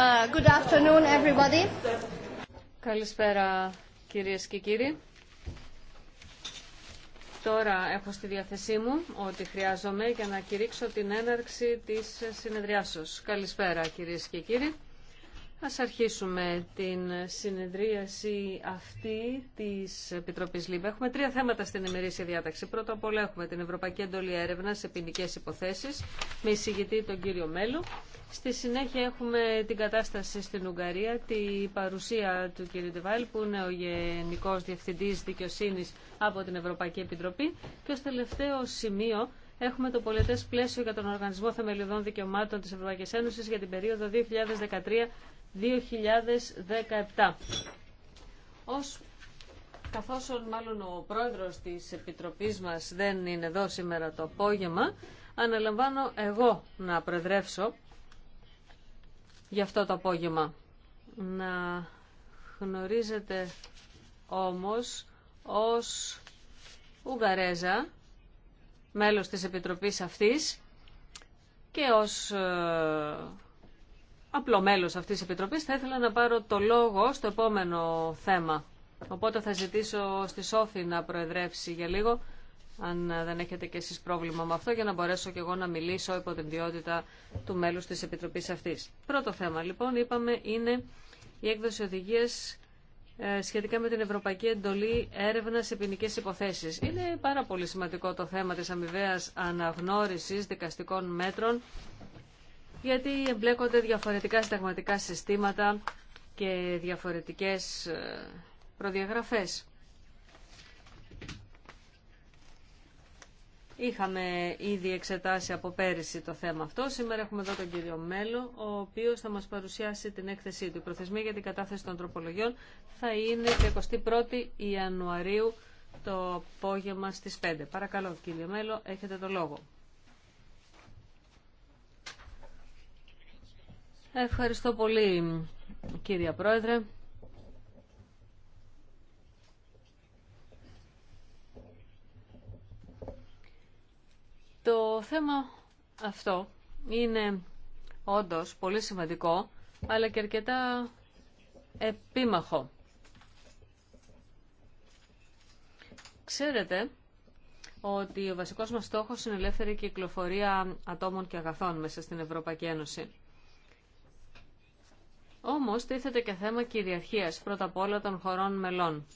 Ε, good afternoon, everybody. Καλησπέρα κυρίες και κύριοι. Τώρα έχω στη διάθεσή μου ό,τι χρειάζομαι για να κηρύξω την έναρξη της συνεδριάσεως. Καλησπέρα κυρίες και κύριοι. Ας αρχίσουμε την συνεδρίαση αυτή της Επιτροπής ΛΥΜΠΑ. Έχουμε τρία θέματα στην ημερήσια διάταξη. Πρώτα απ' όλα έχουμε την Ευρωπαϊκή Εντολή Έρευνα σε ποινικέ υποθέσεις με εισηγητή τον κύριο Μέλου. Στη συνέχεια έχουμε την κατάσταση στην Ουγγαρία, τη παρουσία του κύριου Ντεβάλ που είναι ο Γενικός Διευθυντής Δικαιοσύνης από την Ευρωπαϊκή Επιτροπή και ω τελευταίο σημείο έχουμε το πολιτέ πλαίσιο για τον Οργανισμό Θεμελιωδών Δικαιωμάτων τη Ευρωπαϊκή Ένωση για την περίοδο 2013 2017. Ως καθώς μάλλον ο πρόεδρος της Επιτροπής μας δεν είναι εδώ σήμερα το απόγευμα, αναλαμβάνω εγώ να προεδρεύσω για αυτό το απόγευμα. Να γνωρίζετε όμως ως Ουγγαρέζα, μέλος της Επιτροπής αυτής και ως ε, απλό μέλος αυτής της Επιτροπής, θα ήθελα να πάρω το λόγο στο επόμενο θέμα. Οπότε θα ζητήσω στη Σόφη να προεδρεύσει για λίγο, αν δεν έχετε και εσείς πρόβλημα με αυτό, για να μπορέσω κι εγώ να μιλήσω υπό την ποιότητα του μέλους της Επιτροπής αυτής. Πρώτο θέμα, λοιπόν, είπαμε, είναι η έκδοση οδηγίας ε, σχετικά με την Ευρωπαϊκή Εντολή Έρευνα σε ποινικέ υποθέσει. Είναι πάρα πολύ σημαντικό το θέμα τη αμοιβαία αναγνώριση δικαστικών μέτρων γιατί εμπλέκονται διαφορετικά συνταγματικά συστήματα και διαφορετικές ε, προδιαγραφές. Είχαμε ήδη εξετάσει από πέρυσι το θέμα αυτό. Σήμερα έχουμε εδώ τον κύριο Μέλο, ο οποίος θα μας παρουσιάσει την έκθεσή του. Η προθεσμία για την κατάθεση των τροπολογιών θα είναι Ιανουαρίου το απόγευμα στις 5. Παρακαλώ κύριε Μέλο, έχετε το λόγο. Ευχαριστώ πολύ κύριε Πρόεδρε. Το θέμα αυτό είναι όντως πολύ σημαντικό, αλλά και αρκετά επίμαχο. Ξέρετε ότι ο βασικός μας στόχος είναι η ελεύθερη κυκλοφορία ατόμων και αγαθών μέσα στην Ευρωπαϊκή Ένωση. Όμως τίθεται και θέμα κυριαρχίας πρώτα απ' όλα των χωρών μελών.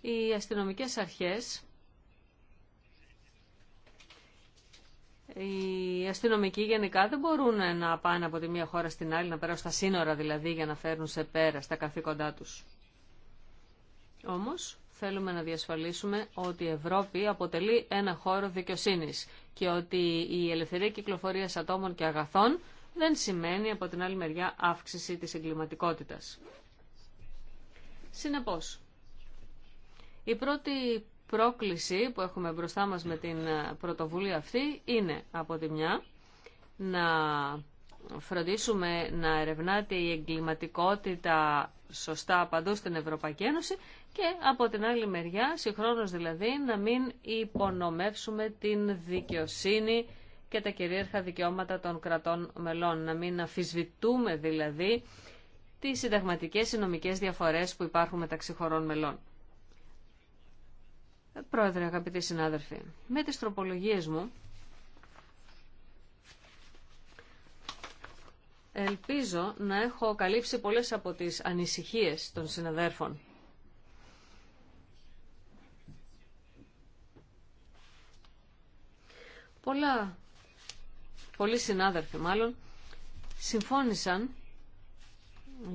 Οι αστυνομικές αρχές, οι αστυνομικοί γενικά δεν μπορούν να πάνε από τη μία χώρα στην άλλη, να περάσουν στα σύνορα δηλαδή για να φέρουν σε πέρα στα καθήκοντά τους. Όμως θέλουμε να διασφαλίσουμε ότι η Ευρώπη αποτελεί ένα χώρο δικαιοσύνης και ότι η ελευθερία κυκλοφορία ατόμων και αγαθών δεν σημαίνει από την άλλη μεριά αύξηση της εγκληματικότητα. Συνεπώς, η πρώτη πρόκληση που έχουμε μπροστά μας με την πρωτοβουλία αυτή είναι από τη μια να φροντίσουμε να ερευνάται η εγκληματικότητα σωστά παντού στην Ευρωπαϊκή Ένωση και από την άλλη μεριά, συγχρόνως δηλαδή, να μην υπονομεύσουμε την δικαιοσύνη και τα κυρίαρχα δικαιώματα των κρατών μελών. Να μην αφισβητούμε δηλαδή τις συνταγματικές ή νομικές διαφορές που υπάρχουν μεταξύ χωρών μελών. Πρόεδρε, αγαπητοί συνάδελφοι, με τις τροπολογίες μου ελπίζω να έχω καλύψει πολλές από τις ανησυχίες των συναδέρφων. Πολλά, πολλοί συνάδελφοι μάλλον, συμφώνησαν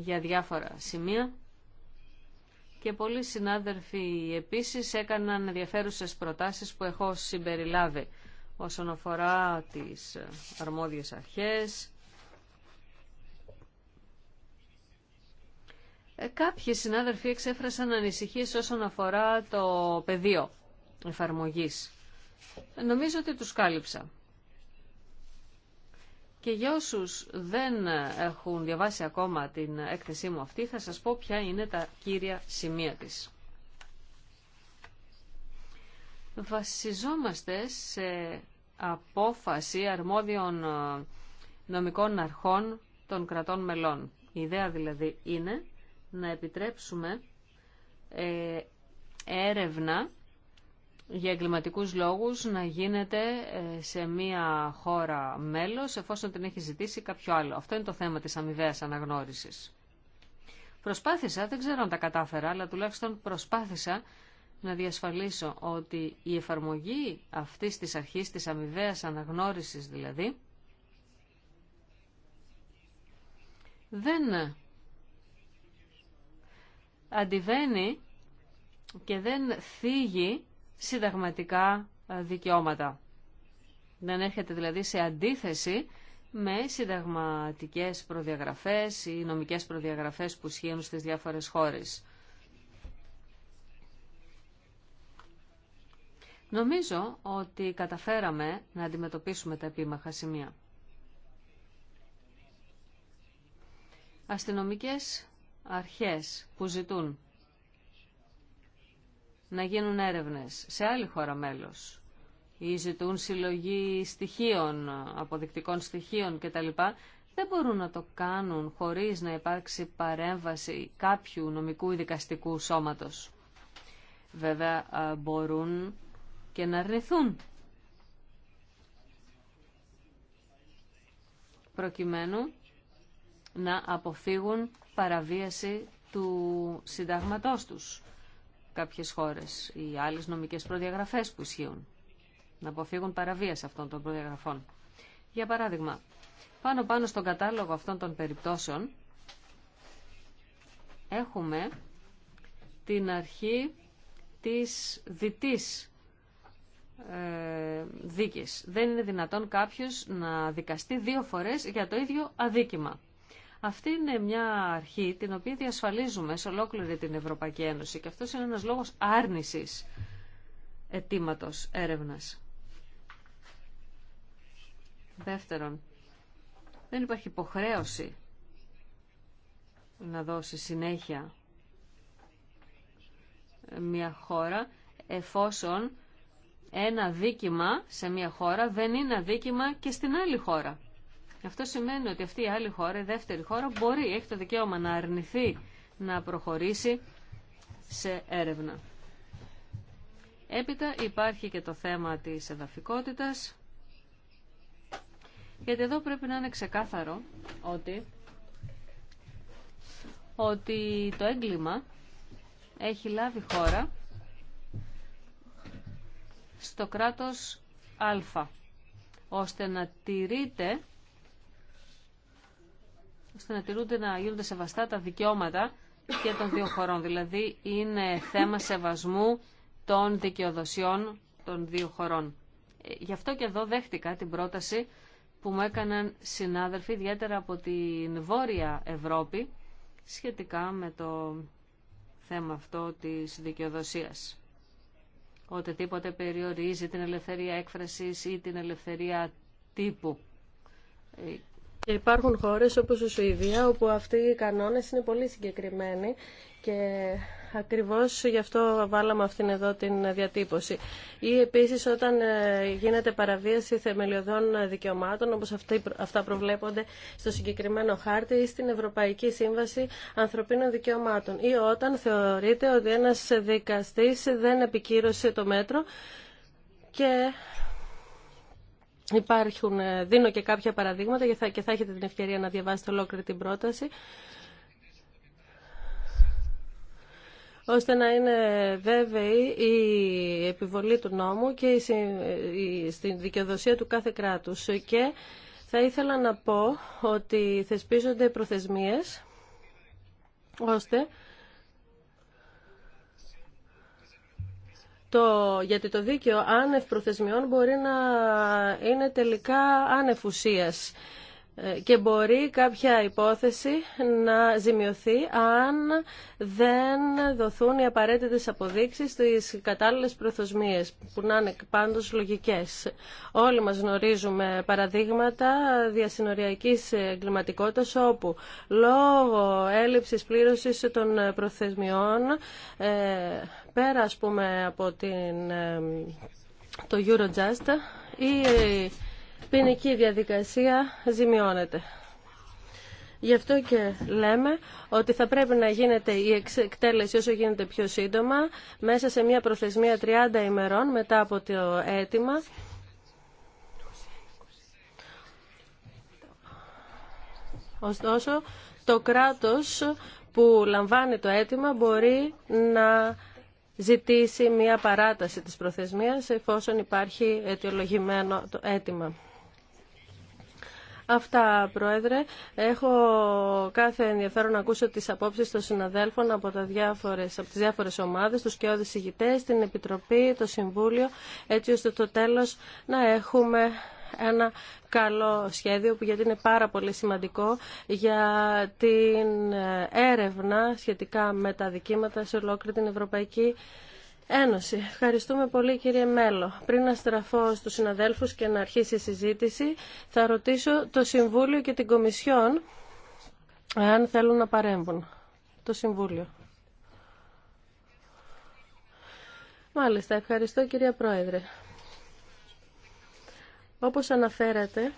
για διάφορα σημεία και πολλοί συνάδελφοι επίσης έκαναν ενδιαφέρουσες προτάσεις που έχω συμπεριλάβει όσον αφορά τις αρμόδιες αρχές. Ε, κάποιοι συνάδελφοι εξέφρασαν ανησυχίες όσον αφορά το πεδίο εφαρμογής. Νομίζω ότι τους κάλυψα. Και για όσου δεν έχουν διαβάσει ακόμα την έκθεσή μου αυτή, θα σας πω ποια είναι τα κύρια σημεία της. Βασιζόμαστε σε απόφαση αρμόδιων ε, νομικών αρχών των κρατών μελών. Η ιδέα δηλαδή είναι να επιτρέψουμε ε, έρευνα για εγκληματικούς λόγους να γίνεται ε, σε μία χώρα μέλος εφόσον την έχει ζητήσει κάποιο άλλο. Αυτό είναι το θέμα της αμοιβαία αναγνώρισης. Προσπάθησα, δεν ξέρω αν τα κατάφερα, αλλά τουλάχιστον προσπάθησα να διασφαλίσω ότι η εφαρμογή αυτής της αρχής της αμοιβαία αναγνώρισης δηλαδή δεν αντιβαίνει και δεν θίγει συνταγματικά ε, δικαιώματα. Δεν έρχεται δηλαδή σε αντίθεση με συνταγματικές προδιαγραφές ή νομικές προδιαγραφές που ισχύουν στις διάφορες χώρες. Νομίζω ότι καταφέραμε να αντιμετωπίσουμε τα επίμαχα σημεία. Αστυνομικές αρχές που ζητούν να γίνουν έρευνες σε άλλη χώρα μέλος ή ζητούν συλλογή στοιχείων, αποδεικτικών στοιχείων κτλ. Δεν μπορούν να το κάνουν χωρίς να υπάρξει παρέμβαση κάποιου νομικού ή δικαστικού σώματος. Βέβαια μπορούν και να αρνηθούν προκειμένου να αποφύγουν παραβίαση του συντάγματός τους κάποιες χώρες ή άλλες νομικές προδιαγραφές που ισχύουν. Να αποφύγουν παραβίαση αυτών των προδιαγραφών. Για παράδειγμα, πάνω πάνω στον κατάλογο αυτών των περιπτώσεων έχουμε την αρχή της διτής ε, δίκης. Δεν είναι δυνατόν κάποιος να δικαστεί δύο φορές για το ίδιο αδίκημα. Αυτή είναι μια αρχή την οποία διασφαλίζουμε σε ολόκληρη την Ευρωπαϊκή Ένωση και αυτός είναι ένας λόγος άρνησης αιτήματο έρευνας. Δεύτερον, δεν υπάρχει υποχρέωση να δώσει συνέχεια μια χώρα εφόσον ένα δίκημα σε μια χώρα δεν είναι δίκημα και στην άλλη χώρα. Αυτό σημαίνει ότι αυτή η άλλη χώρα, η δεύτερη χώρα, μπορεί, έχει το δικαίωμα να αρνηθεί να προχωρήσει σε έρευνα. Έπειτα υπάρχει και το θέμα της εδαφικότητας, γιατί εδώ πρέπει να είναι ξεκάθαρο ότι, ότι το έγκλημα έχει λάβει χώρα στο κράτος Α, ώστε να τηρείται ώστε να τηρούνται να γίνονται σεβαστά τα δικαιώματα και των δύο χωρών. Δηλαδή είναι θέμα σεβασμού των δικαιοδοσιών των δύο χωρών. Ε, γι' αυτό και εδώ δέχτηκα την πρόταση που μου έκαναν συνάδελφοι, ιδιαίτερα από την Βόρεια Ευρώπη, σχετικά με το θέμα αυτό της δικαιοδοσίας. τίποτε περιορίζει την ελευθερία έκφρασης ή την ελευθερία τύπου ε, υπάρχουν χώρες όπως η Σουηδία όπου αυτοί οι κανόνες είναι πολύ συγκεκριμένοι και ακριβώς γι' αυτό βάλαμε αυτήν εδώ την διατύπωση. Ή επίσης όταν ε, γίνεται παραβίαση θεμελιωδών δικαιωμάτων όπως αυτά προβλέπονται στο συγκεκριμένο χάρτη ή στην Ευρωπαϊκή Σύμβαση Ανθρωπίνων Δικαιωμάτων ή όταν θεωρείται ότι ένας δικαστής δεν επικύρωσε το μέτρο και Υπάρχουν, ε, δίνω και κάποια παραδείγματα και θα, και έχετε την ευκαιρία να διαβάσετε ολόκληρη την πρόταση. ώστε να είναι βέβαιη η επιβολή του νόμου και η, στην δικαιοδοσία του κάθε κράτους. Και θα ήθελα να πω ότι θεσπίζονται προθεσμίες ώστε το, γιατί το δίκαιο άνευ προθεσμιών μπορεί να είναι τελικά άνευ ουσίας και μπορεί κάποια υπόθεση να ζημιωθεί αν δεν δοθούν οι απαραίτητες αποδείξεις στις κατάλληλες προθοσμίες που να είναι πάντως λογικές. Όλοι μας γνωρίζουμε παραδείγματα διασυνοριακής εγκληματικότητας όπου λόγω έλλειψης πλήρωσης των προθεσμιών ε, πέρα ας πούμε από την, ε, το Eurojust ή ποινική διαδικασία ζημιώνεται. Γι' αυτό και λέμε ότι θα πρέπει να γίνεται η εκτέλεση όσο γίνεται πιο σύντομα, μέσα σε μια προθεσμία 30 ημερών μετά από το αίτημα. Ωστόσο, το κράτος που λαμβάνει το αίτημα μπορεί να ζητήσει μια παράταση της προθεσμίας εφόσον υπάρχει αιτιολογημένο το αίτημα. Αυτά, Πρόεδρε. Έχω κάθε ενδιαφέρον να ακούσω τις απόψεις των συναδέλφων από, τα διάφορες, από τις διάφορες ομάδες, τους και ηγητές, την Επιτροπή, το Συμβούλιο, έτσι ώστε το τέλος να έχουμε ένα καλό σχέδιο που γιατί είναι πάρα πολύ σημαντικό για την έρευνα σχετικά με τα δικήματα σε ολόκληρη την Ευρωπαϊκή Ένωση. Ευχαριστούμε πολύ κύριε Μέλο. Πριν να στραφώ στους συναδέλφους και να αρχίσει η συζήτηση, θα ρωτήσω το Συμβούλιο και την Κομισιόν αν θέλουν να παρέμβουν. Το Συμβούλιο. Μάλιστα, ευχαριστώ κυρία Πρόεδρε. Όπως αναφέρατε,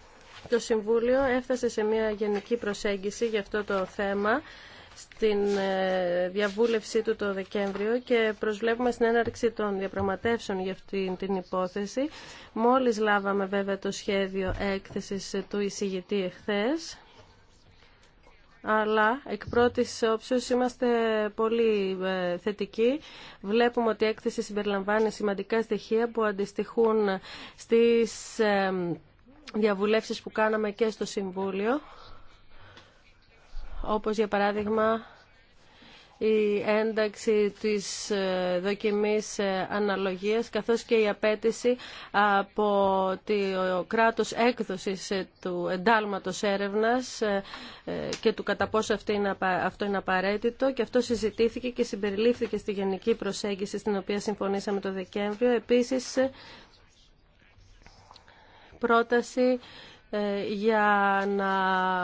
το Συμβούλιο έφτασε σε μια γενική προσέγγιση για αυτό το θέμα στην ε, διαβούλευσή του το Δεκέμβριο και προσβλέπουμε στην έναρξη των διαπραγματεύσεων για αυτή την υπόθεση. Μόλις λάβαμε βέβαια το σχέδιο έκθεσης του εισηγητή εχθές, αλλά εκ πρώτης όψεως είμαστε πολύ ε, θετικοί. Βλέπουμε ότι η έκθεση συμπεριλαμβάνει σημαντικά στοιχεία που αντιστοιχούν στις ε, διαβουλεύσεις που κάναμε και στο Συμβούλιο όπως για παράδειγμα η ένταξη της ε, δοκιμής ε, αναλογίας καθώς και η απέτηση από το κράτος έκδοσης ε, του εντάλματος έρευνας και του κατά πόσο αυτό είναι απαραίτητο και αυτό συζητήθηκε και συμπεριλήφθηκε στη γενική προσέγγιση στην οποία συμφωνήσαμε το Δεκέμβριο. Επίσης, πρόταση ε, για να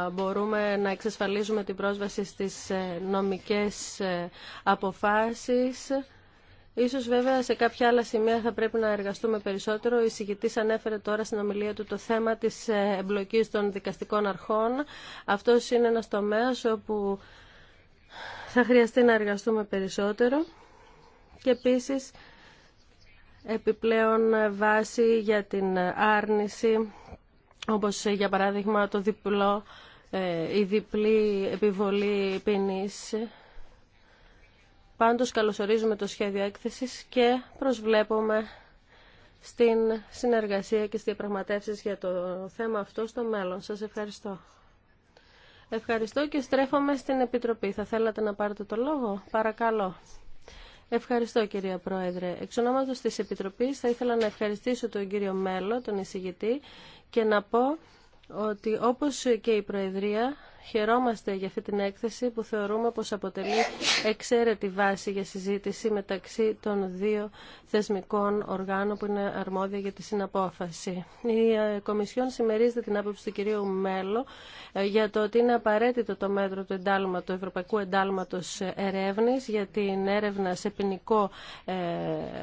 μπορούμε να εξασφαλίζουμε την πρόσβαση στις ε, νομικές ε, αποφάσεις. Ίσως βέβαια σε κάποια άλλα σημεία θα πρέπει να εργαστούμε περισσότερο. Η συγκητής ανέφερε τώρα στην ομιλία του το θέμα της εμπλοκής των δικαστικών αρχών. Αυτός είναι ένας τομέας όπου θα χρειαστεί να εργαστούμε περισσότερο. Και επίσης επιπλέον βάση για την άρνηση όπως ε, για παράδειγμα το διπλό, ε, η διπλή επιβολή ποινής. Πάντως καλωσορίζουμε το σχέδιο έκθεσης και προσβλέπουμε στην συνεργασία και στις διαπραγματεύσεις για το θέμα αυτό στο μέλλον. Σας ευχαριστώ. Ευχαριστώ και στρέφομαι στην Επιτροπή. Θα θέλατε να πάρετε το λόγο. Παρακαλώ. Ευχαριστώ κυρία Πρόεδρε. Εξ ονόματος της Επιτροπής θα ήθελα να ευχαριστήσω τον κύριο Μέλο, τον εισηγητή, και να πω ότι όπως και η Προεδρία Χαιρόμαστε για αυτή την έκθεση που θεωρούμε πως αποτελεί εξαίρετη βάση για συζήτηση μεταξύ των δύο θεσμικών οργάνων που είναι αρμόδια για τη συναπόφαση. Η ε, Κομισιόν συμμερίζεται την άποψη του κυρίου Μέλο ε, για το ότι είναι απαραίτητο το μέτρο του, Ευρωπαϊκού Εντάλματος Ερεύνης για την έρευνα σε ποινικό ε,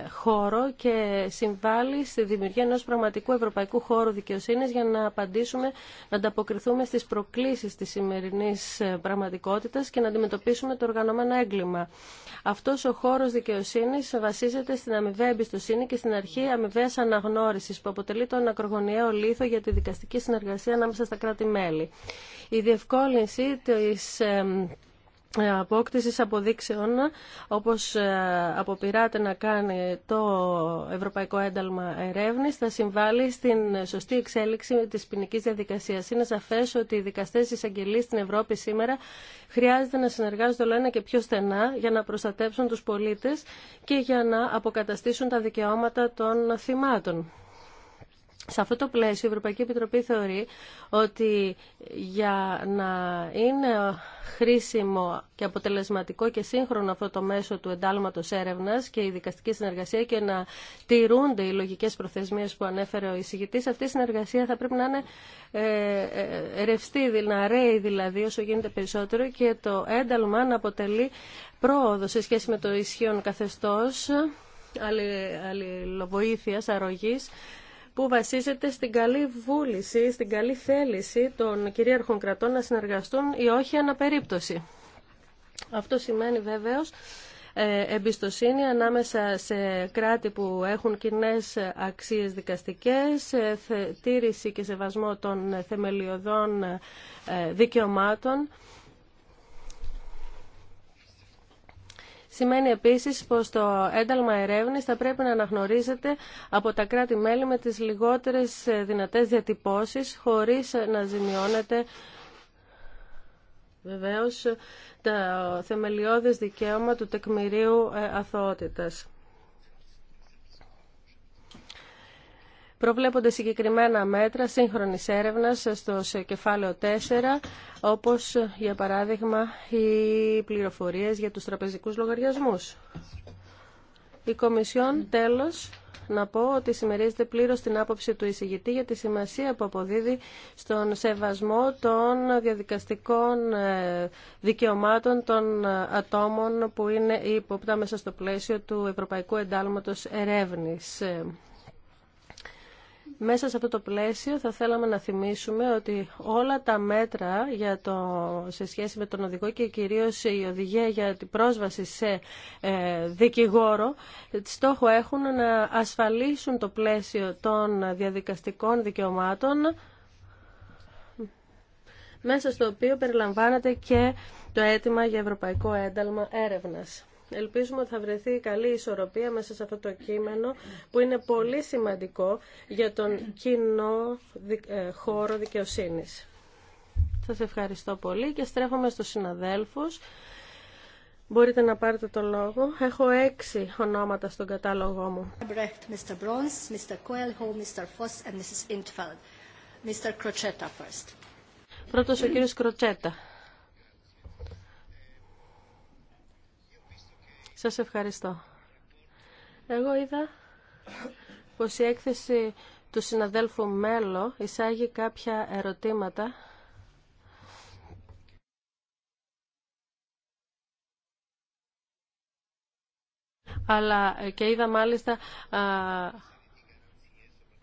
χώρο και συμβάλλει στη δημιουργία ενός πραγματικού ευρωπαϊκού χώρου δικαιοσύνης για να απαντήσουμε, να ανταποκριθούμε στις προκλήσεις της σημερινής ε, πραγματικότητας και να αντιμετωπίσουμε το οργανωμένο έγκλημα. Αυτός ο χώρος δικαιοσύνης βασίζεται στην αμοιβαία εμπιστοσύνη και στην αρχή αμοιβαία αναγνώρισης που αποτελεί τον ακρογωνιαίο λίθο για τη δικαστική συνεργασία ανάμεσα στα κράτη-μέλη. Η διευκόλυνση της ε, απόκτησης αποδείξεων όπως ε, αποπειράται να κάνει το Ευρωπαϊκό Ένταλμα Ερεύνης θα συμβάλλει στην σωστή εξέλιξη της ποινική διαδικασίας. Είναι σαφές ότι οι δικαστές εισαγγελείς στην Ευρώπη σήμερα χρειάζεται να συνεργάζονται όλο ένα και πιο στενά για να προστατέψουν τους πολίτες και για να αποκαταστήσουν τα δικαιώματα των θυμάτων. Σε αυτό το πλαίσιο η Ευρωπαϊκή Επιτροπή θεωρεί ότι για να είναι χρήσιμο και αποτελεσματικό και σύγχρονο αυτό το μέσο του εντάλματος έρευνας και η δικαστική συνεργασία και να τηρούνται οι λογικές προθεσμίες που ανέφερε ο εισηγητής, αυτή η συνεργασία θα πρέπει να είναι ε, ε, ρευστή, να ρέει δηλαδή όσο γίνεται περισσότερο και το ένταλμα να αποτελεί πρόοδο σε σχέση με το ισχύον καθεστώς αλληλοβοήθειας, αρρωγής, που βασίζεται στην καλή βούληση, στην καλή θέληση των κυρίαρχων κρατών να συνεργαστούν ή όχι αναπερίπτωση. Αυτό σημαίνει βέβαιως ε, εμπιστοσύνη ανάμεσα σε κράτη που έχουν κοινέ αξίες δικαστικές, ε, τήρηση και σεβασμό των θεμελιωδών ε, δικαιωμάτων Σημαίνει επίσης πως το ένταλμα ερεύνης θα πρέπει να αναγνωρίζεται από τα κράτη-μέλη με τις λιγότερες ε, δυνατές διατυπώσεις, χωρίς ε, να ζημιώνεται βεβαίως το θεμελιώδες δικαίωμα του τεκμηρίου ε, αθωότητας. Προβλέπονται συγκεκριμένα μέτρα σύγχρονης έρευνας στο κεφάλαιο 4, όπως για παράδειγμα οι πληροφορίες για τους τραπεζικούς λογαριασμούς. Η Κομισιόν τέλος να πω ότι συμμερίζεται πλήρως την άποψη του εισηγητή για τη σημασία που αποδίδει στον σεβασμό των διαδικαστικών ε, δικαιωμάτων των ατόμων που είναι υποπτά μέσα στο πλαίσιο του Ευρωπαϊκού Εντάλματος Ερεύνης. Μέσα σε αυτό το πλαίσιο θα θέλαμε να θυμίσουμε ότι όλα τα μέτρα για το, σε σχέση με τον οδηγό και κυρίως η οδηγία για την πρόσβαση σε ε, δικηγόρο στόχο έχουν να ασφαλίσουν το πλαίσιο των διαδικαστικών δικαιωμάτων μέσα στο οποίο περιλαμβάνεται και το αίτημα για ευρωπαϊκό ένταλμα έρευνας. Ελπίζουμε ότι θα βρεθεί καλή ισορροπία μέσα σε αυτό το κείμενο που είναι πολύ σημαντικό για τον κοινό ε, χώρο δικαιοσύνης. Σας ευχαριστώ πολύ και στρέφομαι στους συναδέλφους. Μπορείτε να πάρετε το λόγο. Έχω έξι ονόματα στον κατάλογό μου. Mr. Πρώτος ο κύριος Κροτσέτα. Σας ευχαριστώ. Εγώ είδα πως η έκθεση του συναδέλφου Μέλο εισάγει κάποια ερωτήματα αλλά ε, και είδα μάλιστα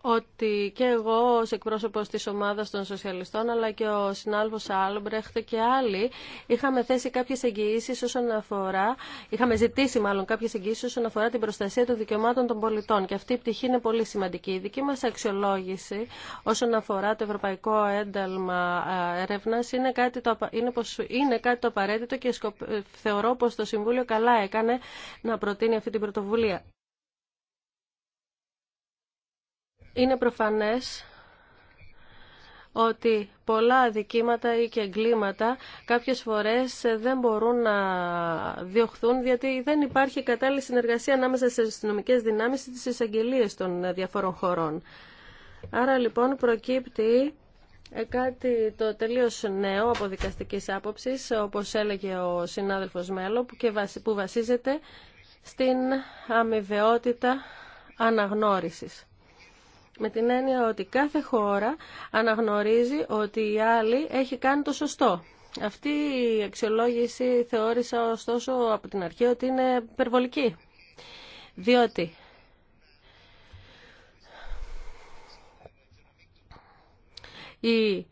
ότι και εγώ ως εκπρόσωπος της ομάδας των σοσιαλιστών αλλά και ο συνάλφος Άλμπρεχτ και άλλοι είχαμε θέσει κάποιες εγγυήσεις όσον αφορά, είχαμε ζητήσει μάλλον κάποιες εγγυήσεις όσον αφορά την προστασία των δικαιωμάτων των πολιτών και αυτή η πτυχή είναι πολύ σημαντική. Η δική μας αξιολόγηση όσον αφορά το ευρωπαϊκό ένταλμα ε, έρευνα είναι, κάτι το, είναι, είναι κάτι το απαραίτητο και ε, θεωρώ πως το Συμβούλιο καλά έκανε να προτείνει αυτή την πρωτοβουλία. Είναι προφανές ότι πολλά αδικήματα ή και εγκλήματα κάποιες φορές δεν μπορούν να διωχθούν γιατί δεν υπάρχει κατάλληλη συνεργασία ανάμεσα στις αστυνομικέ δυνάμεις ή τις εισαγγελίες των διαφόρων χωρών. Άρα λοιπόν προκύπτει ε, κάτι το τελείως νέο από δικαστικής άποψης όπως έλεγε ο συνάδελφος Μέλο που βασίζεται στην αμοιβαιότητα αναγνώρισης με την έννοια ότι κάθε χώρα αναγνωρίζει ότι η άλλη έχει κάνει το σωστό. Αυτή η αξιολόγηση θεώρησα ωστόσο από την αρχή ότι είναι υπερβολική. Διότι η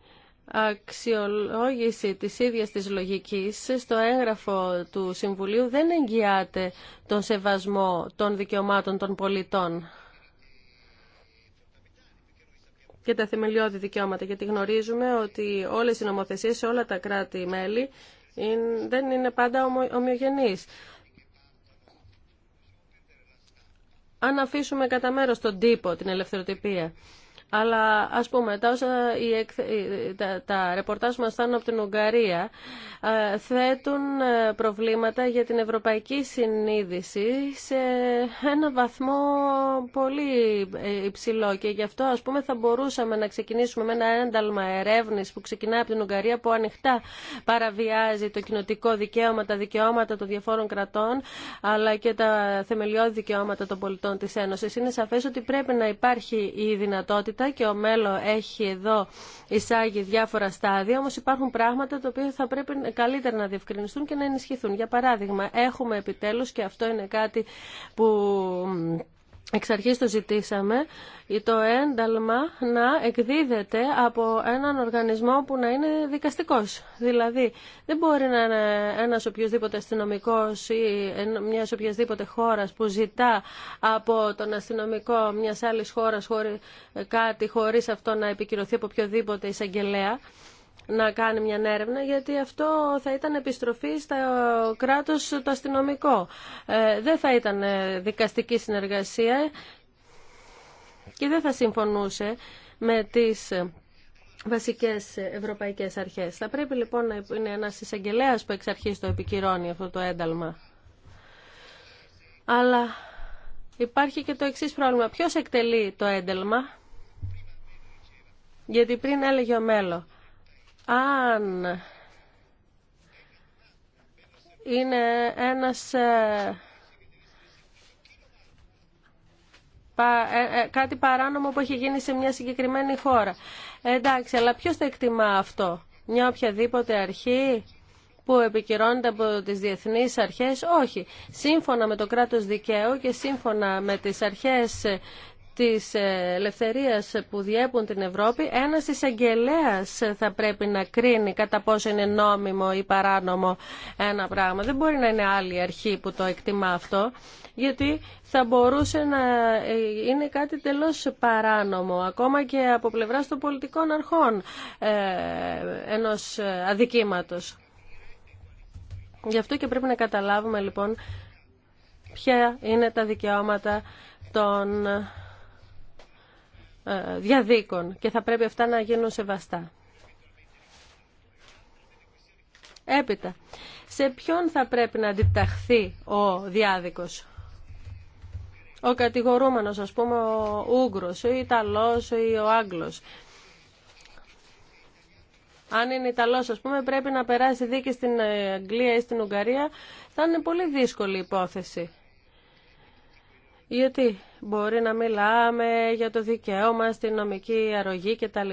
αξιολόγηση της ίδιας της λογικής στο έγγραφο του Συμβουλίου δεν εγγυάται τον σεβασμό των δικαιωμάτων των πολιτών. και τα θεμελιώδη δικαιώματα, γιατί γνωρίζουμε ότι όλες οι νομοθεσίες σε όλα τα κράτη-μέλη δεν είναι πάντα ομοιογενείς. Αν αφήσουμε κατά μέρος τον τύπο, την ελευθεροτυπία, αλλά ας πούμε, τα, όσα τα, τα ρεπορτάζ μας φτάνουν από την Ουγγαρία ε, θέτουν ε, προβλήματα για την ευρωπαϊκή συνείδηση σε ένα βαθμό πολύ ε, υψηλό και γι' αυτό ας πούμε θα μπορούσαμε να ξεκινήσουμε με ένα ένταλμα ερεύνης που ξεκινάει από την Ουγγαρία που ανοιχτά παραβιάζει το κοινοτικό δικαίωμα, τα δικαιώματα των διαφόρων κρατών αλλά και τα θεμελιώδη δικαιώματα των πολιτών της Ένωσης. Είναι σαφές ότι πρέπει να υπάρχει η δυνατότητα και ο Μέλο έχει εδώ εισάγει διάφορα στάδια, όμως υπάρχουν πράγματα τα οποία θα πρέπει καλύτερα να διευκρινιστούν και να ενισχυθούν. Για παράδειγμα, έχουμε επιτέλους, και αυτό είναι κάτι που Εξ αρχής το ζητήσαμε το ένταλμα να εκδίδεται από έναν οργανισμό που να είναι δικαστικός. Δηλαδή δεν μπορεί να είναι ένας οποιοδήποτε αστυνομικό ή μια οποιασδήποτε χώρας που ζητά από τον αστυνομικό μιας άλλης χώρας κάτι χωρίς αυτό να επικυρωθεί από οποιοδήποτε εισαγγελέα να κάνει μια έρευνα γιατί αυτό θα ήταν επιστροφή στο κράτος το αστυνομικό. Ε, δεν θα ήταν δικαστική συνεργασία και δεν θα συμφωνούσε με τις βασικές ευρωπαϊκές αρχές. Θα πρέπει λοιπόν να είναι ένας εισαγγελέα που εξ αρχής το επικυρώνει αυτό το ένταλμα. Αλλά υπάρχει και το εξή πρόβλημα. Ποιος εκτελεί το ένταλμα, γιατί πριν έλεγε ο μέλος αν είναι ένας ε, ε, ε, κάτι παράνομο που έχει γίνει σε μια συγκεκριμένη χώρα. Εντάξει, αλλά ποιος θα εκτιμά αυτό. Μια οποιαδήποτε αρχή που επικυρώνεται από τις διεθνείς αρχές. Όχι. Σύμφωνα με το κράτος δικαίου και σύμφωνα με τις αρχές της ελευθερίας που διέπουν την Ευρώπη, ένας εισαγγελέα θα πρέπει να κρίνει κατά πόσο είναι νόμιμο ή παράνομο ένα πράγμα. Δεν μπορεί να είναι άλλη αρχή που το εκτιμά αυτό, γιατί θα μπορούσε να είναι κάτι τελώς παράνομο, ακόμα και από πλευράς των πολιτικών αρχών ε, ενός αδικήματος. Γι' αυτό και πρέπει να καταλάβουμε λοιπόν ποια είναι τα δικαιώματα των ε, διαδίκων και θα πρέπει αυτά να γίνουν σεβαστά. Έπειτα, σε ποιον θα πρέπει να αντιταχθεί ο διάδικος. Ο κατηγορούμενος, ας πούμε, ο Ούγγρος, ο Ιταλός ή ο Άγγλος. Αν είναι Ιταλός, ας πούμε, πρέπει να περάσει δίκη στην Αγγλία ή στην Ουγγαρία, θα είναι πολύ δύσκολη η υπόθεση. αγγλια η στην ουγγαρια θα ειναι πολυ δυσκολη υποθεση γιατι Μπορεί να μιλάμε για το δικαίωμα στην νομική αρρωγή κτλ.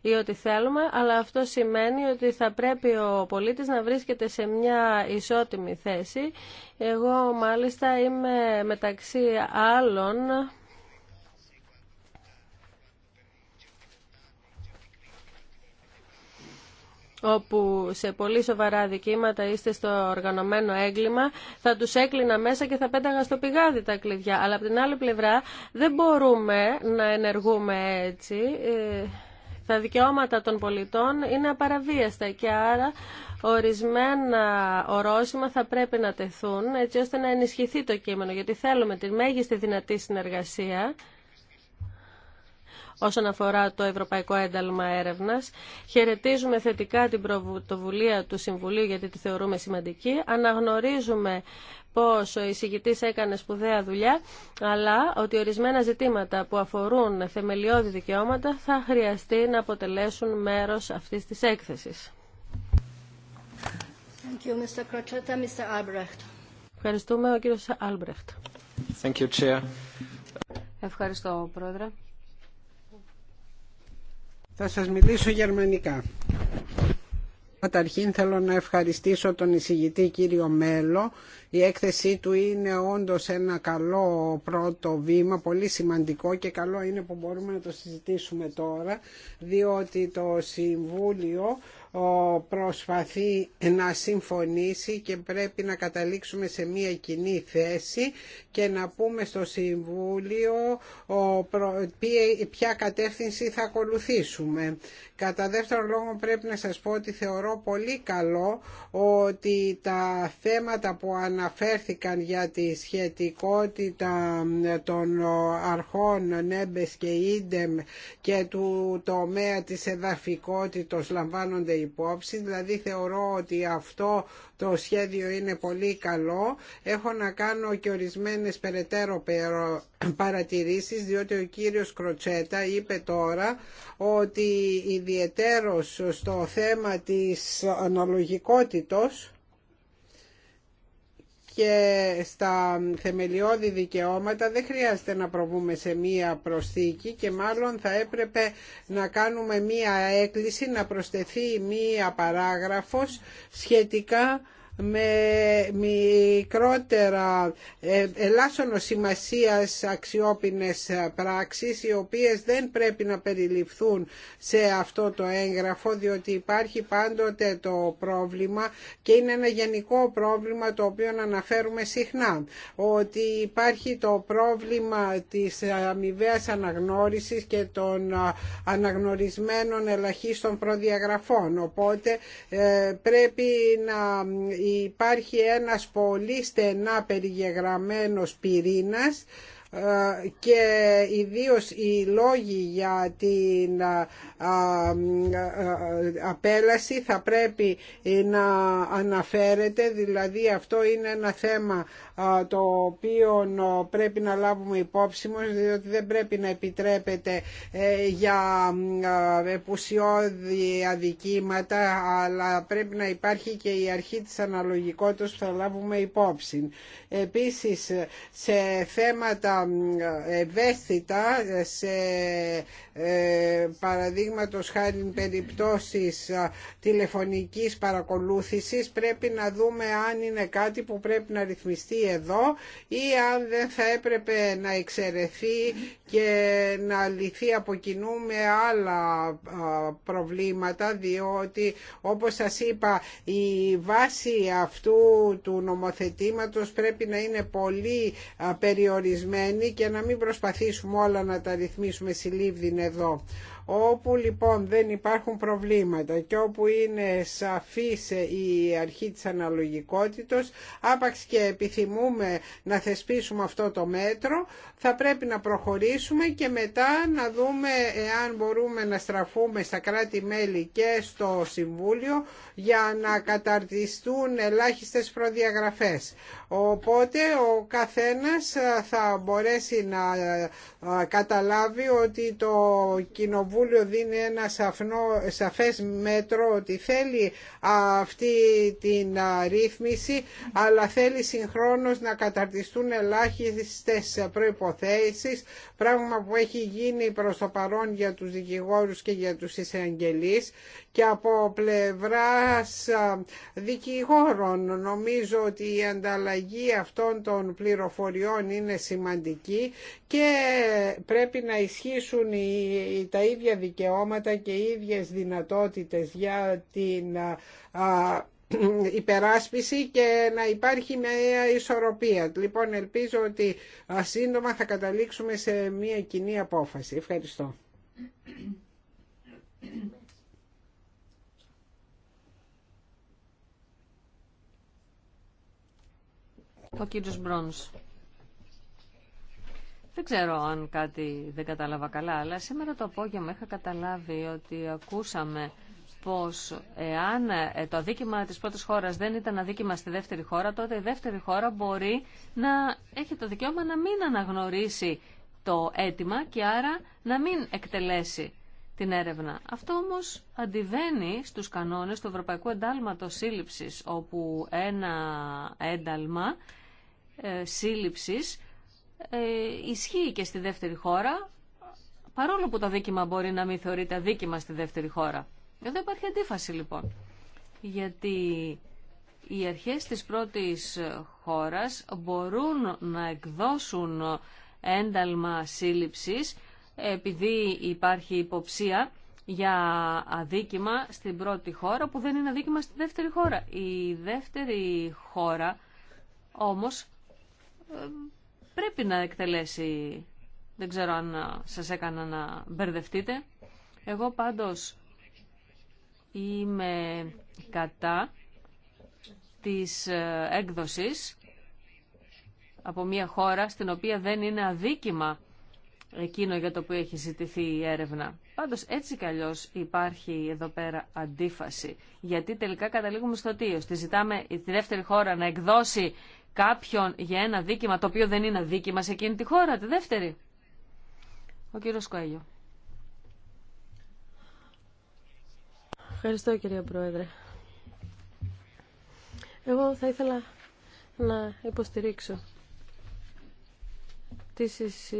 ή ό,τι θέλουμε, αλλά αυτό σημαίνει ότι θα πρέπει ο πολίτης να βρίσκεται σε μια ισότιμη θέση. Εγώ μάλιστα είμαι μεταξύ άλλων όπου σε πολύ σοβαρά δικήματα είστε στο οργανωμένο έγκλημα, θα τους έκλεινα μέσα και θα πέταγα στο πηγάδι τα κλειδιά. Αλλά από την άλλη πλευρά δεν μπορούμε να ενεργούμε έτσι. Ε, τα δικαιώματα των πολιτών είναι απαραβίαστα και άρα ορισμένα ορόσημα θα πρέπει να τεθούν έτσι ώστε να ενισχυθεί το κείμενο γιατί θέλουμε τη μέγιστη δυνατή συνεργασία όσον αφορά το Ευρωπαϊκό Ένταλμα Έρευνας. Χαιρετίζουμε θετικά την πρωτοβουλία του Συμβουλίου γιατί τη θεωρούμε σημαντική. Αναγνωρίζουμε πω ο εισηγητή έκανε σπουδαία δουλειά, αλλά ότι ορισμένα ζητήματα που αφορούν θεμελιώδη δικαιώματα θα χρειαστεί να αποτελέσουν μέρος αυτή της έκθεση. Ευχαριστούμε, ο κύριος Άλμπρεχτ. Ευχαριστώ, Πρόεδρε. Θα σας μιλήσω γερμανικά. Καταρχήν θέλω να ευχαριστήσω τον εισηγητή κύριο Μέλο. Η έκθεσή του είναι όντως ένα καλό πρώτο βήμα, πολύ σημαντικό και καλό είναι που μπορούμε να το συζητήσουμε τώρα, διότι το Συμβούλιο προσπαθεί να συμφωνήσει και πρέπει να καταλήξουμε σε μια κοινή θέση και να πούμε στο Συμβούλιο ποια κατεύθυνση θα ακολουθήσουμε. Κατά δεύτερον λόγο πρέπει να σας πω ότι θεωρώ πολύ καλό ότι τα θέματα που αναφέρθηκαν για τη σχετικότητα των αρχών Νέμπες και Ίντεμ και του τομέα της εδαφικότητος λαμβάνονται υπόψη, δηλαδή θεωρώ ότι αυτό το σχέδιο είναι πολύ καλό. Έχω να κάνω και ορισμένες περαιτέρω παρατηρήσεις, διότι ο κύριος Κροτσέτα είπε τώρα ότι ιδιαιτέρως στο θέμα της αναλογικότητος και στα θεμελιώδη δικαιώματα δεν χρειάζεται να προβούμε σε μία προσθήκη και μάλλον θα έπρεπε να κάνουμε μία έκκληση να προσθεθεί μία παράγραφος σχετικά με μικρότερα ε, ελάσσονο σημασίας αξιόπινες πράξεις οι οποίες δεν πρέπει να περιληφθούν σε αυτό το έγγραφο διότι υπάρχει πάντοτε το πρόβλημα και είναι ένα γενικό πρόβλημα το οποίο αναφέρουμε συχνά ότι υπάρχει το πρόβλημα της αμοιβαία αναγνώρισης και των αναγνωρισμένων ελαχίστων προδιαγραφών οπότε ε, πρέπει να υπάρχει ένας πολύ στενά περιγεγραμμένος πυρήνας ε, και ιδίως οι λόγοι για την ε, ε, απέλαση θα πρέπει να αναφέρεται δηλαδή αυτό είναι ένα θέμα το οποίο πρέπει να λάβουμε υπόψη μας διότι δεν πρέπει να επιτρέπεται για επουσιώδη αδικήματα αλλά πρέπει να υπάρχει και η αρχή της αναλογικότητας που θα λάβουμε υπόψη. Επίσης σε θέματα ευαίσθητα σε ε, παραδείγματος χάρη περιπτώσεις τηλεφωνικής παρακολούθησης πρέπει να δούμε αν είναι κάτι που πρέπει να ρυθμιστεί εδώ ή αν δεν θα έπρεπε να εξαιρεθεί και να λυθεί από κοινού με άλλα προβλήματα διότι όπως σας είπα η βάση αυτού του νομοθετήματος πρέπει να είναι πολύ περιορισμένη και να μην προσπαθήσουμε όλα να τα ρυθμίσουμε συλλήβδιν εδώ. Όπου λοιπόν δεν υπάρχουν προβλήματα και όπου είναι σαφής η αρχή της αναλογικότητος, άπαξ και επιθυμούμε να θεσπίσουμε αυτό το μέτρο, θα πρέπει να προχωρήσουμε και μετά να δούμε εάν μπορούμε να στραφούμε στα κράτη-μέλη και στο Συμβούλιο για να καταρτιστούν ελάχιστες προδιαγραφές. Οπότε ο καθένας θα μπορέσει να ε, καταλάβει ότι το κοινοβούλιο Βούλιο δίνει ένα σαφνό, σαφές μέτρο ότι θέλει αυτή την ρύθμιση αλλά θέλει συγχρόνως να καταρτιστούν ελάχιστες προϋποθέσεις πράγμα που έχει γίνει προς το παρόν για τους δικηγόρους και για τους εισαγγελείς και από πλευράς δικηγόρων. Νομίζω ότι η ανταλλαγή αυτών των πληροφοριών είναι σημαντική και πρέπει να ισχύσουν οι, τα ίδια δικαιώματα και οι ίδιες δυνατότητες για την υπεράσπιση και να υπάρχει μια ισορροπία. Λοιπόν, ελπίζω ότι σύντομα θα καταλήξουμε σε μια κοινή απόφαση. Ευχαριστώ. Ο κύριο Μπρόνς. Δεν ξέρω αν κάτι δεν κατάλαβα καλά, αλλά σήμερα το απόγευμα είχα καταλάβει ότι ακούσαμε πως εάν ε, το αδίκημα της πρώτης χώρας δεν ήταν αδίκημα στη δεύτερη χώρα, τότε η δεύτερη χώρα μπορεί να έχει το δικαίωμα να μην αναγνωρίσει το αίτημα και άρα να μην εκτελέσει την έρευνα. Αυτό όμως αντιβαίνει στους κανόνες του Ευρωπαϊκού Εντάλματος Σύλληψης, όπου ένα ένταλμα ε, σύλληψης ε, ισχύει και στη δεύτερη χώρα, παρόλο που το δίκημα μπορεί να μην θεωρείται δίκημα στη δεύτερη χώρα. Δεν υπάρχει αντίφαση λοιπόν, γιατί οι αρχές της πρώτης χώρας μπορούν να εκδώσουν ένταλμα σύλληψης επειδή υπάρχει υποψία για αδίκημα στην πρώτη χώρα που δεν είναι αδίκημα στη δεύτερη χώρα. Η δεύτερη χώρα όμως πρέπει να εκτελέσει, δεν ξέρω αν ε, σας έκανα να μπερδευτείτε. Εγώ πάντως είμαι κατά της ε, έκδοσης από μια χώρα στην οποία δεν είναι αδίκημα εκείνο για το οποίο έχει ζητηθεί η έρευνα. Πάντως έτσι κι υπάρχει εδώ πέρα αντίφαση. Γιατί τελικά καταλήγουμε στο τι, ζητάμε η δεύτερη χώρα να εκδώσει κάποιον για ένα δίκημα το οποίο δεν είναι δίκημα σε εκείνη τη χώρα, τη δεύτερη. Ο κύριος Κοέλιο. Ευχαριστώ κυρία Πρόεδρε. Εγώ θα ήθελα να υποστηρίξω τις ε,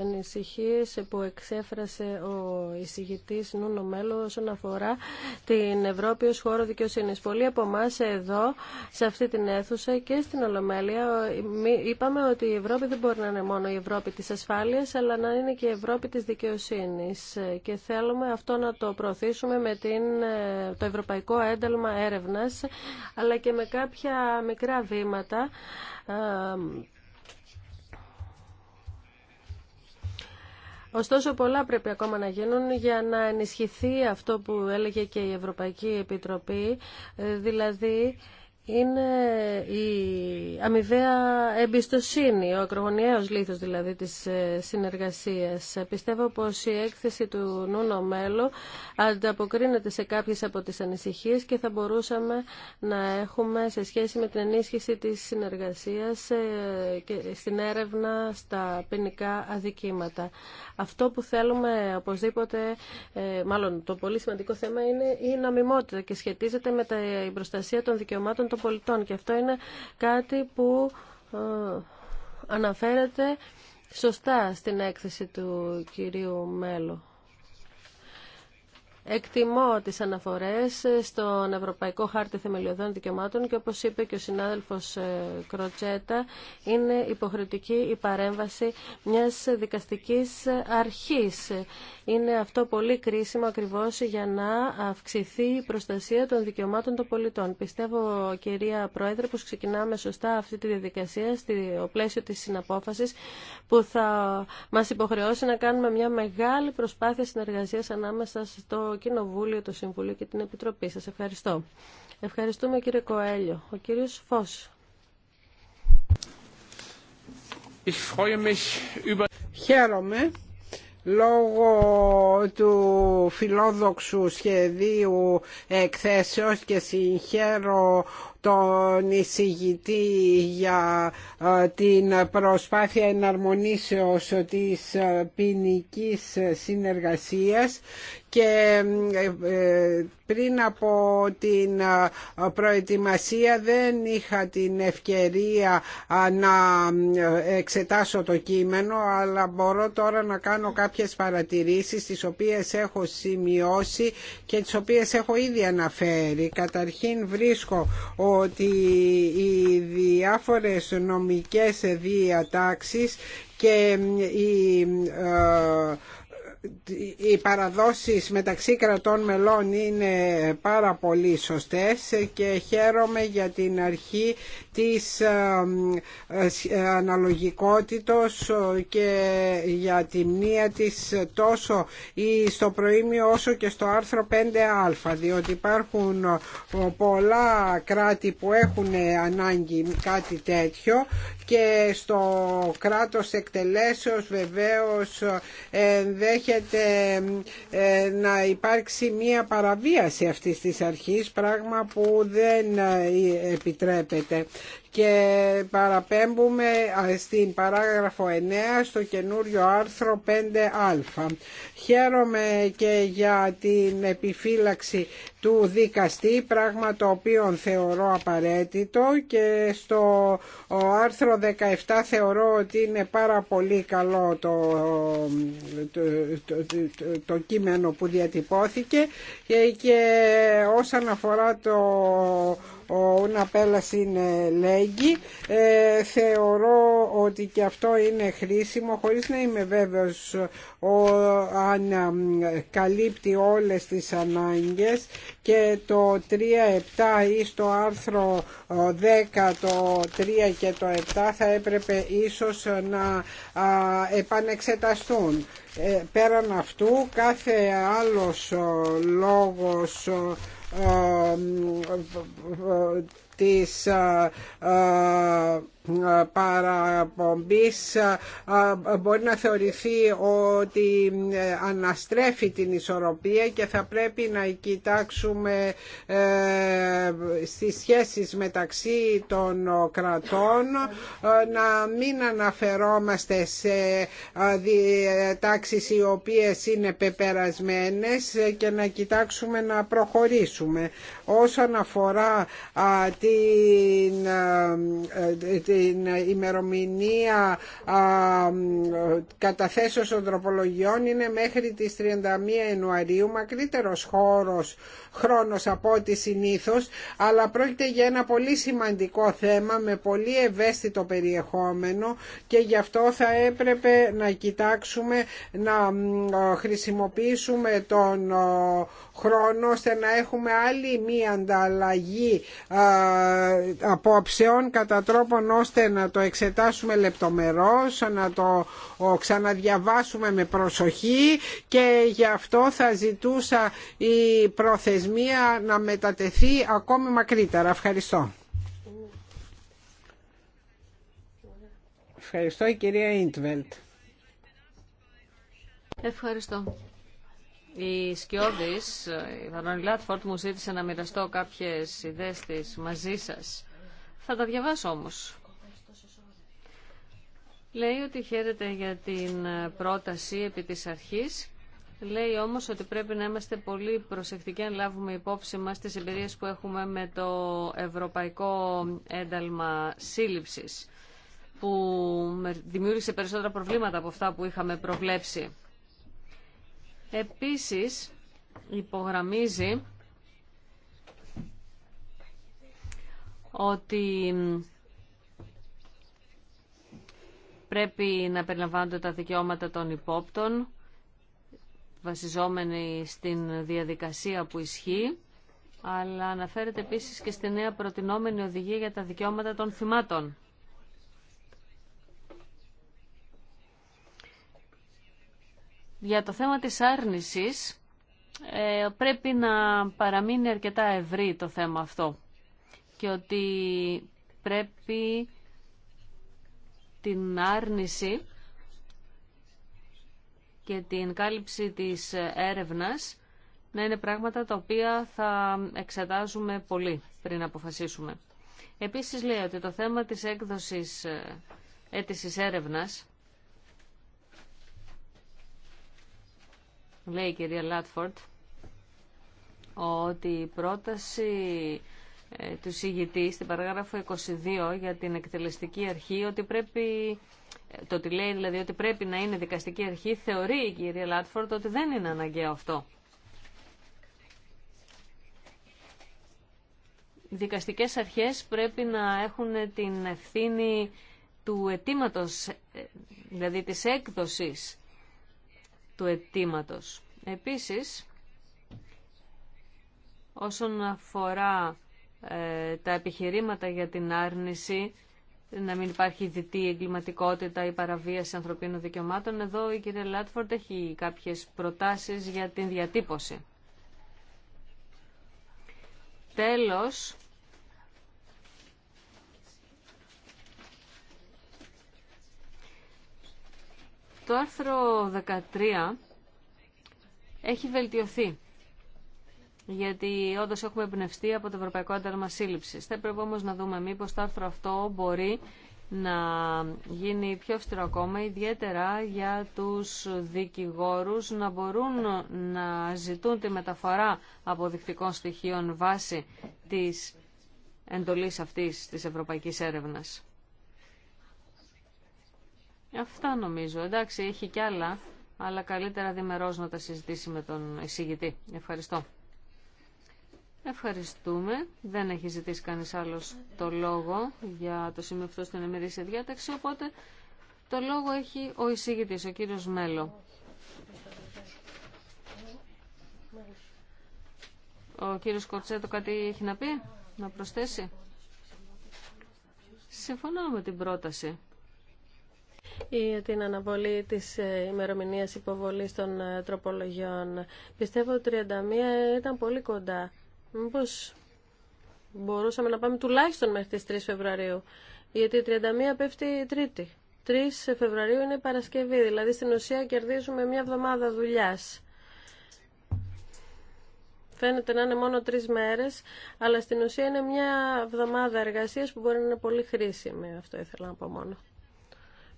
ανησυχίες που εξέφρασε ο εισηγητής Νούνο Μέλο όσον αφορά την Ευρώπη ως χώρο δικαιοσύνης. Πολλοί από εμά εδώ, σε αυτή την αίθουσα και στην Ολομέλεια, είπαμε ότι η Ευρώπη δεν μπορεί να είναι μόνο η Ευρώπη της ασφάλειας, αλλά να είναι και η Ευρώπη της δικαιοσύνης. Και θέλουμε αυτό να το προωθήσουμε με την, ε, το Ευρωπαϊκό Ένταλμα Έρευνας, αλλά και με κάποια μικρά βήματα ε, Ωστόσο πολλά πρέπει ακόμα να γίνουν για να ενισχυθεί αυτό που έλεγε και η Ευρωπαϊκή Επιτροπή, ε, δηλαδή είναι η αμοιβαία εμπιστοσύνη, ο ακρογωνιαίος λήθος δηλαδή της ε, συνεργασίας. Πιστεύω πως η έκθεση του Νούνο Μέλο ανταποκρίνεται σε κάποιες από τις ανησυχίες και θα μπορούσαμε να έχουμε σε σχέση με την ενίσχυση της συνεργασίας ε, και στην έρευνα στα ποινικά αδικήματα. Αυτό που θέλουμε οπωσδήποτε, ε, μάλλον το πολύ σημαντικό θέμα είναι η νομιμότητα και σχετίζεται με την προστασία των δικαιωμάτων και αυτό είναι κάτι που ε, αναφέρεται σωστά στην έκθεση του κυρίου Μέλου. Εκτιμώ τις αναφορές στον Ευρωπαϊκό Χάρτη Θεμελιωδών Δικαιωμάτων και όπως είπε και ο συνάδελφος ε, Κροτσέτα, είναι υποχρεωτική η παρέμβαση μιας δικαστικής αρχής. Είναι αυτό πολύ κρίσιμο ακριβώς για να αυξηθεί η προστασία των δικαιωμάτων των πολιτών. Πιστεύω, κυρία Πρόεδρε, πως ξεκινάμε σωστά αυτή τη διαδικασία στο πλαίσιο της συναπόφασης που θα μας υποχρεώσει να κάνουμε μια μεγάλη προσπάθεια συνεργασίας ανάμεσα στο Κοινοβούλιο, το Συμβούλιο και την Επιτροπή. Σας ευχαριστώ. Ευχαριστούμε κύριε Κοέλιο. Ο κύριος Φως. Χαίρομαι λόγω του φιλόδοξου σχεδίου εκθέσεως και συγχαίρω τον εισηγητή για ε, την προσπάθεια εναρμονίσεως της ε, ποινική συνεργασίας και ε, πριν από την προετοιμασία δεν είχα την ευκαιρία να εξετάσω το κείμενο αλλά μπορώ τώρα να κάνω κάποιες παρατηρήσεις τις οποίες έχω σημειώσει και τις οποίες έχω ήδη αναφέρει. Καταρχήν βρίσκω ότι οι διάφορες νομικές διατάξεις και οι ε, οι παραδόσεις μεταξύ κρατών μελών είναι πάρα πολύ σωστές και χαίρομαι για την αρχή της ε, αναλογικότητος ε, και για τη μνήα της ε, τόσο στο προήμιο όσο και στο άρθρο 5α διότι υπάρχουν πολλά κράτη που έχουν ανάγκη κάτι τέτοιο και στο κράτος εκτελέσεως βεβαίως δέχεται να υπάρξει μία παραβίαση αυτής της αρχής πράγμα που δεν επιτρέπεται και παραπέμπουμε στην παράγραφο 9 στο καινούριο άρθρο 5α. Χαίρομαι και για την επιφύλαξη του δικαστή, πράγμα το οποίο θεωρώ απαραίτητο και στο άρθρο 17 θεωρώ ότι είναι πάρα πολύ καλό το, το, κείμενο που διατυπώθηκε και, και όσον αφορά το ο Πέλλας είναι λέγγι ε, θεωρώ ότι και αυτό είναι χρήσιμο χωρίς να είμαι βέβαιος ο, αν καλύπτει όλες τις ανάγκες και το 3-7 ή στο άρθρο 10 το 3 και το 7 θα έπρεπε ίσως να επανεξεταστούν. Ε, πέραν αυτού κάθε άλλος λόγος της παραπομπής μπορεί να θεωρηθεί ότι ε, αναστρέφει την ισορροπία και θα πρέπει να κοιτάξουμε ε, στις σχέσεις μεταξύ των κρατών ε, να μην αναφερόμαστε σε τάξεις οι οποίες είναι πεπερασμένες και να κοιτάξουμε να προχωρήσουμε. Όσον αφορά την την ημερομηνία καταθέσεως των τροπολογιών είναι μέχρι τις 31 Ιανουαρίου, μακρύτερος χώρος, χρόνος από ό,τι συνήθως, αλλά πρόκειται για ένα πολύ σημαντικό θέμα με πολύ ευαίσθητο περιεχόμενο και γι' αυτό θα έπρεπε να κοιτάξουμε να χρησιμοποιήσουμε τον χρόνο ώστε να έχουμε άλλη μία ανταλλαγή απόψεων κατά τρόπον ώστε να το εξετάσουμε λεπτομερώς, να το ξαναδιαβάσουμε με προσοχή και γι' αυτό θα ζητούσα η προθεσμία να μετατεθεί ακόμη μακρύτερα. Ευχαριστώ. Ευχαριστώ η κυρία Ιντβελτ. Ευχαριστώ. Η Σκιώδη, η Βαρονιλάτ Λάτφορτ, μου ζήτησε να μοιραστώ κάποιε ιδέε τη μαζί σα. Θα τα διαβάσω όμως. Λέει ότι χαίρεται για την πρόταση επί της αρχής. Λέει όμως ότι πρέπει να είμαστε πολύ προσεκτικοί αν λάβουμε υπόψη μας τις εμπειρίες που έχουμε με το Ευρωπαϊκό Ένταλμα Σύλληψης που δημιούργησε περισσότερα προβλήματα από αυτά που είχαμε προβλέψει. Επίσης υπογραμμίζει ότι πρέπει να περιλαμβάνονται τα δικαιώματα των υπόπτων βασιζόμενοι στην διαδικασία που ισχύει αλλά αναφέρεται επίσης και στη νέα προτινόμενη οδηγία για τα δικαιώματα των θυμάτων. Για το θέμα της άρνησης ε, πρέπει να παραμείνει αρκετά ευρύ το θέμα αυτό και ότι πρέπει την άρνηση και την κάλυψη της έρευνας να είναι πράγματα τα οποία θα εξετάζουμε πολύ πριν αποφασίσουμε. Επίσης λέει ότι το θέμα της έκδοσης ε, αίτησης έρευνας λέει η κυρία Λάτφορντ ότι η πρόταση ε, του συγητή στην παράγραφο 22 για την εκτελεστική αρχή ότι πρέπει ε, το ότι λέει δηλαδή ότι πρέπει να είναι δικαστική αρχή θεωρεί η κυρία Λάτφορντ ότι δεν είναι αναγκαίο αυτό. Δικαστικές αρχές πρέπει να έχουν την ευθύνη του αιτήματο, ε, δηλαδή της έκδοσης του αιτήματο. Επίσης, όσον αφορά ε, τα επιχειρήματα για την άρνηση, να μην υπάρχει δυτή εγκληματικότητα ή παραβίαση ανθρωπίνων δικαιωμάτων, εδώ η κυρία Λάτφορντ έχει κάποιες προτάσεις για την διατύπωση. Τέλος, Το άρθρο 13 έχει βελτιωθεί γιατί όντω έχουμε εμπνευστεί από το Ευρωπαϊκό Ένταλμα Σύλληψη. Θα έπρεπε όμω να δούμε μήπω το άρθρο αυτό μπορεί να γίνει πιο αυστηρό ακόμα, ιδιαίτερα για τους δικηγόρους να μπορούν να ζητούν τη μεταφορά αποδεικτικών στοιχείων βάσει της εντολής αυτής της ευρωπαϊκής έρευνας. Αυτά νομίζω. Εντάξει, έχει κι άλλα, αλλά καλύτερα διμερώς να τα συζητήσει με τον εισηγητή. Ευχαριστώ. Ευχαριστούμε. Δεν έχει ζητήσει κανείς άλλος το λόγο για το σημείο αυτό στην εμερήσια διάταξη, οπότε το λόγο έχει ο εισηγητής, ο κύριος Μέλο. Ο κύριος Κορτσέτο κάτι έχει να πει, να προσθέσει. Συμφωνώ με την πρόταση για την αναβολή της ε, ημερομηνίας υποβολής των ε, τροπολογιών. Πιστεύω ότι 31 ήταν πολύ κοντά. Μήπως μπορούσαμε να πάμε τουλάχιστον μέχρι τις 3 Φεβρουαρίου, γιατί 31 πέφτει η Τρίτη. 3 Φεβρουαρίου είναι η Παρασκευή, δηλαδή στην ουσία κερδίζουμε μια εβδομάδα δουλειάς. Φαίνεται να είναι μόνο τρεις μέρες, αλλά στην ουσία είναι μια εβδομάδα εργασίας που μπορεί να είναι πολύ χρήσιμη. Αυτό ήθελα να πω μόνο.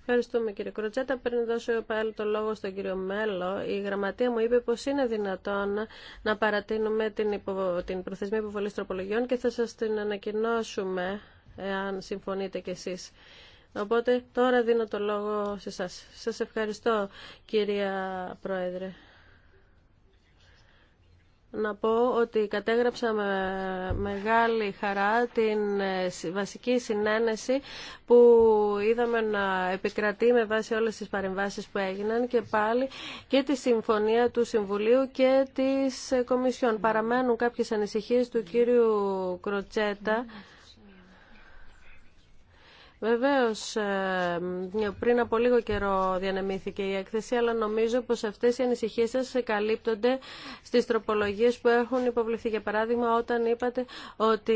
Ευχαριστούμε κύριε Κροτζέτα. Πριν δώσω πάλι το λόγο στον κύριο Μέλο, η γραμματεία μου είπε πω είναι δυνατόν να παρατείνουμε την, υπο... την προθεσμία υποβολή τροπολογιών και θα σα την ανακοινώσουμε εάν συμφωνείτε κι εσεί. Οπότε τώρα δίνω το λόγο σε εσά. Σας ευχαριστώ κυρία Πρόεδρε να πω ότι κατέγραψα με μεγάλη χαρά την ε, βασική συνένεση που είδαμε να επικρατεί με βάση όλες τις παρεμβάσεις που έγιναν και πάλι και τη συμφωνία του Συμβουλίου και της ε, Κομισιόν. Παραμένουν κάποιες ανησυχίες του κύριου Κροτσέτα Βεβαίω, ε, πριν από λίγο καιρό διανεμήθηκε η έκθεση, αλλά νομίζω πω αυτέ οι ανησυχίε σα καλύπτονται στι τροπολογίε που έχουν υποβληθεί. Για παράδειγμα, όταν είπατε ότι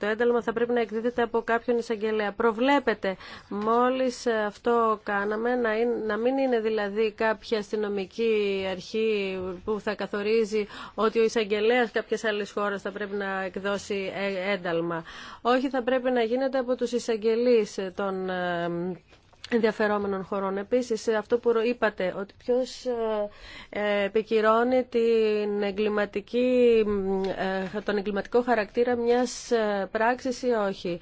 το ένταλμα θα πρέπει να εκδίδεται από κάποιον εισαγγελέα. Προβλέπετε, Μόλι αυτό κάναμε, να, είναι, να μην είναι δηλαδή κάποια αστυνομική αρχή που θα καθορίζει ότι ο εισαγγελέα κάποια άλλες χώρα θα πρέπει να εκδώσει ε, ένταλμα. Όχι, θα πρέπει να γίνεται από του εισαγγελεί των ε, ενδιαφερόμενων χωρών. Επίσης, ε, αυτό που είπατε, ότι ποιος ε, επικυρώνει την εγκληματική, τον εγκληματικό χαρακτήρα μιας πράξης ή όχι.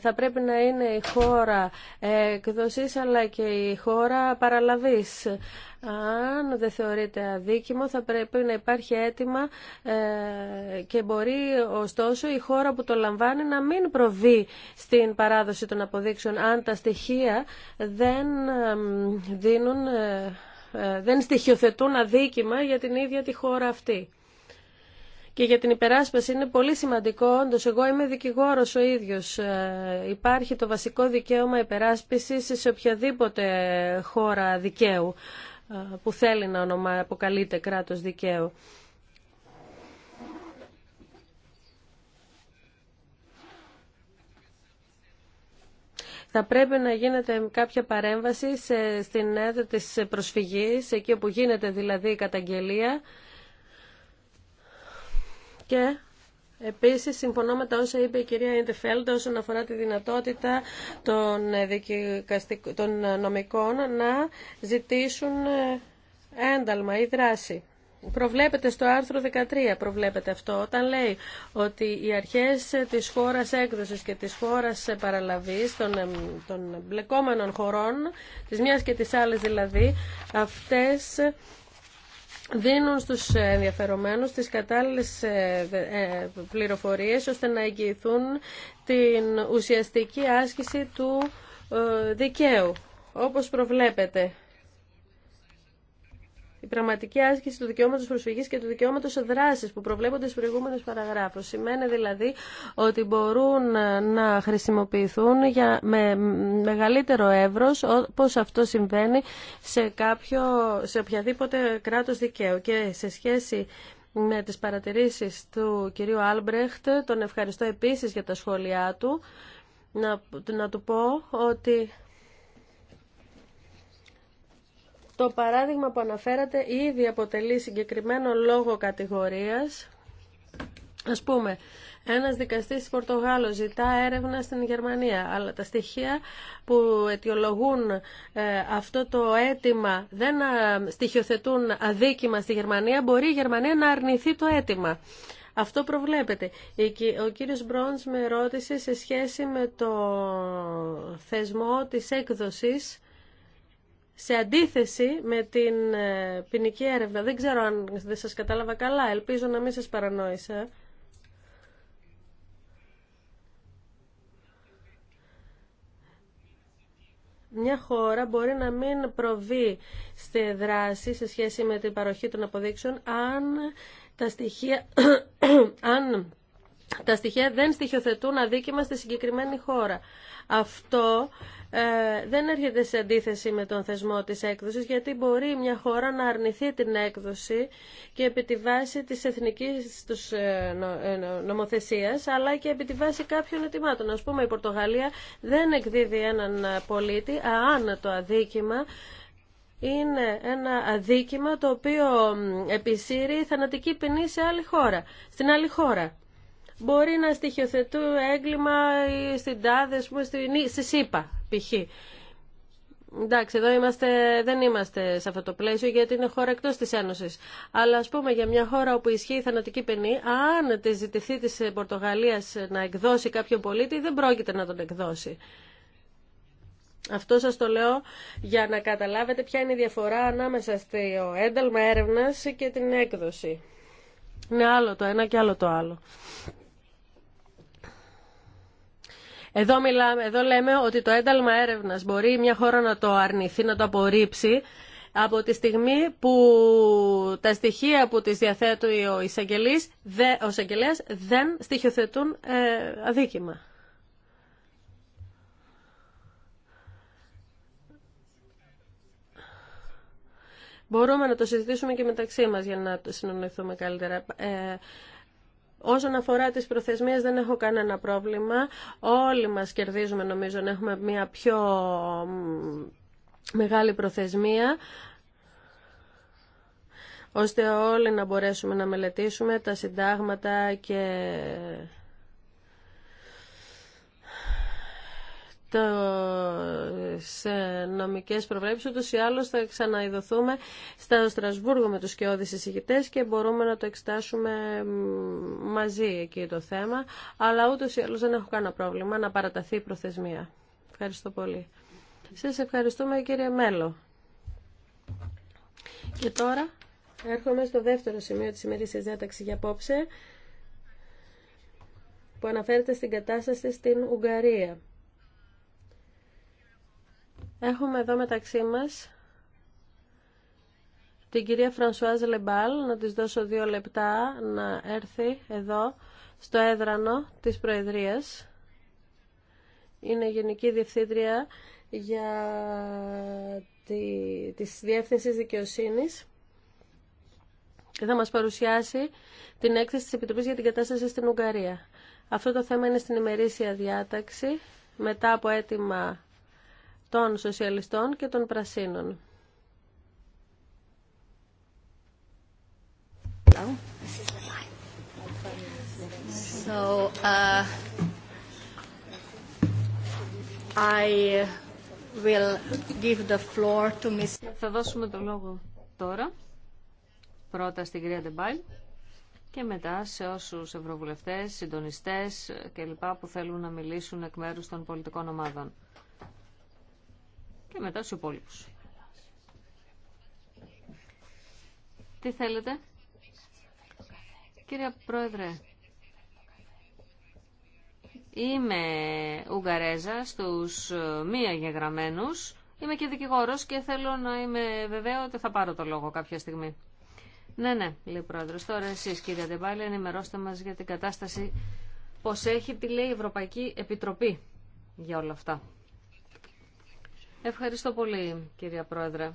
Θα πρέπει να είναι η χώρα εκδοσής αλλά και η χώρα παραλαβής αν δεν θεωρείται αδίκημο θα πρέπει να υπάρχει αίτημα ε, και μπορεί ωστόσο η χώρα που το λαμβάνει να μην προβεί στην παράδοση των αποδείξεων αν τα στοιχεία δεν δίνουν ε, ε, δεν στοιχειοθετούν αδίκημα για την ίδια τη χώρα αυτή. Και για την υπεράσπιση είναι πολύ σημαντικό, όντως εγώ είμαι δικηγόρος ο ίδιος. Υπάρχει το βασικό δικαίωμα υπεράσπισης σε οποιαδήποτε χώρα δικαίου που θέλει να ονομα, αποκαλείται κράτος δικαίου. θα πρέπει να γίνεται κάποια παρέμβαση σε, στην έδρα της προσφυγής, εκεί όπου γίνεται δηλαδή η καταγγελία και Επίσης, συμφωνώ με τα όσα είπε η κυρία Ιντεφέλντα όσον αφορά τη δυνατότητα των, ε, των ε, νομικών να ζητήσουν ε, ένταλμα ή δράση. Προβλέπεται στο άρθρο 13, προβλέπεται αυτό, όταν λέει ότι οι αρχές της χώρας έκδοσης και της χώρας παραλαβής των, των μπλεκόμενων χωρών, της μιας και της άλλης δηλαδή, αυτές δίνουν στους ενδιαφερομένους τις κατάλληλες ε, ε, πληροφορίες ώστε να εγγυηθούν την ουσιαστική άσκηση του ε, δικαίου, όπως προβλέπεται η πραγματική άσκηση του δικαιώματο προσφυγή και του δικαιώματο δράση που προβλέπονται στι προηγούμενε παραγράφου. Σημαίνει δηλαδή ότι μπορούν ε, να χρησιμοποιηθούν για, με μεγαλύτερο εύρο όπω αυτό συμβαίνει σε, κάποιο, σε οποιαδήποτε κράτο δικαίου. Και σε σχέση με τις παρατηρήσεις του κυρίου Άλμπρεχτ, τον ευχαριστώ επίση για τα σχόλιά του, να, να του πω ότι Το παράδειγμα που αναφέρατε ήδη αποτελεί συγκεκριμένο λόγο κατηγορίας. Ας πούμε, ένας δικαστής Πορτογάλος ζητά έρευνα στην Γερμανία, αλλά τα στοιχεία που αιτιολογούν ε, αυτό το αίτημα δεν ε, στοιχειοθετούν αδίκημα στη Γερμανία, μπορεί η Γερμανία να αρνηθεί το αίτημα. Αυτό προβλέπεται. Ο κύριος Μπρόντς με ρώτησε σε σχέση με το θεσμό της έκδοσης σε αντίθεση με την ε, ποινική έρευνα. Δεν ξέρω αν δεν σας κατάλαβα καλά. Ελπίζω να μην σας παρανόησα. Μια χώρα μπορεί να μην προβεί στη δράση σε σχέση με την παροχή των αποδείξεων αν τα στοιχεία, αν τα στοιχεία δεν στοιχειοθετούν αδίκημα στη συγκεκριμένη χώρα. Αυτό ε, δεν έρχεται σε αντίθεση με τον θεσμό της έκδοσης γιατί μπορεί μια χώρα να αρνηθεί την έκδοση και επί τη βάση της εθνικής τους ε, ε, νομοθεσίας αλλά και επί τη βάση κάποιων ετοιμάτων. Ας πούμε η Πορτογαλία δεν εκδίδει έναν πολίτη αν το αδίκημα είναι ένα αδίκημα το οποίο επισύρει θανατική ποινή σε άλλη χώρα, στην άλλη χώρα. Μπορεί να στοιχειοθετούν έγκλημα στην τάδε, στη ΣΥΠΑ, π.χ. Εντάξει, εδώ είμαστε, δεν είμαστε σε αυτό το πλαίσιο γιατί είναι χώρα εκτός της Ένωσης. Αλλά ας πούμε για μια χώρα όπου ισχύει η θανατική ποινή, αν τη ζητηθεί της Πορτογαλίας να εκδώσει κάποιον πολίτη, δεν πρόκειται να τον εκδώσει. Αυτό σας το λέω για να καταλάβετε ποια είναι η διαφορά ανάμεσα στο ένταλμα έρευνας και την έκδοση. Είναι άλλο το ένα και άλλο το άλλο. Εδώ, μιλάμε, εδώ λέμε ότι το ένταλμα έρευνα μπορεί μια χώρα να το αρνηθεί, να το απορρίψει, από τη στιγμή που τα στοιχεία που τις διαθέτει ο εισαγγελής, ο εισαγγελέας δεν στοιχειοθετούν ε, αδίκημα. Μπορούμε να το συζητήσουμε και μεταξύ μας για να το συνονοηθούμε καλύτερα. Ε, Όσον αφορά τις προθεσμίες δεν έχω κανένα πρόβλημα. Όλοι μας κερδίζουμε νομίζω να έχουμε μια πιο μεγάλη προθεσμία ώστε όλοι να μπορέσουμε να μελετήσουμε τα συντάγματα και το, σε νομικές προβλέψεις, ούτως ή άλλως θα ξαναειδωθούμε στα Στρασβούργο με τους σκιώδεις εισηγητές και μπορούμε να το εξετάσουμε μαζί εκεί το θέμα, αλλά ούτως ή άλλως δεν έχω κανένα πρόβλημα να παραταθεί η προθεσμία. Ευχαριστώ πολύ. Σας ευχαριστούμε κύριε Μέλο. Και τώρα έρχομαι στο δεύτερο σημείο της σημερινής διάταξης για απόψε που αναφέρεται στην κατάσταση στην Ουγγαρία. Έχουμε εδώ μεταξύ μας την κυρία Φρανσουάζ Λεμπάλ, να της δώσω δύο λεπτά να έρθει εδώ στο έδρανο της Προεδρίας. Είναι Γενική Διευθύντρια για τη, της Διεύθυνσης Δικαιοσύνης και θα μας παρουσιάσει την έκθεση της Επιτροπής για την κατάσταση στην Ουγγαρία. Αυτό το θέμα είναι στην ημερήσια διάταξη μετά από αίτημα των Σοσιαλιστών και των Πρασίνων. Uh, Θα δώσουμε το λόγο τώρα, πρώτα στην κυρία Ντεμπάιλ και μετά σε όσους ευρωβουλευτές, συντονιστές και λοιπά που θέλουν να μιλήσουν εκ μέρους των πολιτικών ομάδων και μετά στους υπόλοιπους. Τι θέλετε? Κύριε Πρόεδρε, είμαι Ουγγαρέζα στους μη αγεγραμμένους. Είμαι και δικηγόρος και θέλω να είμαι βεβαίω ότι θα πάρω το λόγο κάποια στιγμή. Ναι, ναι, λέει ο Πρόεδρος. Τώρα εσείς κύριε Αντεμπάλη ενημερώστε μας για την κατάσταση πώς έχει, τη λέει η Ευρωπαϊκή Επιτροπή για όλα αυτά. Ευχαριστώ πολύ, κυρία Πρόεδρε.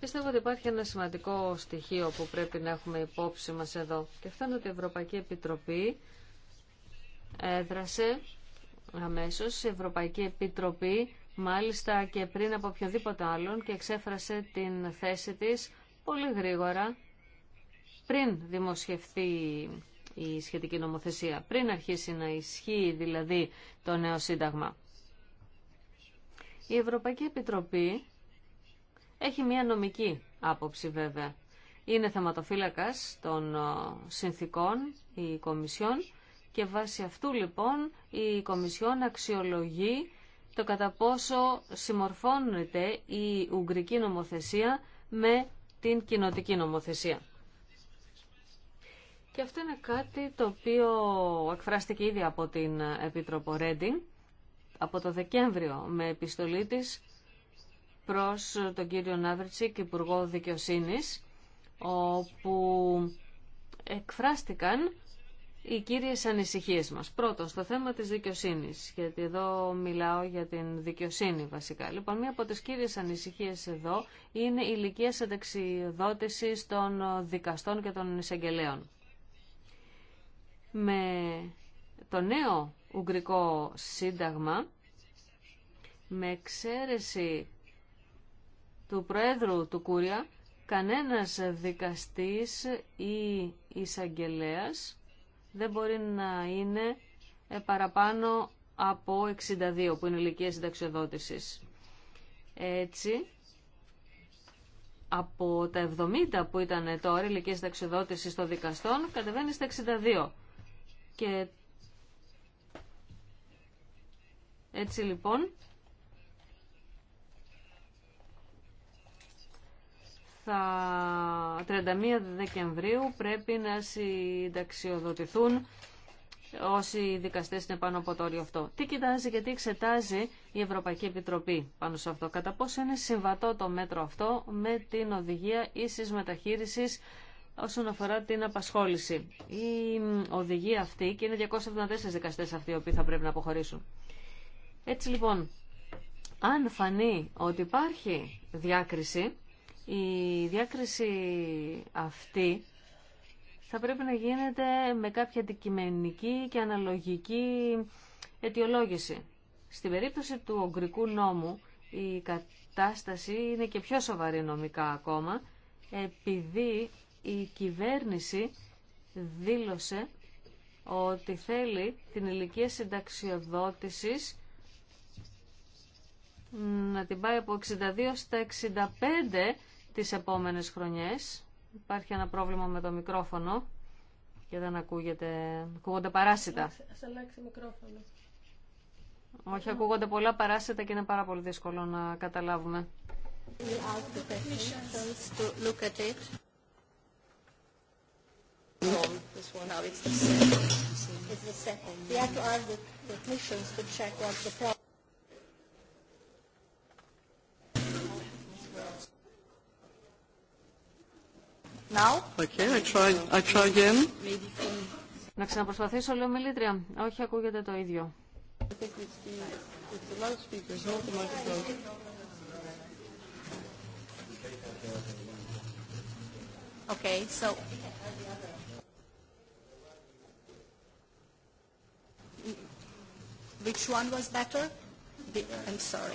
Πιστεύω ότι υπάρχει ένα σημαντικό στοιχείο που πρέπει να έχουμε υπόψη μας εδώ. Και αυτό είναι ότι η Ευρωπαϊκή Επιτροπή έδρασε αμέσως. Η Ευρωπαϊκή Επιτροπή μάλιστα και πριν από οποιοδήποτε άλλον και εξέφρασε την θέση της πολύ γρήγορα πριν δημοσιευθεί η σχετική νομοθεσία, πριν αρχίσει να ισχύει δηλαδή το νέο σύνταγμα. Η Ευρωπαϊκή Επιτροπή έχει μία νομική άποψη βέβαια. Είναι θεματοφύλακας των ε, συνθήκων η Κομισιόν και βάσει αυτού λοιπόν η Κομισιόν αξιολογεί το κατά πόσο συμμορφώνεται η Ουγγρική νομοθεσία με την κοινοτική νομοθεσία. Και αυτό είναι κάτι το οποίο εκφράστηκε ήδη από την Επίτροπο Ρέντινγκ από το Δεκέμβριο με επιστολή της προς τον κύριο και Υπουργό Δικαιοσύνης, όπου εκφράστηκαν οι κύριες ανησυχίες μας. Πρώτον, στο θέμα της δικαιοσύνης, γιατί εδώ μιλάω για την δικαιοσύνη βασικά. Λοιπόν, μία από τις κύριες ανησυχίες εδώ είναι η ηλικία συνταξιδότηση των δικαστών και των εισαγγελέων. Με το νέο Ουγγρικό Σύνταγμα με εξαίρεση του Προέδρου του Κούρια κανένας δικαστής ή εισαγγελέα δεν μπορεί να είναι παραπάνω από 62 που είναι ηλικία συνταξιοδότησης. Έτσι, από τα 70 που ήταν τώρα ηλικία συνταξιοδότησης των δικαστών κατεβαίνει στα 62. Και Έτσι λοιπόν, θα 31 Δεκεμβρίου πρέπει να συνταξιοδοτηθούν όσοι δικαστές είναι πάνω από το όριο αυτό. Τι κοιτάζει και τι εξετάζει η Ευρωπαϊκή Επιτροπή πάνω σε αυτό. Κατά πόσο είναι συμβατό το μέτρο αυτό με την οδηγία ίσης μεταχείρισης όσον αφορά την απασχόληση. Η οδηγία αυτή και είναι 274 δικαστές αυτοί οι οποίοι θα πρέπει να αποχωρήσουν. Έτσι λοιπόν, αν φανεί ότι υπάρχει διάκριση, η διάκριση αυτή θα πρέπει να γίνεται με κάποια αντικειμενική και αναλογική αιτιολόγηση. Στην περίπτωση του ογκρικού νόμου η κατάσταση είναι και πιο σοβαρή νομικά ακόμα επειδή η κυβέρνηση δήλωσε ότι θέλει την ηλικία συνταξιοδότησης να την πάει από 62 στα 65 τις επόμενες χρονιές. Υπάρχει ένα πρόβλημα με το μικρόφωνο και δεν ακούγεται, ακούγονται παράσιτα. Ας μικρόφωνο. Όχι, ακούγονται πολλά παράσιτα και είναι πάρα πολύ δύσκολο να καταλάβουμε. Now? Okay, I try, I try again. Να ξαναπροσπαθήσω, λέω μιλήτρια. Όχι, ακούγεται το ίδιο. Okay, so which one was better? The, I'm sorry.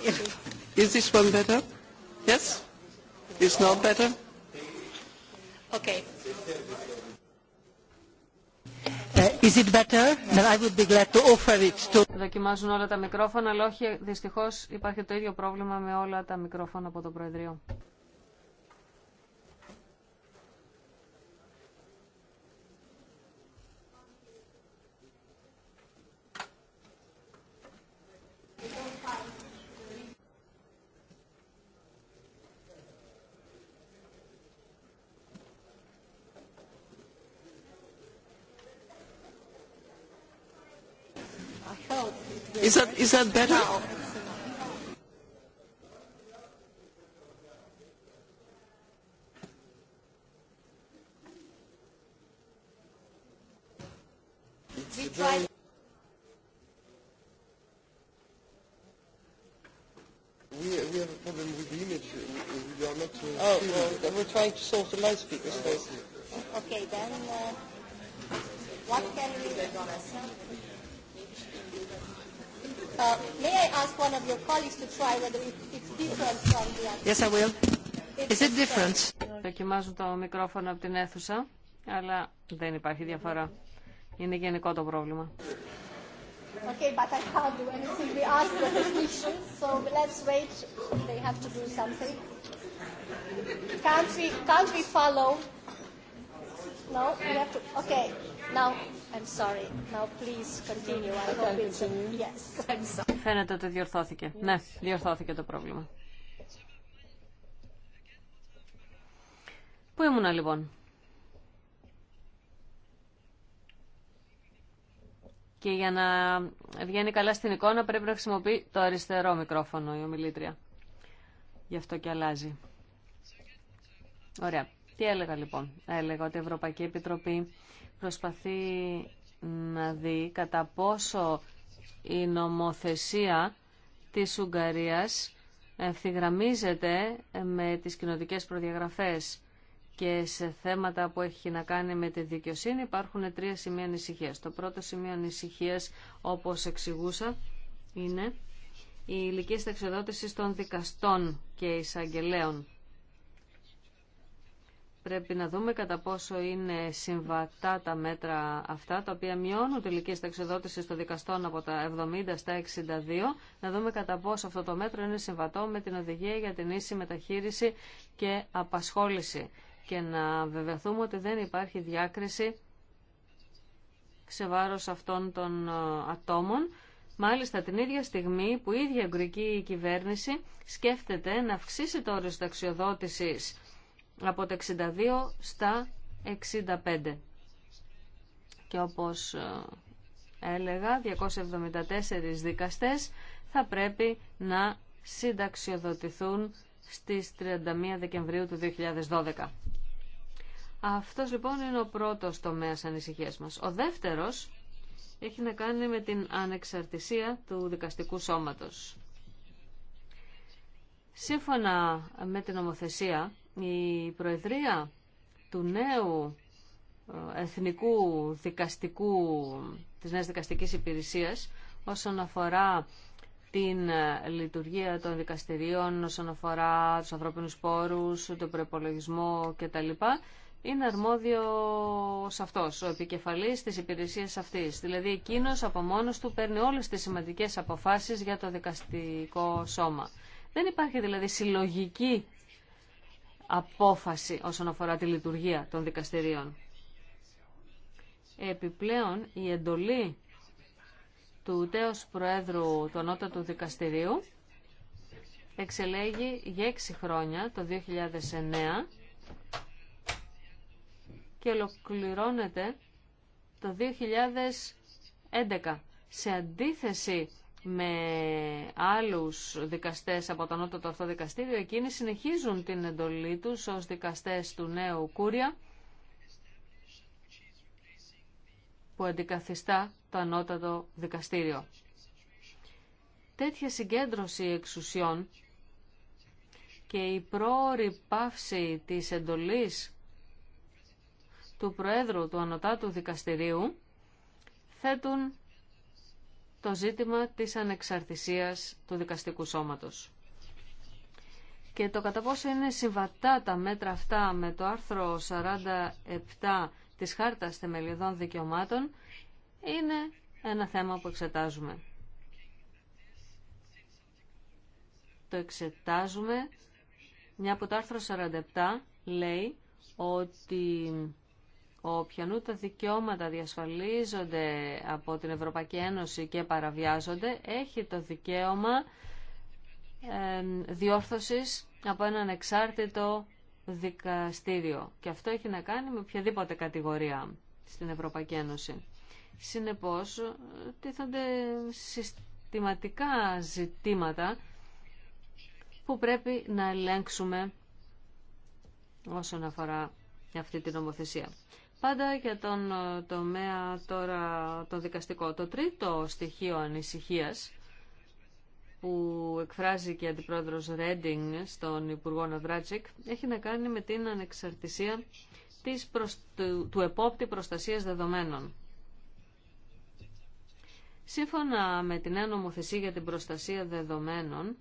Is this one better? Yes? It's not better? Okay. Uh, is it better? Then I would be glad to offer it to... Δοκιμάζουν όλα τα μικρόφωνα, αλλά όχι, δυστυχώς υπάρχει το ίδιο πρόβλημα με όλα τα μικρόφωνα από το Προεδρείο. Is that better? We try. We we have a problem with the image. We, we are not. Uh, oh, well, we're trying to solve the loudspeaker space. Okay, then uh, what can we do? May I ask one of your colleagues to try whether it's different from the other? Yes, I will. Is it different? Δοκιμάζουν το μικρόφωνο από την αίθουσα, αλλά δεν υπάρχει διαφορά. Είναι γενικό το πρόβλημα. Okay, but I can't do anything. We asked the technicians, so let's wait. They have to do something. Can't we, can't we follow? No, we have to. Okay. Now, I'm sorry. Now, please continue. Yes, Φαίνεται ότι διορθώθηκε. Ναι, διορθώθηκε το πρόβλημα. Πού ήμουνα λοιπόν. Και για να βγαίνει καλά στην εικόνα πρέπει να χρησιμοποιεί το αριστερό μικρόφωνο η ομιλήτρια. Γι' αυτό και αλλάζει. Ωραία. Τι έλεγα λοιπόν. Έλεγα ότι η Ευρωπαϊκή Επιτροπή προσπαθεί να δει κατά πόσο η νομοθεσία της Ουγγαρίας ευθυγραμμίζεται με τις κοινοτικές προδιαγραφές και σε θέματα που έχει να κάνει με τη δικαιοσύνη υπάρχουν τρία σημεία ανησυχία. Το πρώτο σημείο ανησυχία, όπως εξηγούσα, είναι η ηλικία σταξιοδότηση των δικαστών και εισαγγελέων. Πρέπει να δούμε κατά πόσο είναι συμβατά τα μέτρα αυτά, τα οποία μειώνουν τη ταξιδότηση των δικαστών από τα 70 στα 62, να δούμε κατά πόσο αυτό το μέτρο είναι συμβατό με την οδηγία για την ίση μεταχείριση και απασχόληση και να βεβαιωθούμε ότι δεν υπάρχει διάκριση σε βάρος αυτών των ε, ατόμων. Μάλιστα την ίδια στιγμή που η ίδια εγκρική κυβέρνηση σκέφτεται να αυξήσει το όριο ταξιοδότησης από τα 62 στα 65. Και όπως ε, έλεγα, 274 δικαστές θα πρέπει να συνταξιοδοτηθούν στις 31 Δεκεμβρίου του 2012. Αυτός λοιπόν είναι ο πρώτος τομέας ανησυχίας μας. Ο δεύτερος έχει να κάνει με την ανεξαρτησία του δικαστικού σώματος. Σύμφωνα με την νομοθεσία, η Προεδρία του νέου ε, Εθνικού Δικαστικού, της Νέας Δικαστικής Υπηρεσίας όσον αφορά την ε, λειτουργία των δικαστηρίων, όσον αφορά τους ανθρώπινους πόρους, τον προπολογισμό κτλ. Είναι αρμόδιο αυτός, ο επικεφαλής της υπηρεσίας αυτής. Δηλαδή εκείνος από μόνος του παίρνει όλες τις σημαντικές αποφάσεις για το δικαστικό σώμα. Δεν υπάρχει δηλαδή συλλογική απόφαση όσον αφορά τη λειτουργία των δικαστηρίων. Επιπλέον, η εντολή του τέος Προέδρου του Ανώτατου Δικαστηρίου εξελέγει για έξι χρόνια, το 2009, και ολοκληρώνεται το 2011, σε αντίθεση με άλλους δικαστές από το Ανώτατο Αυτό Δικαστήριο, εκείνοι συνεχίζουν την εντολή τους ως δικαστές του νέου Κούρια, που αντικαθιστά το Ανώτατο Δικαστήριο. Τέτοια συγκέντρωση εξουσιών και η πρόορη πάυση της εντολής του Προέδρου του Ανωτάτου Δικαστηρίου θέτουν το ζήτημα της ανεξαρτησίας του δικαστικού σώματος. Και το κατά πόσο είναι συμβατά τα μέτρα αυτά με το άρθρο 47 της Χάρτας Θεμελιωδών Δικαιωμάτων είναι ένα θέμα που εξετάζουμε. Το εξετάζουμε μια από το άρθρο 47 λέει ότι Όποιανού τα δικαιώματα διασφαλίζονται από την Ευρωπαϊκή Ένωση και παραβιάζονται, έχει το δικαίωμα διόρθωσης από έναν εξάρτητο δικαστήριο. Και αυτό έχει να κάνει με οποιαδήποτε κατηγορία στην Ευρωπαϊκή Ένωση. Συνεπώς, τίθονται συστηματικά ζητήματα που πρέπει να ελέγξουμε όσον αφορά αυτή την νομοθεσία. Πάντα για τον ε, τομέα τώρα το δικαστικό. Το τρίτο στοιχείο ανησυχίας που εκφράζει και η Αντιπρόεδρος Ρέντινγκ στον Υπουργό Ναβράτσικ έχει να κάνει με την ανεξαρτησία της του επόπτη προστασίας δεδομένων. Σύμφωνα με την ένομο νομοθεσία για την προστασία δεδομένων,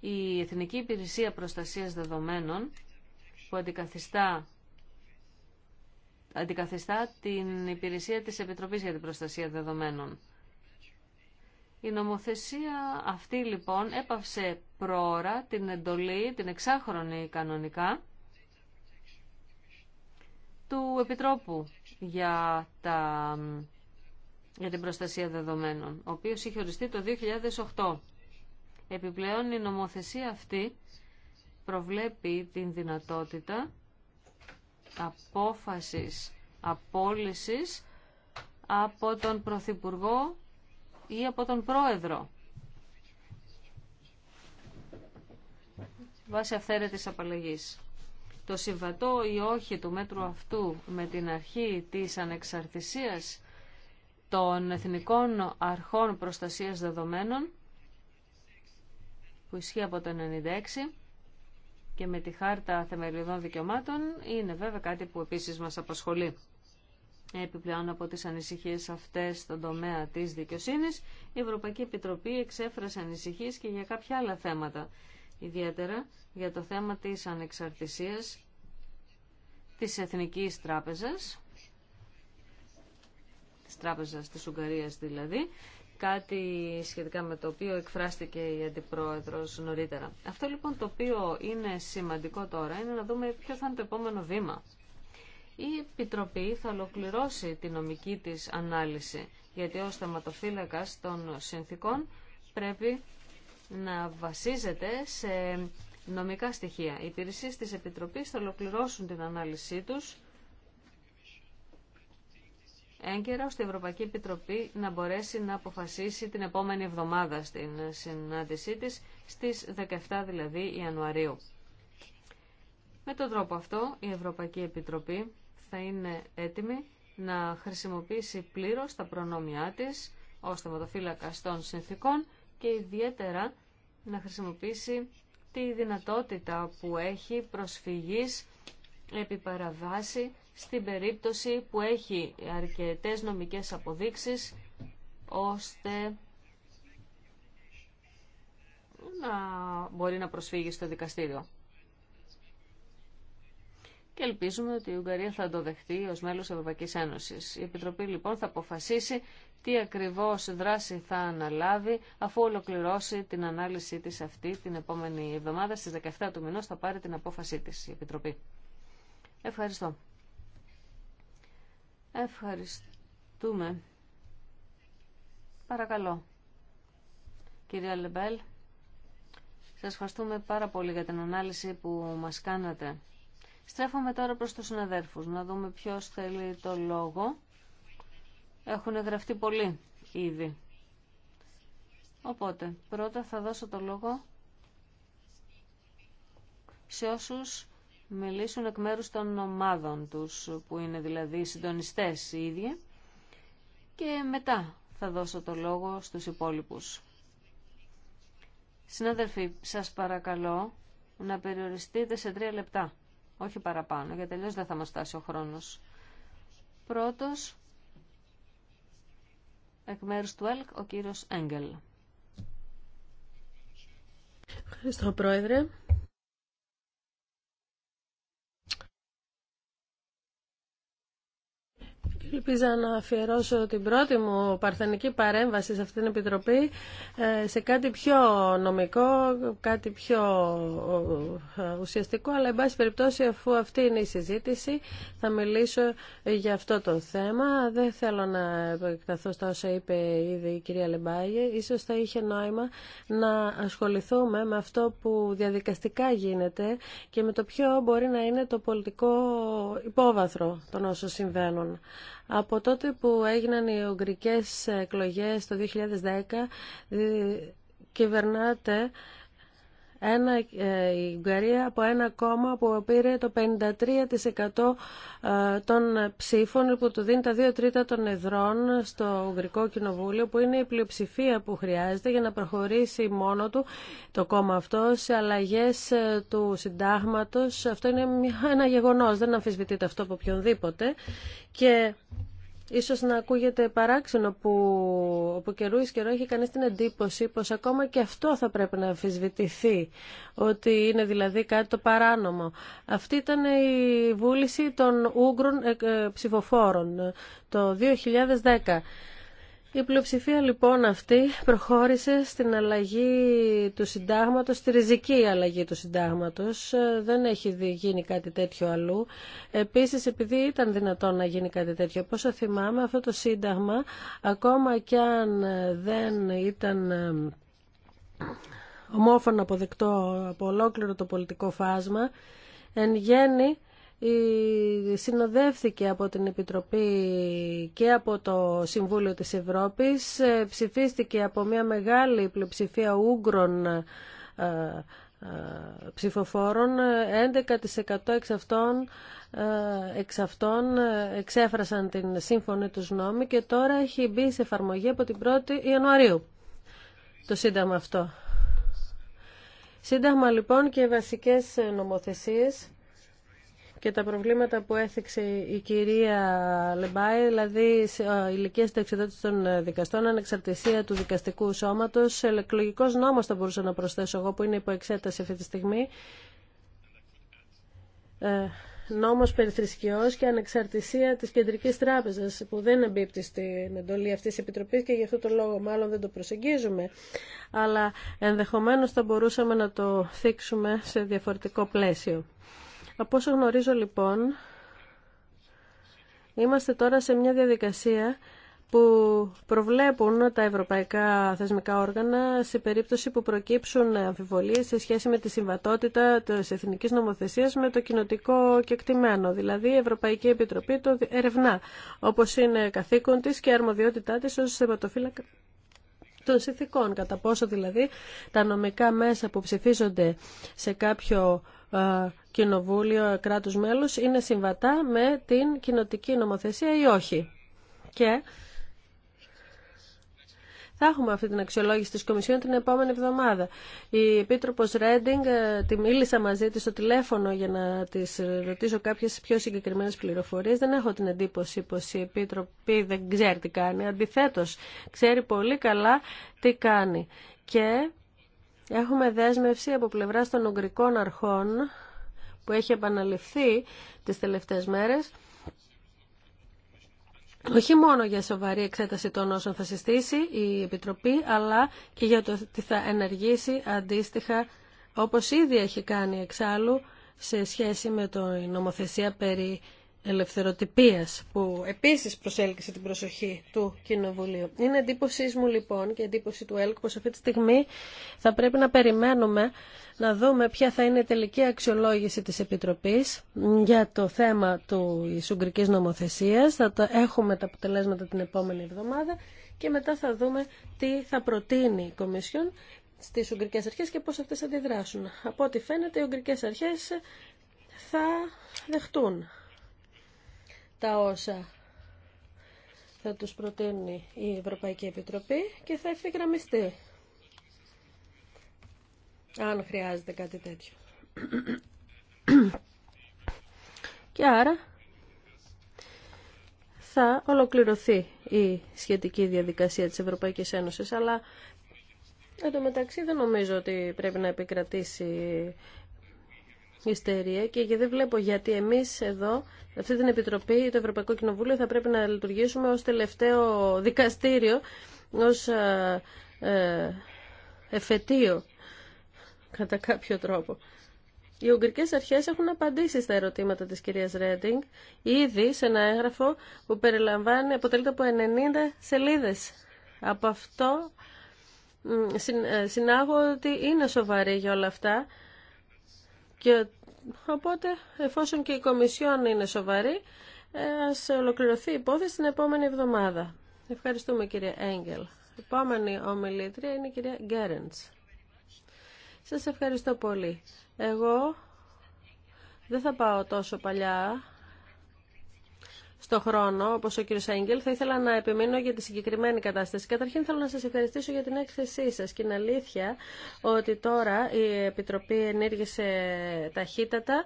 η Εθνική Υπηρεσία Προστασίας Δεδομένων, που αντικαθιστά αντικαθιστά την υπηρεσία της Επιτροπής για την Προστασία Δεδομένων. Η νομοθεσία αυτή λοιπόν έπαυσε πρόωρα την εντολή, την εξάχρονη κανονικά, του Επιτρόπου για, τα, για την προστασία δεδομένων, ο οποίος είχε οριστεί το 2008. Επιπλέον η νομοθεσία αυτή προβλέπει την δυνατότητα απόφασης απόλυσης από τον Πρωθυπουργό ή από τον Πρόεδρο. Βάσει αυθαίρετης απαλλαγής. Το συμβατό ή όχι του μέτρου αυτού με την αρχή της ανεξαρτησίας των Εθνικών Αρχών Προστασίας Δεδομένων που ισχύει από το 1996 και με τη Χάρτα Θεμελιωδών Δικαιωμάτων είναι βέβαια κάτι που επίσης μας απασχολεί. Επιπλέον από τις ανησυχίες αυτές στον τομέα της δικαιοσύνης, η Ευρωπαϊκή Επιτροπή εξέφρασε ανησυχίες και για κάποια άλλα θέματα, ιδιαίτερα για το θέμα της ανεξαρτησίας της Εθνικής Τράπεζας, της Τράπεζας της Ουγγαρίας δηλαδή, κάτι σχετικά με το οποίο εκφράστηκε η Αντιπρόεδρος νωρίτερα. Αυτό λοιπόν το οποίο είναι σημαντικό τώρα είναι να δούμε ποιο θα είναι το επόμενο βήμα. Η Επιτροπή θα ολοκληρώσει τη νομική της ανάλυση, γιατί ως θεματοφύλακας των συνθήκων πρέπει να βασίζεται σε νομικά στοιχεία. Οι υπηρεσίες της Επιτροπής θα ολοκληρώσουν την ανάλυση τους έγκαιρα ώστε η Ευρωπαϊκή Επιτροπή να μπορέσει να αποφασίσει την επόμενη εβδομάδα στην συνάντησή της στις 17 δηλαδή Ιανουαρίου. Με τον τρόπο αυτό η Ευρωπαϊκή Επιτροπή θα είναι έτοιμη να χρησιμοποιήσει πλήρως τα προνόμια της ως θεματοφύλακα των συνθήκων και ιδιαίτερα να χρησιμοποιήσει τη δυνατότητα που έχει προσφυγής επί στην περίπτωση που έχει αρκετές νομικές αποδείξεις ώστε να μπορεί να προσφύγει στο δικαστήριο. Και ελπίζουμε ότι η Ουγγαρία θα το δεχτεί ως μέλος Ευρωπαϊκής Ένωσης. Η Επιτροπή λοιπόν θα αποφασίσει τι ακριβώς δράση θα αναλάβει αφού ολοκληρώσει την ανάλυση της αυτή την επόμενη εβδομάδα στις 17 του μηνός θα πάρει την απόφασή της η Επιτροπή. Ευχαριστώ. Ευχαριστούμε. Παρακαλώ. Κυρία Λεμπέλ, σας ευχαριστούμε πάρα πολύ για την ανάλυση που μας κάνατε. Στρέφομαι τώρα προς τους συναδέρφους, να δούμε ποιος θέλει το λόγο. Έχουν γραφτεί πολύ ήδη. Οπότε, πρώτα θα δώσω το λόγο σε όσους μιλήσουν εκ μέρους των ομάδων τους, που είναι δηλαδή συντονιστές οι ίδιοι, και μετά θα δώσω το λόγο στους υπόλοιπους. Συνάδελφοι, σας παρακαλώ να περιοριστείτε σε τρία λεπτά, όχι παραπάνω, γιατί τελείως δεν θα μας φτάσει ο χρόνος. Πρώτος, εκ μέρους του ΕΛΚ, ο κύριος Έγγελ. Ευχαριστώ, Πρόεδρε. Ελπίζω να αφιερώσω την πρώτη μου παρθενική παρέμβαση σε αυτήν την Επιτροπή ε, σε κάτι πιο νομικό, κάτι πιο ουσιαστικό, αλλά εν πάση περιπτώσει αφού αυτή είναι η συζήτηση θα μιλήσω για αυτό το θέμα. Δεν θέλω να επεκταθώ στα όσα είπε ήδη η κυρία Λεμπάγε. Ίσως θα είχε νόημα να ασχοληθούμε με αυτό που διαδικαστικά γίνεται και με το ποιο μπορεί να είναι το πολιτικό υπόβαθρο των όσων συμβαίνουν. Από τότε που έγιναν οι ογκρικές εκλογές το 2010 κυβερνάτε ένα, ε, η Ουγγαρία από ένα κόμμα που πήρε το 53% ε, των ψήφων που του δίνει τα 2 τρίτα των εδρών στο Ουγγρικό Κοινοβούλιο που είναι η πλειοψηφία που χρειάζεται για να προχωρήσει μόνο του το κόμμα αυτό σε αλλαγές ε, του συντάγματος. Αυτό είναι ένα γεγονός, δεν αμφισβητείται αυτό από οποιονδήποτε και Ίσως να ακούγεται παράξενο που από καιρού εις καιρό έχει κανείς την εντύπωση πως ακόμα και αυτό θα πρέπει να αμφισβητηθεί, ότι είναι δηλαδή κάτι το παράνομο. Αυτή ήταν η βούληση των Ούγγρων ε, ε, ψηφοφόρων ε, το 2010. Η πλειοψηφία λοιπόν αυτή προχώρησε στην αλλαγή του συντάγματος, στη ριζική αλλαγή του συντάγματος. Ε, δεν έχει γίνει κάτι τέτοιο αλλού. Επίσης, επειδή ήταν δυνατόν να γίνει κάτι τέτοιο, πόσο θυμάμαι, αυτό το σύνταγμα, ακόμα κι αν δεν ήταν ε, ομόφωνα αποδεκτό από ολόκληρο το πολιτικό φάσμα, εν γέννη συνοδεύθηκε από την Επιτροπή και από το Συμβούλιο της Ευρώπης, ε, ψηφίστηκε από μια μεγάλη πλειοψηφία Ούγγρων ε, ε, ψηφοφόρων, 11% εξ αυτών, εξ αυτών εξέφρασαν την σύμφωνη τους νόμη και τώρα έχει μπει σε εφαρμογή από την 1η Ιανουαρίου το Σύνταγμα αυτό. Σύνταγμα λοιπόν και βασικές νομοθεσίες και τα προβλήματα που έθιξε η κυρία Λεμπάη, δηλαδή ε, ηλικία συνταξιδότηση των ε, δικαστών, ανεξαρτησία του δικαστικού σώματο, εκλογικό νόμο θα μπορούσα να προσθέσω εγώ που είναι υπό εξέταση αυτή τη στιγμή. Ε, νόμος περιθρησκειός και ανεξαρτησία της Κεντρικής Τράπεζας που δεν εμπίπτει στην εντολή αυτής της Επιτροπής και γι' αυτό το λόγο μάλλον δεν το προσεγγίζουμε. Αλλά ενδεχομένως θα μπορούσαμε να το θίξουμε σε διαφορετικό πλαίσιο. Από όσο γνωρίζω λοιπόν, είμαστε τώρα σε μια διαδικασία που προβλέπουν τα ευρωπαϊκά θεσμικά όργανα σε περίπτωση που προκύψουν αμφιβολίες σε σχέση με τη συμβατότητα της εθνικής νομοθεσίας με το κοινοτικό κεκτημένο. Δηλαδή η Ευρωπαϊκή Επιτροπή το ερευνά, όπως είναι καθήκον της και αρμοδιότητά της ως θεματοφύλακα των συνθηκών. Κατά πόσο δηλαδή τα νομικά μέσα που ψηφίζονται σε κάποιο ε, κοινοβούλιο κράτους μέλους είναι συμβατά με την κοινοτική νομοθεσία ή όχι. Και θα έχουμε αυτή την αξιολόγηση της Κομισιόν την επόμενη εβδομάδα. Η Επίτροπος Ρέντινγκ ε, τη μίλησα μαζί της στο τηλέφωνο για να της ρωτήσω κάποιες πιο συγκεκριμένες πληροφορίες. Δεν έχω την εντύπωση πως η Επίτροπη δεν ξέρει τι κάνει. Αντιθέτως, ξέρει πολύ καλά τι κάνει. Και Έχουμε δέσμευση από πλευρά των Ουγγρικών αρχών που έχει επαναληφθεί τις τελευταίες μέρες όχι μόνο για σοβαρή εξέταση των όσων θα συστήσει η Επιτροπή, αλλά και για το ότι θα ενεργήσει αντίστοιχα, όπως ήδη έχει κάνει εξάλλου, σε σχέση με το νομοθεσία περί ελευθεροτυπίας που επίσης προσέλκυσε την προσοχή του Κοινοβουλίου. Είναι εντύπωσή μου λοιπόν και εντύπωση του ΕΛΚ πως αυτή τη στιγμή θα πρέπει να περιμένουμε να δούμε ποια θα είναι η τελική αξιολόγηση της Επιτροπής για το θέμα του Ουγγρικής νομοθεσίας. Θα έχουμε τα αποτελέσματα την επόμενη εβδομάδα και μετά θα δούμε τι θα προτείνει η Κομισιόν στις Ουγγρικές Αρχές και πώς αυτές θα αντιδράσουν. Από ό,τι φαίνεται οι Ουγγρικές Αρχές θα δεχτούν τα όσα θα τους προτείνει η Ευρωπαϊκή Επιτροπή και θα ευθυγραμμιστεί αν χρειάζεται κάτι τέτοιο. Και άρα θα ολοκληρωθεί η σχετική διαδικασία της Ευρωπαϊκής Ένωσης, αλλά Εν τω μεταξύ δεν νομίζω ότι πρέπει να επικρατήσει ιστερία και δεν βλέπω γιατί εμείς εδώ, αυτή την Επιτροπή, το Ευρωπαϊκό Κοινοβούλιο θα πρέπει να λειτουργήσουμε ως τελευταίο δικαστήριο, ως ε, ε, εφετείο κατά κάποιο τρόπο. Οι Ουγγρικές Αρχές έχουν απαντήσει στα ερωτήματα της κυρίας Ρέντινγκ ήδη σε ένα έγγραφο που περιλαμβάνει, αποτελείται από 90 σελίδες. Από αυτό ε, συνάγω ότι είναι σοβαρή για όλα αυτά και οπότε, εφόσον και η Κομισιόν είναι σοβαρή, ε, ας ολοκληρωθεί η υπόθεση την επόμενη εβδομάδα. Ευχαριστούμε κύριε Έγγελ. Επόμενη ομιλήτρια είναι η κυρία Γκέρεντς. Σας ευχαριστώ πολύ. Εγώ δεν θα πάω τόσο παλιά στο χρόνο, όπως ο κ. Έγκελ, θα ήθελα να επιμείνω για τη συγκεκριμένη κατάσταση. Καταρχήν θέλω να σας ευχαριστήσω για την έκθεσή σας και είναι αλήθεια ότι τώρα η Επιτροπή ενήργησε ταχύτατα.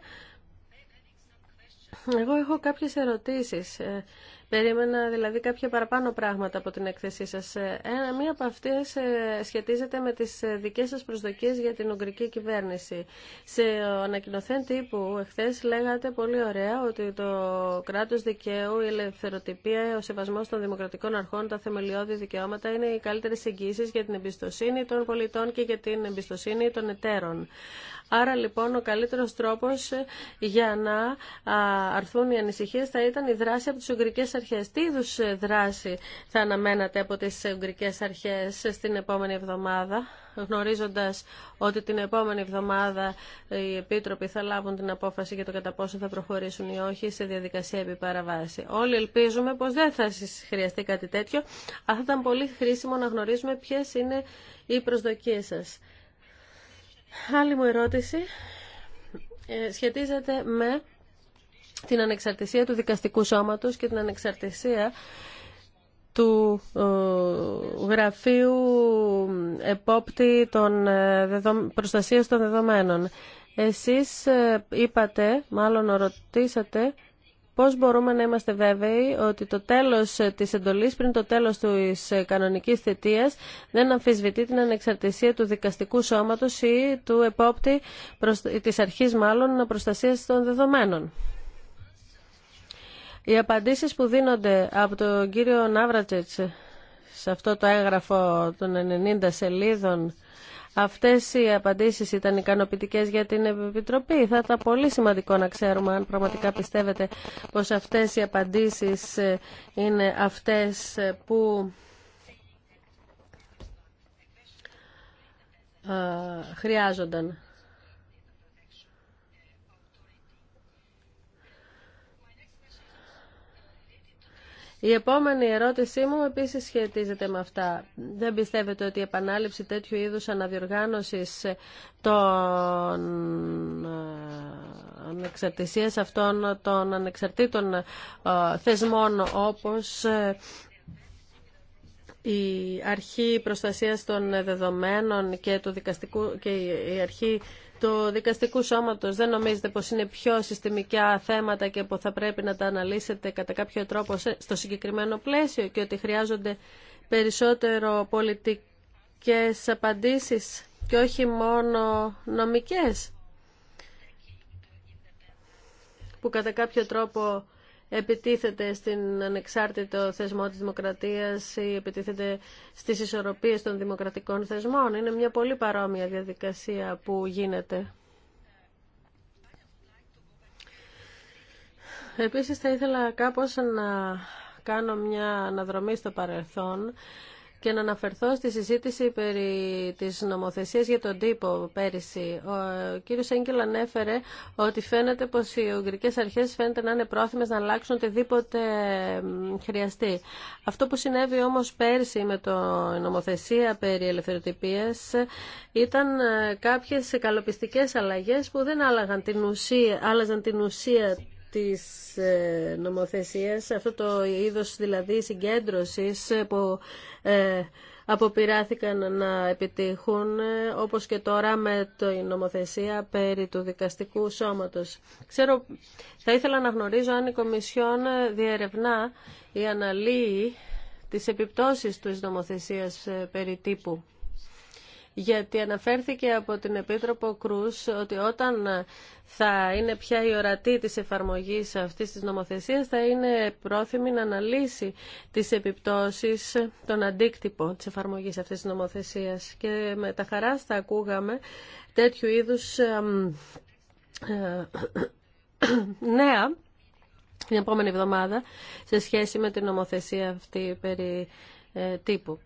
Εγώ έχω κάποιες ερωτήσεις ε, Περίμενα δηλαδή κάποια παραπάνω πράγματα από την έκθεσή σας. Ε, μία από αυτές ε, σχετίζεται με τις ε, δικές σας προσδοκίες για την Ουγγρική κυβέρνηση. Σε ανακοινωθέν τύπου εχθές λέγατε πολύ ωραία ότι το κράτος δικαίου, η ελευθεροτυπία, ο σεβασμός των δημοκρατικών αρχών, τα θεμελιώδη δικαιώματα είναι οι καλύτερες εγγύσεις για την εμπιστοσύνη των πολιτών και για την εμπιστοσύνη των εταίρων. Άρα λοιπόν ο καλύτερος τρόπος για να αρθούν οι ανησυχίες θα ήταν η δράση από τις Ουγγρικές αρχές. Τι είδου ε, δράση θα αναμένατε από τις Ουγγρικές αρχές στην επόμενη εβδομάδα, γνωρίζοντας ότι την επόμενη εβδομάδα οι Επίτροποι θα λάβουν την απόφαση για το κατά πόσο θα προχωρήσουν ή όχι σε διαδικασία επιπαραβάση. Όλοι ελπίζουμε πως δεν θα χρειαστεί κάτι τέτοιο, αλλά θα ήταν πολύ χρήσιμο να γνωρίζουμε ποιε είναι οι προσδοκίες σας. Άλλη μου ερώτηση ε, σχετίζεται με την ανεξαρτησία του δικαστικού σώματος και την ανεξαρτησία του ε, Γραφείου Επόπτη των ε, Προστασίας των Δεδομένων. Εσείς ε, είπατε, μάλλον ρωτήσατε, πώς μπορούμε να είμαστε βέβαιοι ότι το τέλος της εντολής πριν το τέλος της κανονικής θητείας δεν αμφισβητεί την ανεξαρτησία του δικαστικού σώματος ή του επόπτη της αρχής μάλλον προστασίας των δεδομένων. Οι απαντήσεις που δίνονται από τον κύριο Ναύρατσετς σε αυτό το έγγραφο των 90 σελίδων Αυτές οι απαντήσεις ήταν ικανοποιητικές για την Επιτροπή. Θα ήταν πολύ σημαντικό να ξέρουμε αν πραγματικά πιστεύετε πως αυτές οι απαντήσεις είναι αυτές που ε, χρειάζονταν. Η επόμενη ερώτησή μου επίσης σχετίζεται με αυτά. Δεν πιστεύετε ότι η επανάληψη τέτοιου είδους αναδιοργάνωσης των ε, ανεξαρτησίες αυτών των ανεξαρτήτων ε, θεσμών όπως ε, η αρχή προστασίας των δεδομένων και, του δικαστικού, και η αρχή του δικαστικού σώματος δεν νομίζετε πως είναι πιο συστημικά θέματα και που θα πρέπει να τα αναλύσετε κατά κάποιο τρόπο στο συγκεκριμένο πλαίσιο και ότι χρειάζονται περισσότερο πολιτικές απαντήσεις και όχι μόνο νομικές που κατά κάποιο τρόπο επιτίθεται στην ανεξάρτητο θεσμό της δημοκρατίας ή επιτίθεται στις ισορροπίες των δημοκρατικών θεσμών. Είναι μια πολύ παρόμοια διαδικασία που γίνεται. Επίσης θα ήθελα κάπως να κάνω μια αναδρομή στο παρελθόν και να αναφερθώ στη συζήτηση περί της νομοθεσίας για τον τύπο πέρυσι. Ο κύριος Έγκελ ανέφερε ότι φαίνεται πως οι ουγγρικές αρχές φαίνεται να είναι πρόθυμες να αλλάξουν οτιδήποτε χρειαστεί. Αυτό που συνέβη όμως πέρυσι με το νομοθεσία περί ελευθεροτυπίας ήταν ε, κάποιες καλοπιστικές αλλαγές που δεν άλλαγαν την ουσία, άλλαζαν την ουσία της ε, νομοθεσίας, αυτό το είδος δηλαδή συγκέντρωσης ε, που ε, αποπειράθηκαν να επιτύχουν, ε, όπως και τώρα με την νομοθεσία περί του δικαστικού σώματος. Ξέρω, θα ήθελα να γνωρίζω αν η Κομισιόν ε, διερευνά ή αναλύει τις επιπτώσεις της νομοθεσίας περί τύπου γιατί αναφέρθηκε από την Επίτροπο Κρούς ότι όταν θα είναι πια η ορατή της εφαρμογής αυτής της νομοθεσίας θα είναι πρόθυμη να αναλύσει τις επιπτώσεις, των αντίκτυπο της εφαρμογής αυτής της νομοθεσίας. Και με τα χαρά θα ακούγαμε τέτοιου είδους ε, νέα την επόμενη εβδομάδα σε σχέση με την νομοθεσία αυτή περί ε, τύπου.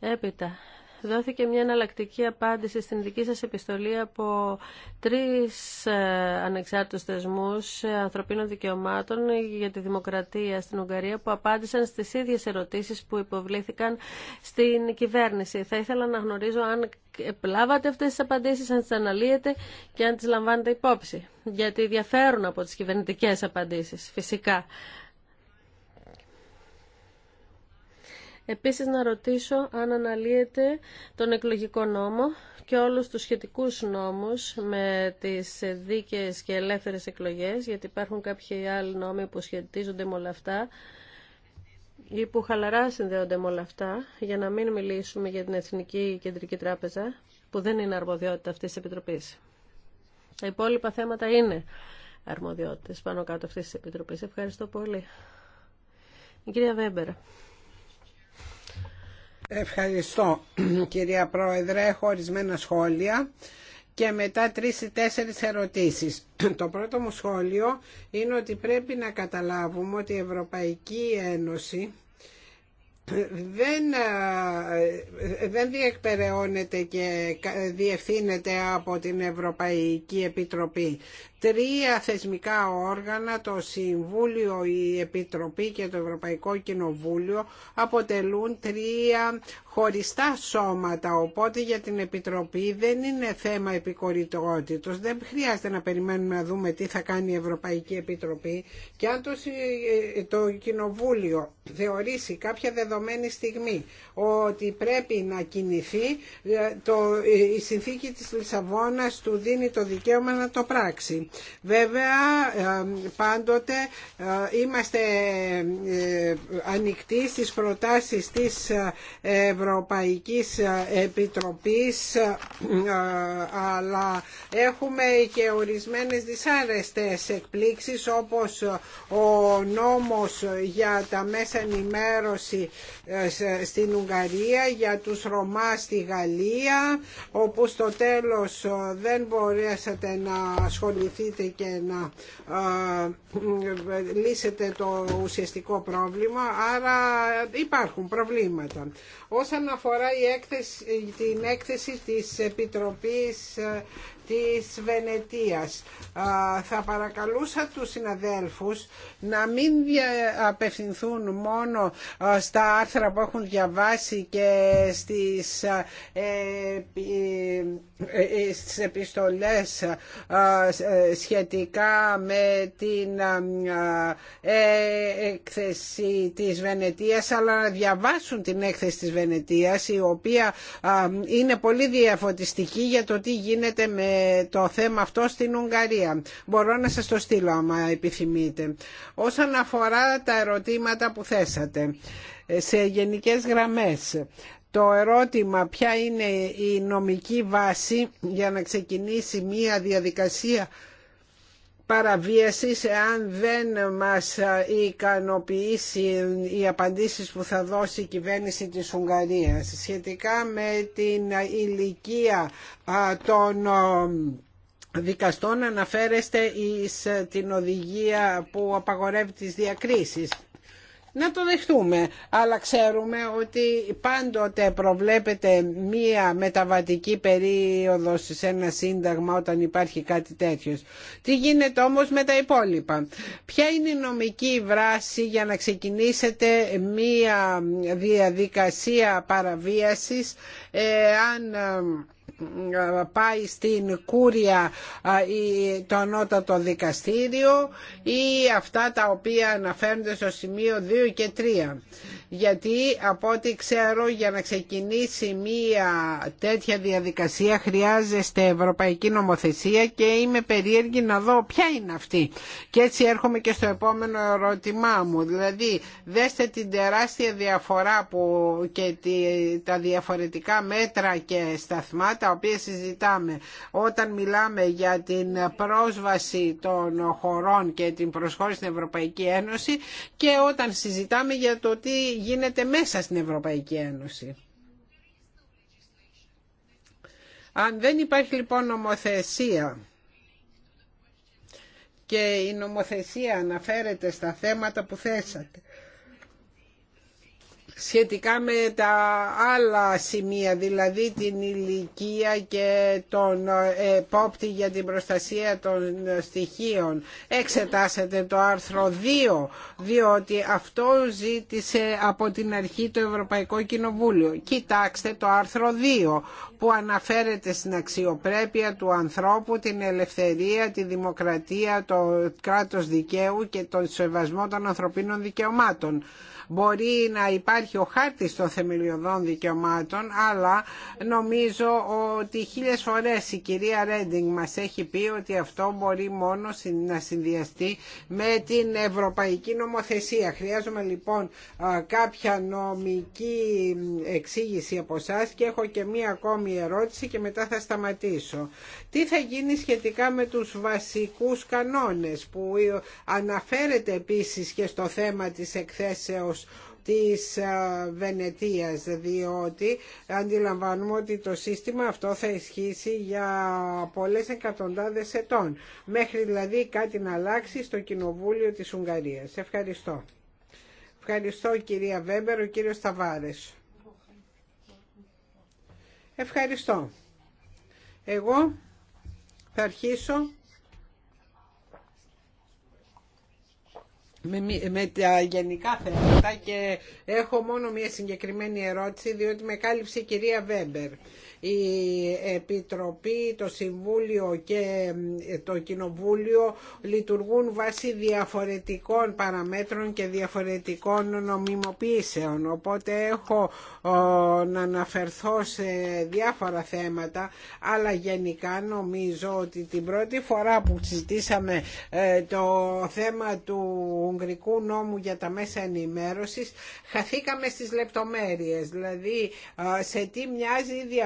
Έπειτα, δόθηκε μια εναλλακτική απάντηση στην δική σας επιστολή από τρεις ε, ανεξάρτητους θεσμούς ε, ανθρωπίνων δικαιωμάτων για τη δημοκρατία στην Ουγγαρία που απάντησαν στις ίδιες ερωτήσεις που υποβλήθηκαν στην κυβέρνηση. Θα ήθελα να γνωρίζω αν λάβατε αυτές τις απαντήσεις, αν τις αναλύετε και αν τις λαμβάνετε υπόψη. Γιατί διαφέρουν από τις κυβερνητικές απαντήσεις, φυσικά. Επίσης να ρωτήσω αν αναλύεται τον εκλογικό νόμο και όλους τους σχετικούς νόμους με τις δίκαιες και ελεύθερες εκλογές, γιατί υπάρχουν κάποιοι άλλοι νόμοι που σχετίζονται με όλα αυτά ή που χαλαρά συνδέονται με όλα αυτά, για να μην μιλήσουμε για την Εθνική Κεντρική Τράπεζα, που δεν είναι αρμοδιότητα αυτής της Επιτροπής. Τα υπόλοιπα θέματα είναι αρμοδιότητες πάνω κάτω αυτής της Επιτροπής. Ευχαριστώ πολύ. Η κυρία Βέμπερα. Ευχαριστώ κυρία Πρόεδρε, έχω ορισμένα σχόλια και μετά τρεις ή τέσσερις ερωτήσεις. Το πρώτο μου σχόλιο είναι ότι πρέπει να καταλάβουμε ότι η Ευρωπαϊκή Ένωση δεν, δεν διεκπεραιώνεται και διευθύνεται από την Ευρωπαϊκή Επιτροπή τρία θεσμικά όργανα, το Συμβούλιο, η Επιτροπή και το Ευρωπαϊκό Κοινοβούλιο αποτελούν τρία χωριστά σώματα, οπότε για την Επιτροπή δεν είναι θέμα επικοριτότητος. Δεν χρειάζεται να περιμένουμε να δούμε τι θα κάνει η Ευρωπαϊκή Επιτροπή και αν το, Κοινοβούλιο θεωρήσει κάποια δεδομένη στιγμή ότι πρέπει να κινηθεί, ε, το, η συνθήκη της Λισαβόνας του δίνει το δικαίωμα να το πράξει. Βέβαια ε, πάντοτε ε, είμαστε ε, ανοιχτοί στις προτάσεις της Ευρωπαϊκής Επιτροπής αλλά έχουμε και ορισμένες δυσάρεστες εκπλήξεις όπως ο νόμος για τα μέσα ενημέρωση στην Ουγγαρία, για τους Ρωμά στη Γαλλία όπου στο τέλος δεν μπορέσατε να ασχοληθείτε και να λύσετε το ουσιαστικό πρόβλημα, άρα υπάρχουν προβλήματα. Όσον αφορά η έκθεση, την έκθεση της Επιτροπής της Βενετίας. Θα παρακαλούσα τους συναδέλφους να μην απευθυνθούν μόνο στα άρθρα που έχουν διαβάσει και στις, ε, ε, ε, στις επιστολές σχετικά με την έκθεση της Βενετίας αλλά να διαβάσουν την έκθεση της Βενετίας η οποία είναι πολύ διαφωτιστική για το τι γίνεται με το θέμα αυτό στην Ουγγαρία. Μπορώ να σας το στείλω άμα επιθυμείτε. Όσον αφορά τα ερωτήματα που θέσατε, ε, σε γενικές γραμμές, το ερώτημα ποια είναι η νομική βάση για να ξεκινήσει μία διαδικασία παραβίασης εάν δεν μας ικανοποιήσει οι απαντήσεις που θα δώσει η κυβέρνηση της Ουγγαρίας σχετικά με την ηλικία των δικαστών αναφέρεστε εις την οδηγία που απαγορεύει τις διακρίσεις να το δεχτούμε. Αλλά ξέρουμε ότι πάντοτε προβλέπεται μία μεταβατική περίοδο σε ένα σύνταγμα όταν υπάρχει κάτι τέτοιο. Τι γίνεται όμως με τα υπόλοιπα. Ποια είναι η νομική βράση για να ξεκινήσετε μία διαδικασία παραβίασης ε, αν ε, πάει στην Κούρια ή το ανώτατο δικαστήριο ή αυτά τα οποία αναφέρονται στο σημείο 2 και 3 γιατί από ό,τι ξέρω για να ξεκινήσει μία τέτοια διαδικασία χρειάζεστε ευρωπαϊκή νομοθεσία και είμαι περίεργη να δω ποια είναι αυτή. Και έτσι έρχομαι και στο επόμενο ερώτημά μου. Δηλαδή, δέστε την τεράστια διαφορά που και τα διαφορετικά μέτρα και σταθμά τα οποία συζητάμε όταν μιλάμε για την πρόσβαση των χωρών και την προσχώρηση στην Ευρωπαϊκή Ένωση και όταν συζητάμε για το τι γίνεται μέσα στην Ευρωπαϊκή Ένωση. Αν δεν υπάρχει λοιπόν νομοθεσία και η νομοθεσία αναφέρεται στα θέματα που θέσατε σχετικά με τα άλλα σημεία, δηλαδή την ηλικία και τον επόπτη για την προστασία των στοιχείων. Εξετάσετε το άρθρο 2, διότι αυτό ζήτησε από την αρχή το Ευρωπαϊκό Κοινοβούλιο. Κοιτάξτε το άρθρο 2, που αναφέρεται στην αξιοπρέπεια του ανθρώπου, την ελευθερία, τη δημοκρατία, το κράτος δικαίου και τον σεβασμό των ανθρωπίνων δικαιωμάτων. Μπορεί να υπάρχει ο χάρτης των θεμελιωδών δικαιωμάτων, αλλά νομίζω ότι χίλιες φορές η κυρία Ρέντινγκ μας έχει πει ότι αυτό μπορεί μόνο να συνδυαστεί με την ευρωπαϊκή νομοθεσία. Χρειάζομαι λοιπόν κάποια νομική εξήγηση από εσά και έχω και μία ακόμη ερώτηση και μετά θα σταματήσω. Τι θα γίνει σχετικά με τους βασικούς κανόνες που αναφέρεται επίσης και στο θέμα της εκθέσεως της ε, Βενετίας διότι αντιλαμβάνουμε ότι το σύστημα αυτό θα ισχύσει για πολλές εκατοντάδες ετών μέχρι δηλαδή κάτι να αλλάξει στο Κοινοβούλιο της Ουγγαρίας. Ευχαριστώ. Ευχαριστώ κυρία Βέμπερ, ο κύριος Σταβάρες. Ευχαριστώ. Εγώ θα αρχίσω με, τα γενικά θέματα και έχω μόνο μία συγκεκριμένη ερώτηση διότι με κάλυψε η κυρία Βέμπερ η Επιτροπή, το Συμβούλιο και το Κοινοβούλιο λειτουργούν βάσει διαφορετικών παραμέτρων και διαφορετικών νομιμοποιήσεων. Οπότε έχω να αναφερθώ σε διάφορα θέματα, αλλά γενικά νομίζω ότι την πρώτη φορά που συζητήσαμε ε, το θέμα του Ουγγρικού νόμου για τα μέσα ενημέρωσης, χαθήκαμε στις λεπτομέρειες, δηλαδή ε, σε τι μοιάζει η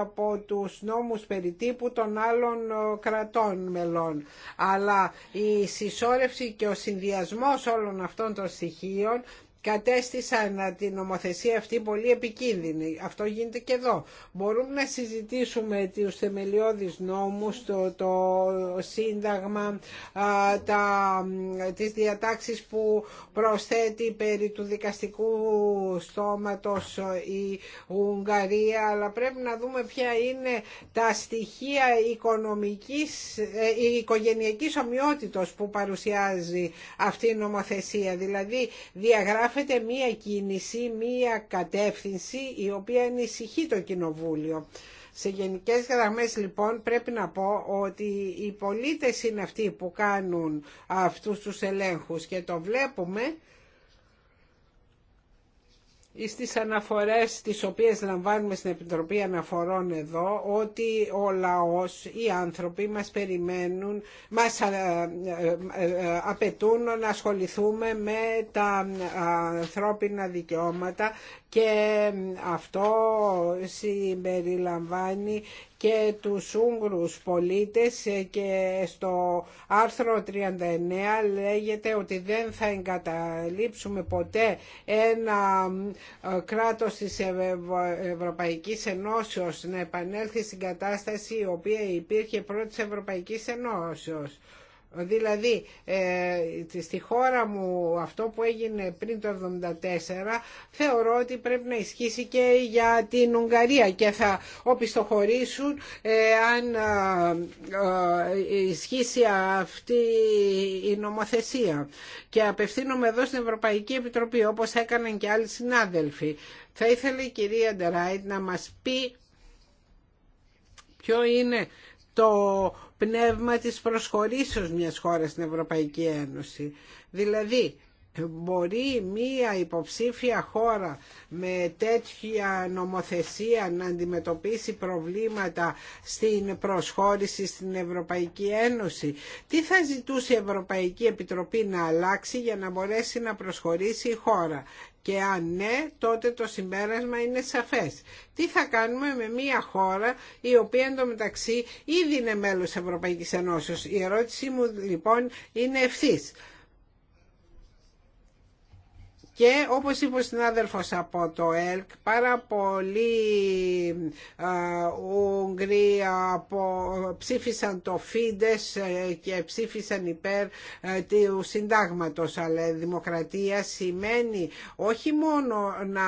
από τους νόμους περιτύπου των άλλων ε, κρατών μελών. Αλλά η συσσόρευση και ο συνδυασμός όλων αυτών των στοιχείων κατέστησαν την νομοθεσία αυτή πολύ επικίνδυνη. Αυτό γίνεται και εδώ. Μπορούμε να συζητήσουμε τους θεμελιώδεις νόμους, το, το σύνταγμα, τα, τις διατάξεις που προσθέτει περί του δικαστικού στόματος η Ουγγαρία, αλλά πρέπει να δούμε ποια είναι τα στοιχεία οικονομικής, η ε, οικογενειακής ομοιότητος που παρουσιάζει αυτή η νομοθεσία. Δηλαδή διαγράφει γράφεται μία κίνηση, μία κατεύθυνση η οποία ανησυχεί το Κοινοβούλιο. Σε γενικές γραμμές λοιπόν πρέπει να πω ότι οι πολίτες είναι αυτοί που κάνουν αυτούς τους ελέγχους και το βλέπουμε στις αναφορές τις οποίες λαμβάνουμε στην Επιτροπή Αναφορών εδώ ότι ο λαός, οι άνθρωποι μας περιμένουν, μας ε, ε, ε, απαιτούν να ασχοληθούμε με τα ανθρώπινα δικαιώματα και αυτό συμπεριλαμβάνει και τους Ούγγρους πολίτες ε, και στο άρθρο 39 λέγεται ότι δεν θα εγκαταλείψουμε ποτέ ένα ε, κράτος της Ευρωπαϊκής Ενώσεως να επανέλθει στην κατάσταση η οποία υπήρχε πρώτης Ευρωπαϊκής Ενώσεως. Δηλαδή, ε, στη χώρα μου αυτό που έγινε πριν το 1974 θεωρώ ότι πρέπει να ισχύσει και για την Ουγγαρία και θα οπισθοχωρήσουν ε, αν ε, ισχύσει αυτή η νομοθεσία. Και απευθύνομαι εδώ στην Ευρωπαϊκή Επιτροπή όπως έκαναν και άλλοι συνάδελφοι. Θα ήθελε η κυρία Ντεράιτ να μας πει ποιο είναι το πνεύμα της προσχωρήσεως μιας χώρας στην Ευρωπαϊκή Ένωση. Δηλαδή, μπορεί μία υποψήφια χώρα με τέτοια νομοθεσία να αντιμετωπίσει προβλήματα στην προσχώρηση στην Ευρωπαϊκή Ένωση. Τι θα ζητούσε η Ευρωπαϊκή Επιτροπή να αλλάξει για να μπορέσει να προσχωρήσει η χώρα. Και αν ναι, τότε το συμπέρασμα είναι σαφές. Τι θα κάνουμε με μια χώρα η οποία εντωμεταξύ ήδη είναι μέλος Ευρωπαϊκής Ενώσεως. Η ερώτησή μου λοιπόν είναι ευθύς. Και όπως είπε ο συνάδελφος από το ΕΛΚ, πάρα πολλοί Ουγγροί ψήφισαν το ΦΙΝΤΕΣ και ψήφισαν υπέρ ε, του συντάγματος. Αλλά η δημοκρατία σημαίνει όχι μόνο να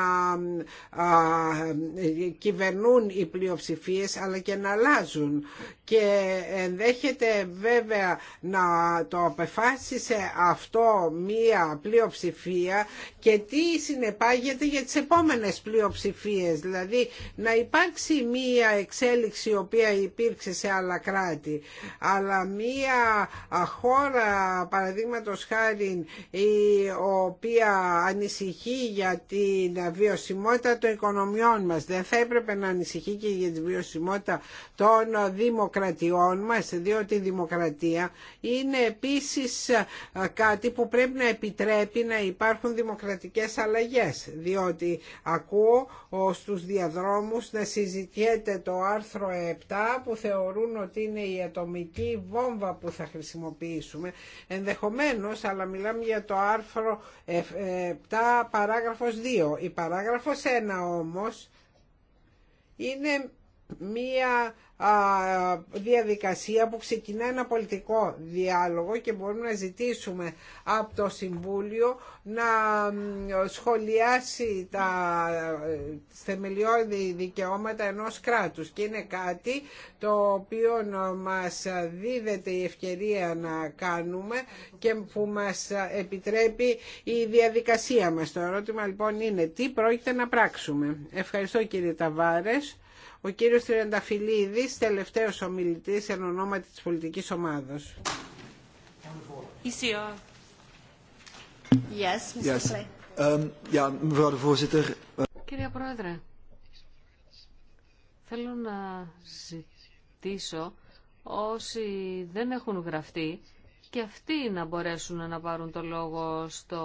κυβερνούν οι πλειοψηφίες, αλλά και να αλλάζουν και ενδέχεται βέβαια να το απεφάσισε αυτό μία πλειοψηφία και τι συνεπάγεται για τις επόμενες πλειοψηφίες δηλαδή να υπάρξει μία εξέλιξη η οποία υπήρξε σε άλλα κράτη αλλά μία χώρα παραδείγματο χάρη η οποία ανησυχεί για την βιωσιμότητα των οικονομιών μας δεν θα έπρεπε να ανησυχεί και για τη βιωσιμότητα των δημοκρατών διότι η δημοκρατία είναι επίσης ε, κάτι που πρέπει να επιτρέπει να υπάρχουν δημοκρατικές αλλαγές, διότι ακούω στους διαδρόμους να συζητιέται το άρθρο 7 που θεωρούν ότι είναι η ατομική βόμβα που θα χρησιμοποιήσουμε, ενδεχομένως, αλλά μιλάμε για το άρθρο 7 ε, παράγραφος 2. Η παράγραφος 1 όμως είναι μία διαδικασία που ξεκινά ένα πολιτικό διάλογο και μπορούμε να ζητήσουμε από το Συμβούλιο να σχολιάσει τα ε, θεμελιώδη δικαιώματα ενός κράτους και είναι κάτι το οποίο μας δίδεται η ευκαιρία να κάνουμε και που μας επιτρέπει η διαδικασία μας. Το ερώτημα λοιπόν είναι τι πρόκειται να πράξουμε. Ευχαριστώ κύριε Ταβάρες. Ο κύριος Τριανταφυλλίδης, τελευταίος ομιλητής εν ονόματι της πολιτικής ομάδος. Um, eh, Κύριε Πρόεδρε, θέλω να ζητήσω όσοι δεν έχουν γραφτεί και αυτοί να μπορέσουν να πάρουν το λόγο στο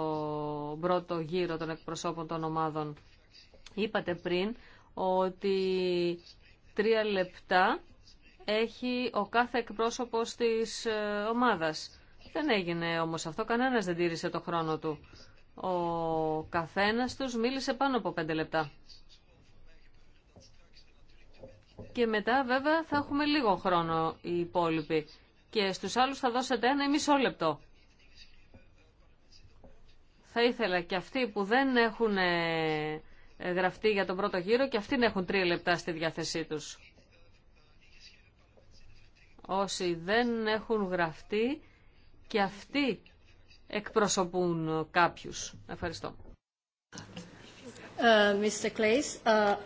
πρώτο γύρο των εκπροσώπων των ομάδων. Είπατε πριν ότι τρία λεπτά έχει ο κάθε εκπρόσωπος της ε, ομάδας. Δεν έγινε όμως αυτό, κανένας δεν τήρησε το χρόνο του. Ο καθένας τους μίλησε πάνω από πέντε λεπτά. Και μετά βέβαια θα έχουμε λίγο χρόνο οι υπόλοιποι. Και στους άλλους θα δώσετε ένα ή μισό λεπτό. Θα ήθελα και αυτοί που δεν έχουν ε, γραφτεί για τον πρώτο γύρο και αυτοί έχουν τρία λεπτά στη διάθεσή τους. Όσοι δεν έχουν γραφτεί και αυτοί εκπροσωπούν κάποιους. Ευχαριστώ. Uh, Mr. Uh,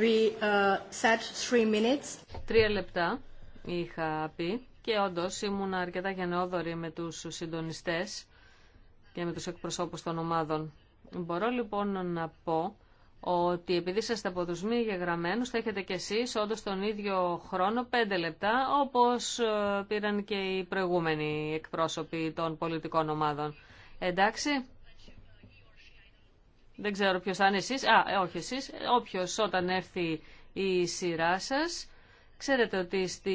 we, uh, minutes. Τρία λεπτά είχα πει και όντως ήμουν αρκετά γενναιόδορη με τους συντονιστές και με τους εκπροσώπους των ομάδων. Μπορώ λοιπόν να πω ότι επειδή είστε από τους μη γεγραμμένους θα έχετε κι εσείς όντως τον ίδιο χρόνο πέντε λεπτά όπως ε, πήραν και οι προηγούμενοι εκπρόσωποι των πολιτικών ομάδων. Εντάξει. Δεν ξέρω ποιος θα είναι εσείς. Α, ε, όχι εσείς. Όποιος όταν έρθει η σειρά σας Ξέρετε ότι στη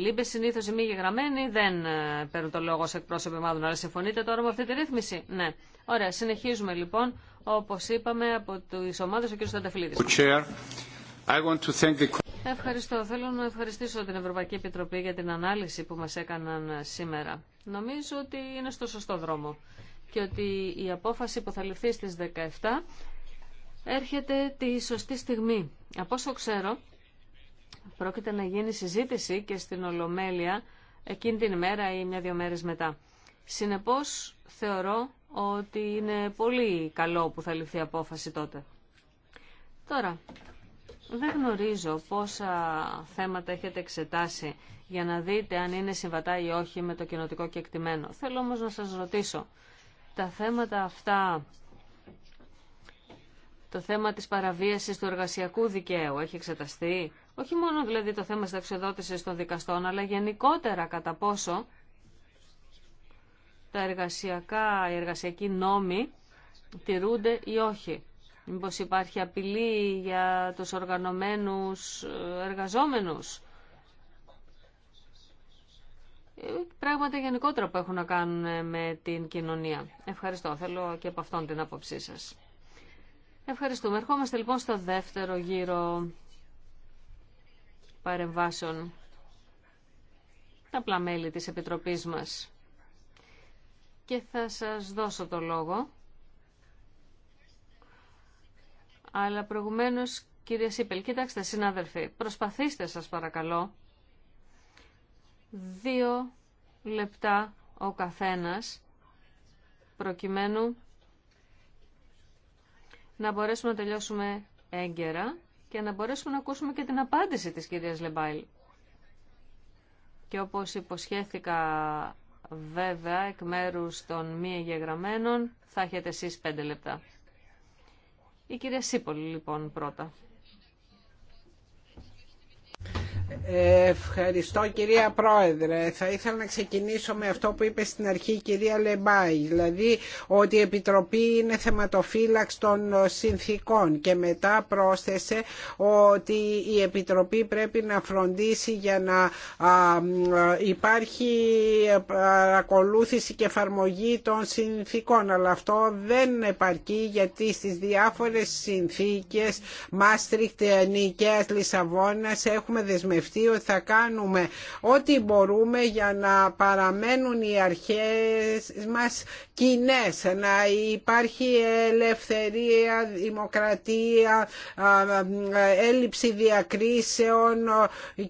Λίμπε συνήθω οι μη γεγραμμένοι δεν ε, παίρνουν το λόγο σε εκπρόσωποι ομάδων, αλλά συμφωνείτε τώρα με αυτή τη ρύθμιση. Ναι. Ωραία, συνεχίζουμε λοιπόν, όπω είπαμε, από τι ομάδε ο κ. Στατεφλίδη. Ευχαριστώ. Θέλω να ευχαριστήσω την Ευρωπαϊκή Επιτροπή για την ανάλυση που μας έκαναν ε, σήμερα. Νομίζω ότι είναι στο σωστό δρόμο και ότι η απόφαση που θα ληφθεί στις 17 έρχεται τη σωστή στιγμή. Από όσο ξέρω, πρόκειται να γίνει συζήτηση και στην Ολομέλεια εκείνη την ημέρα ή μια-δύο μέρες μετά. Συνεπώς θεωρώ ότι είναι πολύ καλό που θα ληφθεί απόφαση τότε. Τώρα, δεν γνωρίζω πόσα θέματα έχετε εξετάσει για να δείτε αν είναι συμβατά ή όχι με το κοινοτικό κεκτημένο. Θέλω όμως να σας ρωτήσω, τα θέματα αυτά το θέμα της παραβίασης του εργασιακού δικαίου έχει εξεταστεί. Όχι μόνο δηλαδή το θέμα της ταξιοδότησης των δικαστών, αλλά γενικότερα κατά πόσο τα εργασιακά, οι εργασιακοί νόμοι τηρούνται ή όχι. Μήπως υπάρχει απειλή για τους οργανωμένους ε, εργαζόμενους. Ε, πράγματα γενικότερα που έχουν να κάνουν με την κοινωνία. Ευχαριστώ. Θέλω και από αυτόν την άποψή σας. Ευχαριστούμε. Ερχόμαστε λοιπόν στο δεύτερο γύρο παρεμβάσεων. Τα απλά μέλη της Επιτροπής μας. Και θα σας δώσω το λόγο. Αλλά προηγουμένως, κύριε Σίπελ, κοιτάξτε συνάδελφοι, προσπαθήστε σας παρακαλώ δύο λεπτά ο καθένας προκειμένου να μπορέσουμε να τελειώσουμε έγκαιρα και να μπορέσουμε να ακούσουμε και την απάντηση της κυρίας Λεμπάιλ. Και όπως υποσχέθηκα βέβαια εκ μέρους των μη εγγεγραμμένων θα έχετε εσείς πέντε λεπτά. Η κυρία Σίπολη λοιπόν πρώτα. Ευχαριστώ κυρία Πρόεδρε. Θα ήθελα να ξεκινήσω με αυτό που είπε στην αρχή η κυρία Λεμπάη, δηλαδή ότι η Επιτροπή είναι θεματοφύλαξ των συνθήκων και μετά πρόσθεσε ότι η Επιτροπή πρέπει να φροντίσει για να υπάρχει ακολούθηση και εφαρμογή των συνθήκων. Αλλά αυτό δεν επαρκεί γιατί στις διάφορες συνθήκες Μάστριχτ, Νικέας, Λισαβόνας έχουμε δεσμευτεί θα κάνουμε ό,τι μπορούμε για να παραμένουν οι αρχές μας κοινέ, να υπάρχει ελευθερία, δημοκρατία, έλλειψη διακρίσεων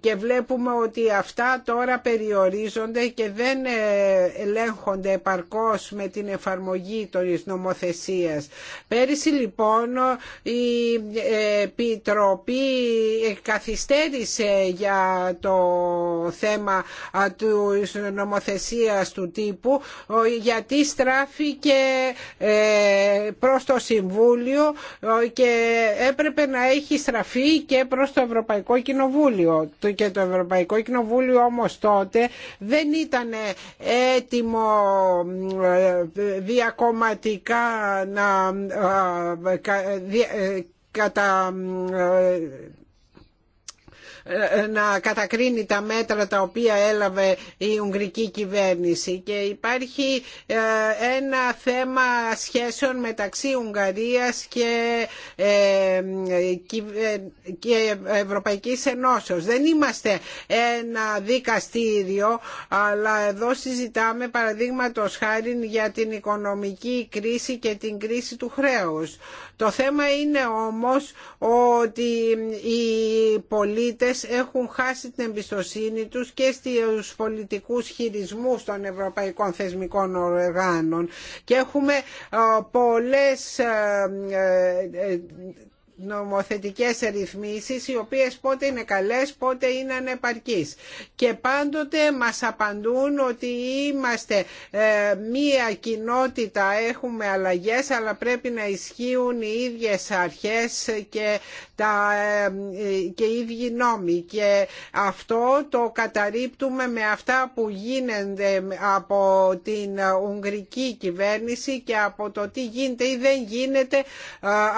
και βλέπουμε ότι αυτά τώρα περιορίζονται και δεν ε, ελέγχονται επαρκώς με την εφαρμογή των νομοθεσίας. Πέρυσι λοιπόν η Επιτροπή καθυστέρησε για το θέμα του νομοθεσίας του τύπου γιατί στράφηκε ε, προς το Συμβούλιο και έπρεπε να έχει στραφεί και προς το Ευρωπαϊκό Κοινοβούλιο και το Ευρωπαϊκό Κοινοβούλιο όμως τότε δεν ήταν έτοιμο ε, διακομματικά να ε, κατά ε, να κατακρίνει τα μέτρα τα οποία έλαβε η Ουγγρική κυβέρνηση και υπάρχει ε, ένα θέμα σχέσεων μεταξύ Ουγγαρίας και, ε, και Ευρωπαϊκής Ενώσεως. Δεν είμαστε ένα δικαστήριο αλλά εδώ συζητάμε παραδείγματος χάρη για την οικονομική κρίση και την κρίση του χρέους. Το θέμα είναι όμως ότι οι πολίτες έχουν χάσει την εμπιστοσύνη τους και στους πολιτικούς χειρισμούς των ευρωπαϊκών θεσμικών οργάνων και έχουμε ε, πολλές ε, ε, νομοθετικές ρυθμίσεις οι οποίες πότε είναι καλές πότε είναι ανεπαρκείς και πάντοτε μας απαντούν ότι είμαστε ε, μία κοινότητα έχουμε αλλαγές αλλά πρέπει να ισχύουν οι ίδιες αρχές και, τα, ε, και οι ίδιοι νόμοι και αυτό το καταρρύπτουμε με αυτά που γίνονται από την Ουγγρική κυβέρνηση και από το τι γίνεται ή δεν γίνεται ε,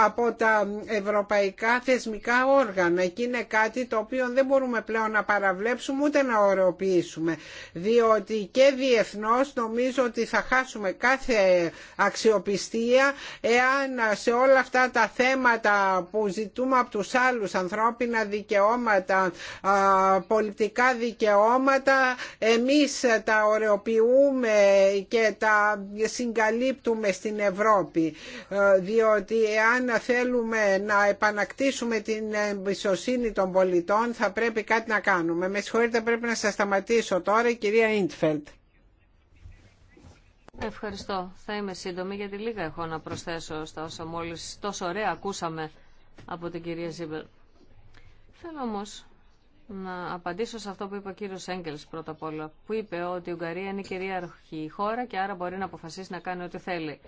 από τα ευρωπαϊκά ευρωπαϊκά θεσμικά όργανα και είναι κάτι το οποίο δεν μπορούμε πλέον να παραβλέψουμε ούτε να ωρεοποιήσουμε διότι και διεθνώς νομίζω ότι θα χάσουμε κάθε αξιοπιστία εάν σε όλα αυτά τα θέματα που ζητούμε από τους άλλους ανθρώπινα δικαιώματα, πολιτικά δικαιώματα εμείς τα ωρεοποιούμε και τα συγκαλύπτουμε στην Ευρώπη ε, διότι εάν θέλουμε να επανακτήσουμε την εμπιστοσύνη των πολιτών θα πρέπει κάτι να κάνουμε. Με συγχωρείτε πρέπει να σας σταματήσω τώρα, η κυρία Ιντφελτ. Ευχαριστώ. Θα είμαι σύντομη γιατί λίγα έχω να προσθέσω στα όσα μόλις τόσο ωραία ακούσαμε από την κυρία Ζιμπελ. Θέλω όμως να απαντήσω σε αυτό που είπε ο κύριος Έγκελς πρώτα απ' όλα, που είπε ότι η Ουγγαρία είναι κυρίαρχη χώρα και άρα μπορεί να αποφασίσει να κάνει ό,τι θέλει.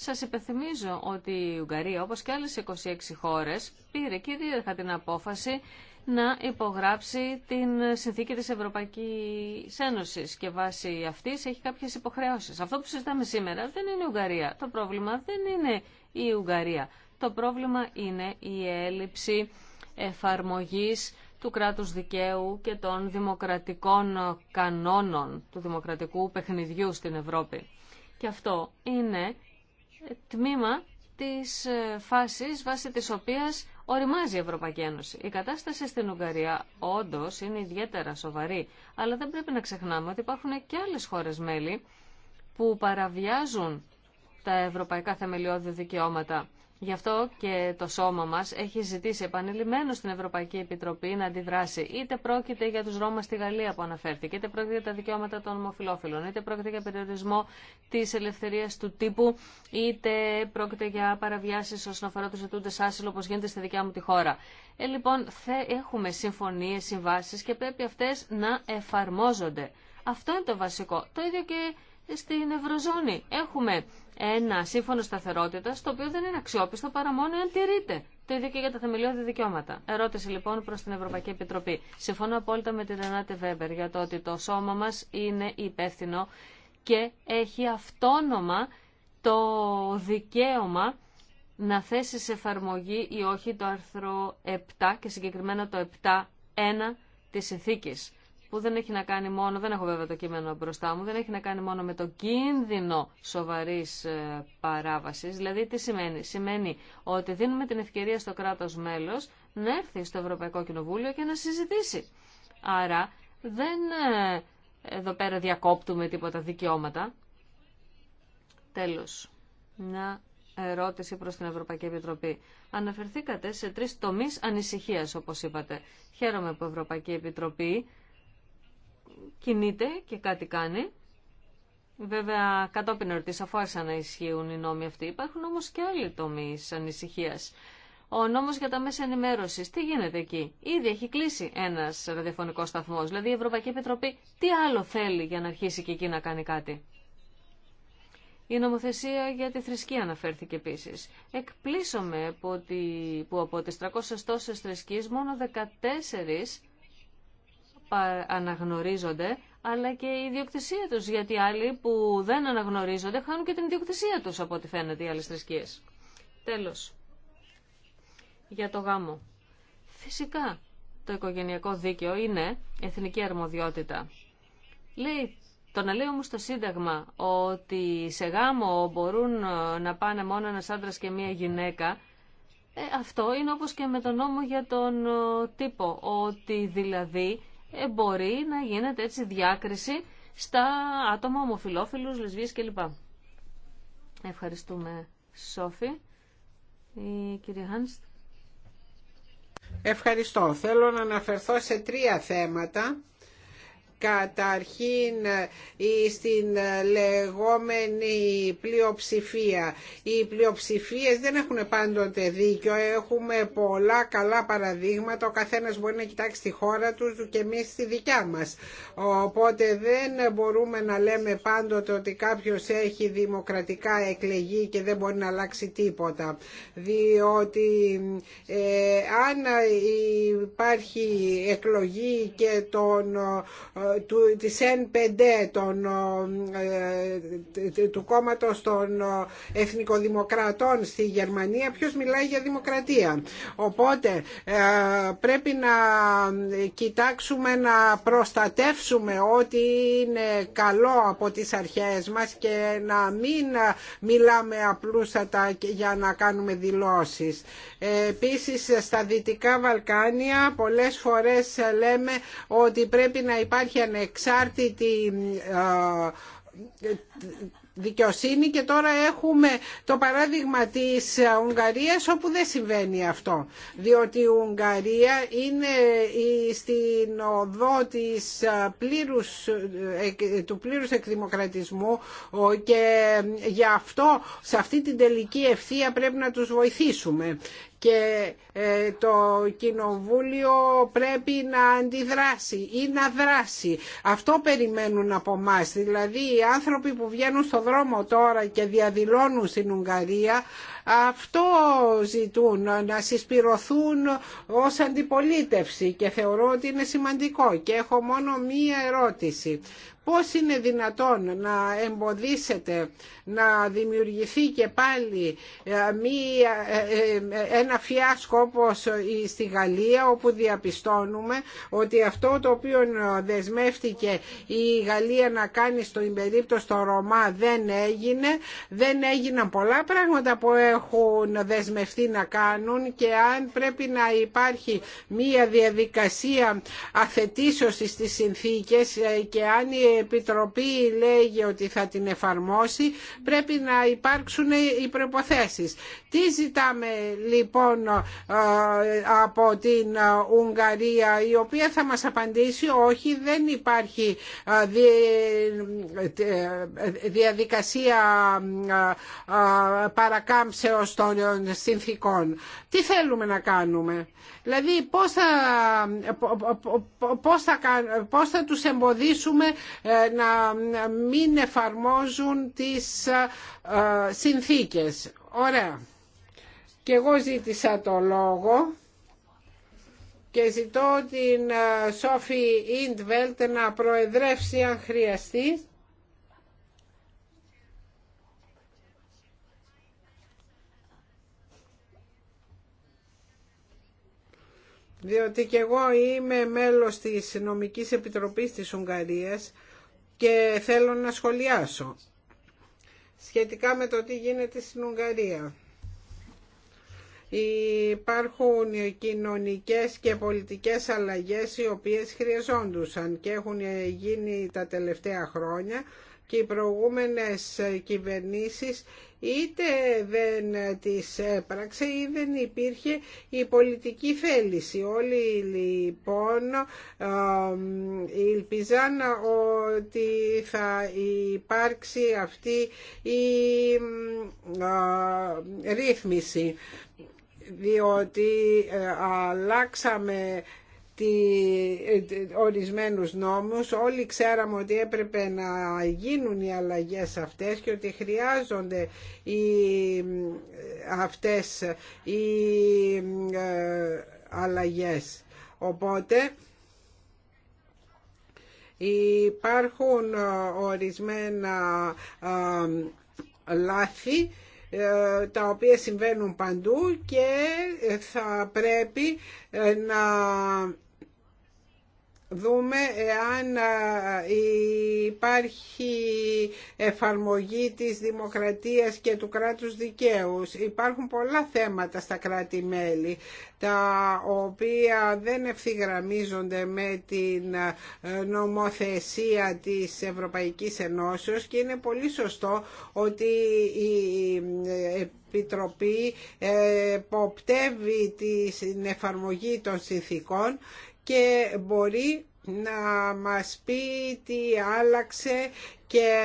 Σας υπενθυμίζω ότι η Ουγγαρία, όπως και άλλες 26 χώρες, πήρε κυρίαρχα την απόφαση να υπογράψει την συνθήκη της Ευρωπαϊκής Ένωσης και βάσει αυτής έχει κάποιες υποχρεώσεις. Αυτό που συζητάμε σήμερα δεν είναι η Ουγγαρία. Το πρόβλημα δεν είναι η Ουγγαρία. Το πρόβλημα είναι η έλλειψη εφαρμογής του κράτους δικαίου και των δημοκρατικών κανόνων του δημοκρατικού παιχνιδιού στην Ευρώπη. Και αυτό είναι τμήμα της ε, φάσης βάσει της οποίας οριμάζει η Ευρωπαϊκή Ένωση. Η κατάσταση στην Ουγγαρία όντω είναι ιδιαίτερα σοβαρή, αλλά δεν πρέπει να ξεχνάμε ότι υπάρχουν και άλλες χώρες μέλη που παραβιάζουν τα ευρωπαϊκά θεμελιώδη δικαιώματα Γι' αυτό και το σώμα μα έχει ζητήσει επανειλημμένω στην Ευρωπαϊκή Επιτροπή να αντιδράσει. Είτε πρόκειται για του Ρώμα στη Γαλλία που αναφέρθηκε, είτε πρόκειται για τα δικαιώματα των ομοφυλόφιλων, είτε πρόκειται για περιορισμό τη ελευθερία του τύπου, είτε πρόκειται για παραβιάσεις όσον αφορά του ζητούντε άσυλο όπω γίνεται στη δικιά μου τη χώρα. Ε, λοιπόν, έχουμε συμφωνίε συμβάσει και πρέπει αυτέ να εφαρμόζονται. Αυτό είναι το βασικό. Το ίδιο και στην Ευρωζώνη. Έχουμε ένα σύμφωνο σταθερότητα, το οποίο δεν είναι αξιόπιστο παρά μόνο αν τηρείται. Το ίδιο και για τα θεμελιώδη δικαιώματα. Ερώτηση λοιπόν προ την Ευρωπαϊκή Επιτροπή. Συμφωνώ απόλυτα με την Ρενάτε Βέμπερ για το ότι το σώμα μα είναι υπεύθυνο και έχει αυτόνομα το δικαίωμα να θέσει σε εφαρμογή ή όχι το άρθρο 7 και συγκεκριμένα το 7.1 της συνθήκης που δεν έχει να κάνει μόνο, δεν έχω βέβαια το κείμενο μπροστά μου, δεν έχει να κάνει μόνο με το κίνδυνο σοβαρής ε, παράβασης. Δηλαδή τι σημαίνει. Σημαίνει ότι δίνουμε την ευκαιρία στο κράτος μέλος να έρθει στο Ευρωπαϊκό Κοινοβούλιο και να συζητήσει. Άρα δεν ε, εδώ πέρα διακόπτουμε τίποτα δικαιώματα. Τέλος. Μια ερώτηση προς την Ευρωπαϊκή Επιτροπή. Αναφερθήκατε σε τρεις τομείς ανησυχίας, όπως είπατε. Χαίρομαι που η Ευρωπαϊκή Επιτροπή κινείται και κάτι κάνει. Βέβαια, κατόπιν ερωτή, αφού άρχισαν να ισχύουν οι νόμοι αυτοί, υπάρχουν όμω και άλλοι τομεί ανησυχία. Ο νόμο για τα μέσα ενημέρωση. τι γίνεται εκεί. Ήδη έχει κλείσει ένα ραδιοφωνικό σταθμό, δηλαδή η Ευρωπαϊκή Επιτροπή τι άλλο θέλει για να αρχίσει και εκεί να κάνει κάτι. Η νομοθεσία για τη θρησκεία αναφέρθηκε επίση. Εκπλήσωμε που από τι 300 τόσε θρησκείε μόνο 14 αναγνωρίζονται, αλλά και η ιδιοκτησία τους, γιατί άλλοι που δεν αναγνωρίζονται χάνουν και την ιδιοκτησία τους, από ό,τι φαίνεται οι άλλες θρησκείες. Τέλος, για το γάμο. Φυσικά, το οικογενειακό δίκαιο είναι εθνική αρμοδιότητα. Λέει, το να λέει στο Σύνταγμα ότι σε γάμο μπορούν ε, να πάνε μόνο ένας άντρας και μία γυναίκα, ε, αυτό είναι όπως και με τον νόμο για τον ε, τύπο, ότι δηλαδή ε, μπορεί να γίνεται έτσι διάκριση στα άτομα ομοφιλόφιλους, λεσβείες κλπ. Ευχαριστούμε Σόφη. Η Χάνστ. Ευχαριστώ. Θέλω να αναφερθώ σε τρία θέματα καταρχήν ε, στην ε, λεγόμενη πλειοψηφία. Οι πλειοψηφίες δεν έχουν πάντοτε δίκιο, έχουμε πολλά καλά παραδείγματα, ο καθένας μπορεί να κοιτάξει τη χώρα του και εμείς τη δικιά μας. Οπότε δεν μπορούμε να λέμε πάντοτε ότι κάποιος έχει δημοκρατικά εκλεγεί και δεν μπορεί να αλλάξει τίποτα. Διότι ε, αν υπάρχει εκλογή και τον του, της N5 ε, του κόμματος των εθνικοδημοκρατών στη Γερμανία ποιος μιλάει για δημοκρατία. Οπότε ε, πρέπει να κοιτάξουμε να προστατεύσουμε ό,τι είναι καλό από τις αρχές μας και να μην μιλάμε απλούστατα για να κάνουμε δηλώσεις. Ε, επίσης στα Δυτικά Βαλκάνια πολλές φορές λέμε ότι πρέπει να υπάρχει υπάρχει ανεξάρτητη δικαιοσύνη και τώρα έχουμε το παράδειγμα της Ουγγαρίας όπου δεν συμβαίνει αυτό διότι η Ουγγαρία είναι στην οδό της πλήρους, ε, του πλήρους εκδημοκρατισμού και γι' αυτό σε αυτή την τελική ευθεία πρέπει να τους βοηθήσουμε και ε, το Κοινοβούλιο πρέπει να αντιδράσει ή να δράσει. Αυτό περιμένουν από εμά. Δηλαδή οι άνθρωποι που βγαίνουν στο δρόμο τώρα και διαδηλώνουν στην Ουγγαρία αυτό ζητούν, να συσπηρωθούν ως αντιπολίτευση και θεωρώ ότι είναι σημαντικό και έχω μόνο μία ερώτηση. Πώς είναι δυνατόν να εμποδίσετε να δημιουργηθεί και πάλι ε, μία, ε, ε, ένα φιάσκο όπως στη Γαλλία όπου διαπιστώνουμε ότι αυτό το οποίο δεσμεύτηκε η Γαλλία να κάνει στο περίπτωση στο Ρωμά δεν έγινε. Δεν έγιναν πολλά πράγματα που έχουν δεσμευτεί να κάνουν και αν πρέπει να υπάρχει μία διαδικασία αθετήσεως στις συνθήκες ε, και αν η Επιτροπή λέγει ότι θα την εφαρμόσει πρέπει να υπάρξουν οι προποθέσεις τι ζητάμε λοιπόν ε, από την ε, Ουγγαρία η οποία θα μας απαντήσει όχι δεν υπάρχει ε, διαδικασία παρακάμψεως των συνθήκων. Τι θέλουμε να κάνουμε. Δηλαδή πώς θα, πώς πώς θα τους εμποδίσουμε να μην εφαρμόζουν τις συνθήκες. Ωραία. Και εγώ ζήτησα το λόγο και ζητώ την ε, Σόφη Ιντβέλτ να προεδρεύσει αν χρειαστεί. διότι και εγώ είμαι μέλος της Νομικής Επιτροπής της Ουγγαρίας και θέλω να σχολιάσω σχετικά με το τι γίνεται στην Ουγγαρία υπάρχουν κοινωνικές και πολιτικές αλλαγές οι οποίες χρειαζόντουσαν και έχουν γίνει τα τελευταία χρόνια και οι προηγούμενες κυβερνήσεις είτε δεν τις έπραξε ή δεν υπήρχε η πολιτική θέληση. Όλοι λοιπόν ήλπιζαν ότι θα υπάρξει αυτή η ρύθμιση διότι ε, αλλάξαμε τη, ε, ορισμένους νόμους. Όλοι ξέραμε ότι έπρεπε να γίνουν οι αλλαγές αυτές και ότι χρειάζονται οι, ε, αυτές οι αλλαγές. Οπότε υπάρχουν ορισμένα λάθη ε, τα οποία συμβαίνουν παντού και θα πρέπει ε, να δούμε εάν υπάρχει εφαρμογή της δημοκρατίας και του κράτους δικαίου. Υπάρχουν πολλά θέματα στα κράτη-μέλη τα οποία δεν ευθυγραμμίζονται με την νομοθεσία της Ευρωπαϊκής Ενώσεως και είναι πολύ σωστό ότι η Επιτροπή ε, εποπτεύει την εφαρμογή των συνθήκων και μπορεί να μας πει τι άλλαξε και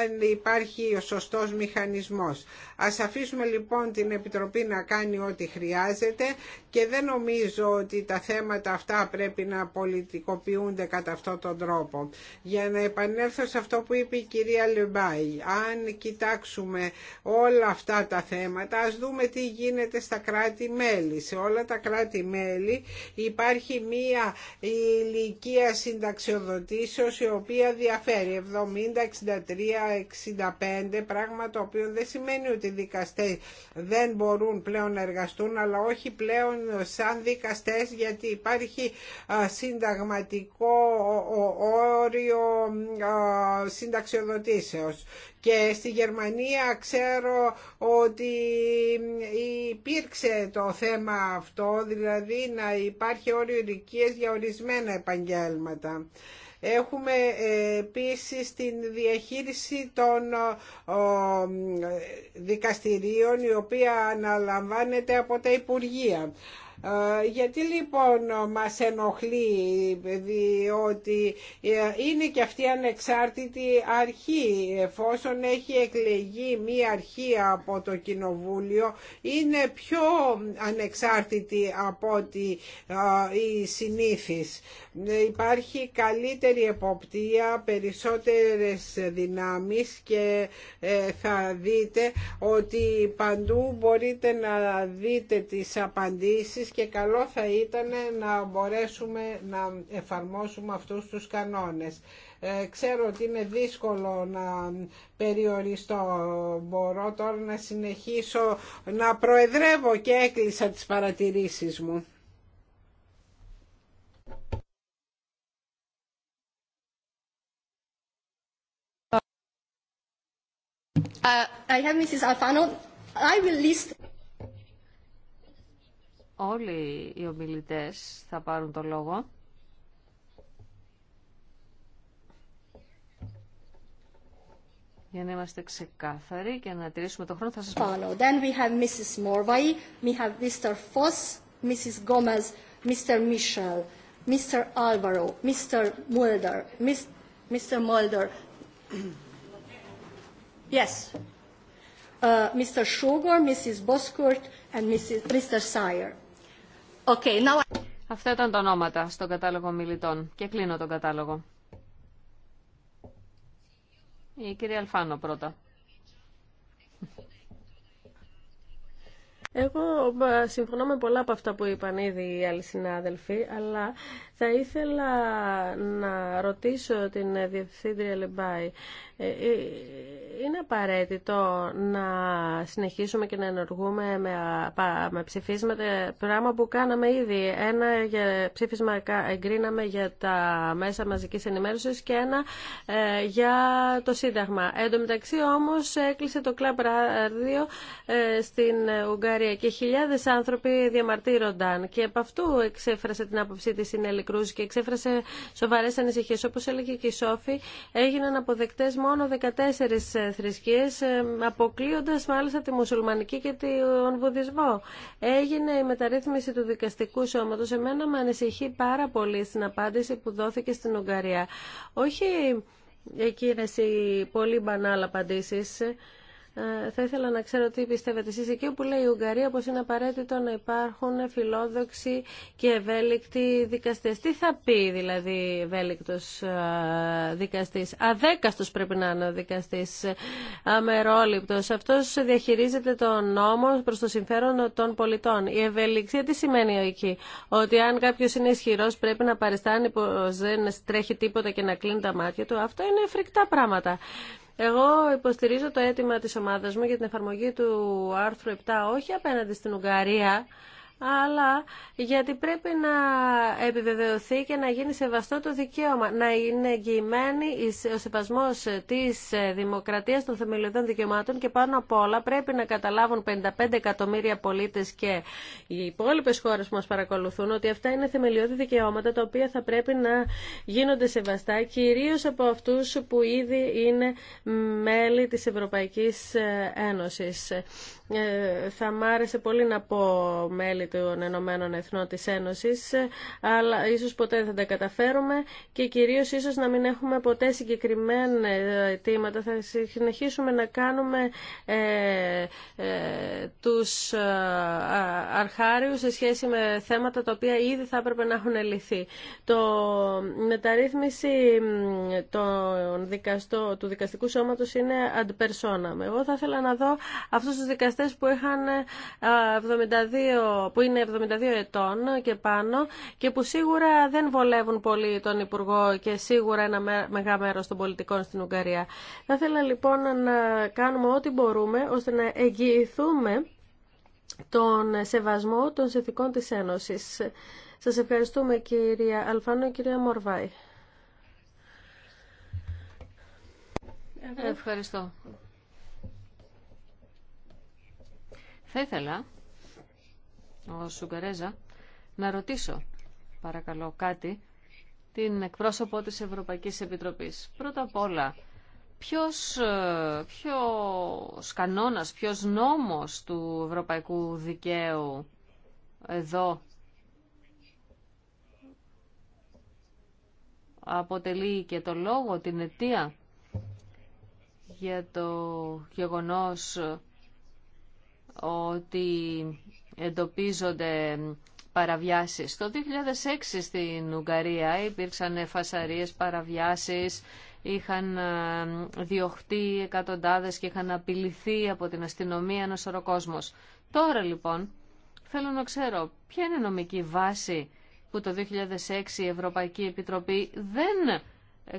αν υπάρχει ο σωστός μηχανισμός. Ας αφήσουμε λοιπόν την Επιτροπή να κάνει ό,τι χρειάζεται και δεν νομίζω ότι τα θέματα αυτά πρέπει να πολιτικοποιούνται κατά αυτόν τον τρόπο. Για να επανέλθω σε αυτό που είπε η κυρία Λεμπάη, αν κοιτάξουμε όλα αυτά τα θέματα, ας δούμε τι γίνεται στα κράτη-μέλη. Σε όλα τα κράτη-μέλη υπάρχει μία ηλικία συνταξιοδοτήσεως η οποία διαφέρει 70 63 πράγμα το οποίο δεν σημαίνει ότι οι δικαστές δεν μπορούν πλέον να εργαστούν αλλά όχι πλέον σαν δικαστές γιατί υπάρχει συνταγματικό όριο συνταξιοδοτήσεως και στη Γερμανία ξέρω ότι υπήρξε το θέμα αυτό, δηλαδή να υπάρχει όριο ηλικίες για ορισμένα επαγγέλματα. Έχουμε ε, επίσης την διαχείριση των δικαστηρίων η οποία αναλαμβάνεται από τα Υπουργεία. Ε, γιατί λοιπόν μας ενοχλεί διότι ε, είναι και αυτή ανεξάρτητη αρχή εφόσον έχει εκλεγεί μία αρχή από το Κοινοβούλιο είναι πιο ανεξάρτητη από ότι ε, η συνήθις. Υπάρχει καλύτερη εποπτεία, περισσότερες δυνάμεις και θα δείτε ότι παντού μπορείτε να δείτε τις απαντήσεις και καλό θα ήταν να μπορέσουμε να εφαρμόσουμε αυτούς τους κανόνες. Ε, ξέρω ότι είναι δύσκολο να περιοριστώ. Μπορώ τώρα να συνεχίσω να προεδρεύω και έκλεισα τις παρατηρήσεις μου. Uh, I have Mrs. Alfano. Όλοι οι ομιλητές θα πάρουν το λόγο. Για να είμαστε ξεκάθαροι και να τηρήσουμε τον χρόνο θα σας πω. Then we have Mrs. Morvai, we have Mr. Foss, Mrs. Gomez, Mr. Michel, Mr. Alvaro, Mr. Mulder, Mr. Mulder. Yes. Mr. Sugar, Mrs. Boskurt and Mrs. Mr. Sire. Αυτά ήταν τα ονόματα στον κατάλογο μιλητών και κλείνω τον κατάλογο. Η κυρία Αλφάνο πρώτα. Εγώ συμφωνώ με πολλά από αυτά που είπαν ήδη οι άλλοι συνάδελφοι, αλλά θα ήθελα να ρωτήσω την Διευθύντρια Λεμπάη. Ε, ε, είναι απαραίτητο να συνεχίσουμε και να ενεργούμε με, με ψηφίσματα, πράγμα που κάναμε ήδη. Ένα για, ψήφισμα εγκρίναμε για τα μέσα μαζικής ενημέρωσης και ένα ε, για το Σύνταγμα. Εν τω μεταξύ όμως έκλεισε το Club Radio στην Ουγγαρία και χιλιάδες άνθρωποι διαμαρτύρονταν και από αυτού εξέφρασε την άποψή της η Νέλη Κρούζ και εξέφρασε σοβαρές ανησυχίες. Όπως έλεγε και η Σόφη, έγιναν αποδεκτές μόνο μόνο 14 ε, θρησκείες, ε, αποκλείοντας μάλιστα τη μουσουλμανική και τον βουδισμό. Έγινε η μεταρρύθμιση του δικαστικού σώματος. Εμένα με ανησυχεί πάρα πολύ στην απάντηση που δόθηκε στην Ουγγαρία. Όχι εκείνες οι πολύ μπανάλα απαντήσεις, ε, θα ήθελα να ξέρω τι πιστεύετε εσείς εκεί που λέει η Ουγγαρία πως είναι απαραίτητο να υπάρχουν φιλόδοξοι και ευέλικτοι δικαστές. Τι θα πει δηλαδή ευέλικτος ε, δικαστής. Αδέκαστος πρέπει να είναι ο δικαστής ε, αμερόληπτος. Αυτός διαχειρίζεται τον νόμο προς το συμφέρον των πολιτών. Η ευελιξία τι σημαίνει εκεί. Ότι αν κάποιο είναι ισχυρό πρέπει να παριστάνει πως δεν τρέχει τίποτα και να κλείνει τα μάτια του. Αυτό είναι φρικτά πράγματα. Εγώ υποστηρίζω το αίτημα της ομάδας μου για την εφαρμογή του άρθρου 7 όχι απέναντι στην Ουγγαρία αλλά γιατί πρέπει να επιβεβαιωθεί και να γίνει σεβαστό το δικαίωμα, να είναι εγγυημένη ο σεβασμός της δημοκρατίας των θεμελιωδών δικαιωμάτων και πάνω απ' όλα πρέπει να καταλάβουν 55 εκατομμύρια πολίτες και οι υπόλοιπε χώρες που μας παρακολουθούν ότι αυτά είναι θεμελιώδη δικαιώματα τα οποία θα πρέπει να γίνονται σεβαστά κυρίω από αυτού που ήδη είναι μέλη της Ευρωπαϊκής Ένωσης. Ε, θα μ' άρεσε πολύ να πω μέλη των Ενωμένων Εθνών της Ένωσης, αλλά ίσως ποτέ δεν θα τα καταφέρουμε και κυρίως ίσως να μην έχουμε ποτέ συγκεκριμένα αιτήματα. Θα συνεχίσουμε να κάνουμε ε, ε, τους ε, αρχάριους σε σχέση με θέματα τα οποία ήδη θα έπρεπε να έχουν λυθεί. Το μεταρρύθμιση των του δικαστικού σώματος είναι ad personam. Εγώ θα ήθελα να δω αυτούς τους δικαστές που είχαν 72, ε, που είναι 72 ετών και πάνω και που σίγουρα δεν βολεύουν πολύ τον Υπουργό και σίγουρα ένα μεγάλο μέρος των πολιτικών στην Ουγγαρία. Θα ήθελα λοιπόν να κάνουμε ό,τι μπορούμε ώστε να εγγυηθούμε τον σεβασμό των συνθηκών της Ένωσης. Σας ευχαριστούμε κυρία Αλφάνο και κυρία Μορβάη. Ευχαριστώ. Θα ήθελα ο Σουγκαρέζα, να ρωτήσω παρακαλώ κάτι την εκπρόσωπο της Ευρωπαϊκής Επιτροπής. Πρώτα απ' όλα, ποιος, ε, ποιος κανόνας, ποιος νόμος του ευρωπαϊκού δικαίου εδώ αποτελεί και το λόγο, την αιτία για το γεγονός ότι εντοπίζονται παραβιάσεις. Το 2006 στην Ουγγαρία υπήρξαν φασαρίες, παραβιάσεις, είχαν ε, διωχτεί εκατοντάδες και είχαν απειληθεί από την αστυνομία ένας οροκόσμος. Τώρα λοιπόν θέλω να ξέρω ποια είναι η νομική βάση που το 2006 η Ευρωπαϊκή Επιτροπή δεν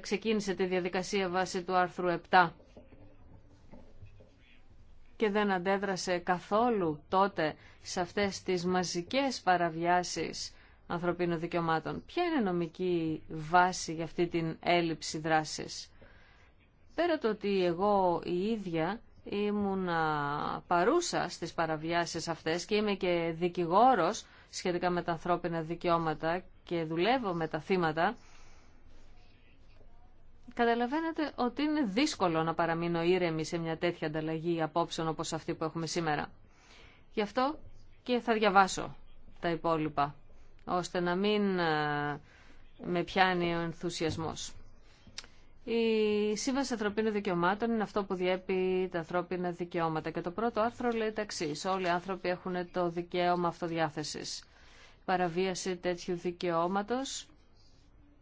ξεκίνησε τη διαδικασία βάση του άρθρου 7 και δεν αντέδρασε καθόλου τότε σε αυτές τις μαζικές παραβιάσεις ανθρωπίνων δικαιωμάτων. Ποια είναι η νομική βάση για αυτή την έλλειψη δράσης. Πέρα το ότι εγώ η ίδια ήμουν παρούσα στις παραβιάσεις αυτές και είμαι και δικηγόρος σχετικά με τα ανθρώπινα δικαιώματα και δουλεύω με τα θύματα, Καταλαβαίνετε ότι είναι δύσκολο να παραμείνω ήρεμη σε μια τέτοια ανταλλαγή απόψεων όπως αυτή που έχουμε σήμερα. Γι' αυτό και θα διαβάσω τα υπόλοιπα, ώστε να μην ε, με πιάνει ο ενθουσιασμός. Η Σύμβαση Ανθρωπίνων Δικαιωμάτων είναι αυτό που διέπει τα ανθρώπινα δικαιώματα. Και το πρώτο άρθρο λέει τα εξή. Όλοι οι άνθρωποι έχουν το δικαίωμα αυτοδιάθεση. Παραβίαση τέτοιου δικαιώματο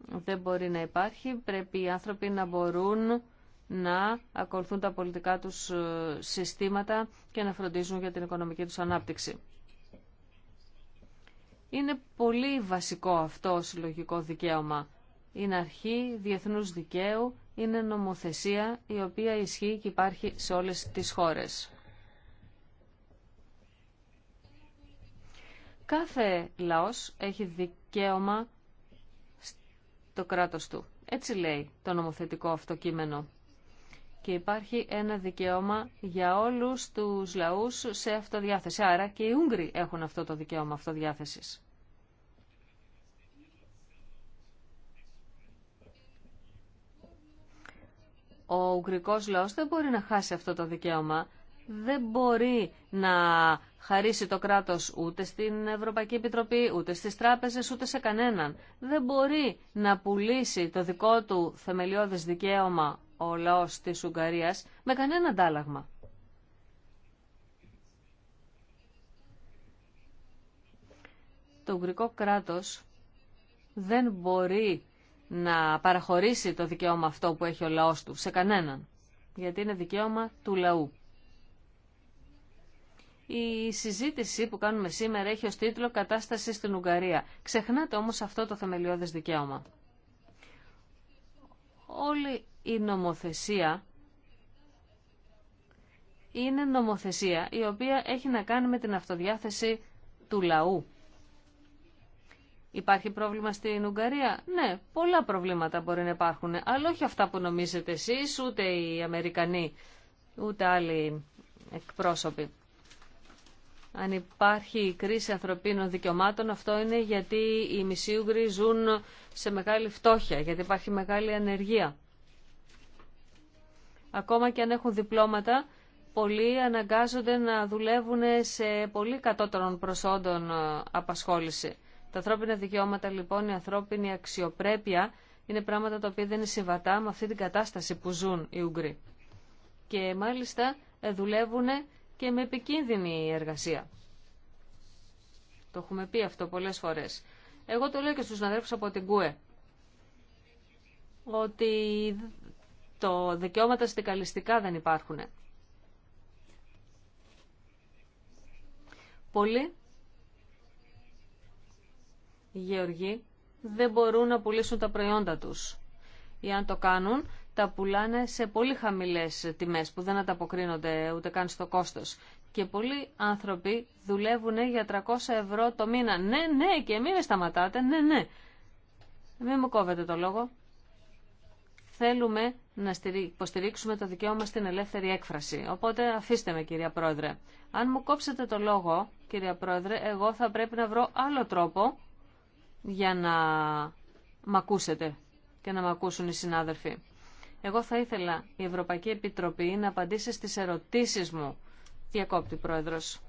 δεν μπορεί να υπάρχει. Πρέπει οι άνθρωποι να μπορούν να ακολουθούν τα πολιτικά τους ε, συστήματα και να φροντίζουν για την οικονομική τους ανάπτυξη. Είναι πολύ βασικό αυτό συλλογικό δικαίωμα. Είναι αρχή διεθνούς δικαίου, είναι νομοθεσία η οποία ισχύει και υπάρχει σε όλες τις χώρες. Κάθε λαός έχει δικαίωμα το κράτος του. Έτσι λέει το νομοθετικό αυτό κείμενο. Και υπάρχει ένα δικαίωμα για όλους τους λαούς σε αυτοδιάθεση. Άρα και οι Ούγγροι έχουν αυτό το δικαίωμα αυτοδιάθεσης. Ο Ουγγρικός λαός δεν μπορεί να χάσει αυτό το δικαίωμα. Δεν μπορεί να χαρίσει το κράτος ούτε στην Ευρωπαϊκή Επιτροπή, ούτε στις τράπεζες, ούτε σε κανέναν. Δεν μπορεί να πουλήσει το δικό του θεμελιώδες δικαίωμα ο λαός της Ουγγαρίας με κανένα αντάλλαγμα. Το Ουγγρικό κράτος δεν μπορεί να παραχωρήσει το δικαίωμα αυτό που έχει ο λαός του σε κανέναν, γιατί είναι δικαίωμα του λαού. Η συζήτηση που κάνουμε σήμερα έχει ως τίτλο «Κατάσταση στην Ουγγαρία». Ξεχνάτε όμως αυτό το θεμελιώδες δικαίωμα. Όλη η νομοθεσία είναι νομοθεσία η οποία έχει να κάνει με την αυτοδιάθεση του λαού. Υπάρχει πρόβλημα στην Ουγγαρία. Ναι, πολλά προβλήματα μπορεί να υπάρχουν, αλλά όχι αυτά που νομίζετε εσείς, ούτε οι Αμερικανοί, ούτε άλλοι εκπρόσωποι αν υπάρχει κρίση ανθρωπίνων δικαιωμάτων, αυτό είναι γιατί οι Ουγγροί ζουν σε μεγάλη φτώχεια, γιατί υπάρχει μεγάλη ανεργία. Ακόμα και αν έχουν διπλώματα, πολλοί αναγκάζονται να δουλεύουν σε πολύ κατώτερων προσόντων ε, απασχόληση. Τα ανθρώπινα δικαιώματα λοιπόν, η ανθρώπινη αξιοπρέπεια είναι πράγματα τα οποία δεν είναι συμβατά με αυτή την κατάσταση που ζουν οι Ούγγροι. Και μάλιστα ε, δουλεύουν και με επικίνδυνη εργασία. Το έχουμε πει αυτό πολλές φορές. Εγώ το λέω και στους συναδέλφους από την ΚΟΕ, ότι το δικαιώματα στικαλιστικά δεν υπάρχουν. Πολλοί γεωργοί δεν μπορούν να πουλήσουν τα προϊόντα τους. Ή αν το κάνουν, τα πουλάνε σε πολύ χαμηλές τιμές που δεν ανταποκρίνονται ούτε καν στο κόστος. Και πολλοί άνθρωποι δουλεύουν για 300 ευρώ το μήνα. Ναι, ναι, και μην με σταματάτε, ναι, ναι. Μην μου κόβετε το λόγο. Θέλουμε να υποστηρίξουμε το δικαίωμα στην ελεύθερη έκφραση. Οπότε αφήστε με, κυρία Πρόεδρε. Αν μου κόψετε το λόγο, κυρία Πρόεδρε, εγώ θα πρέπει να βρω άλλο τρόπο για να μ' ακούσετε και να μ' ακούσουν οι συνάδελφοι. Εγώ θα ήθελα η Ευρωπαϊκή Επιτροπή να απαντήσει στις ερωτήσεις μου. Διακόπτη, Πρόεδρος.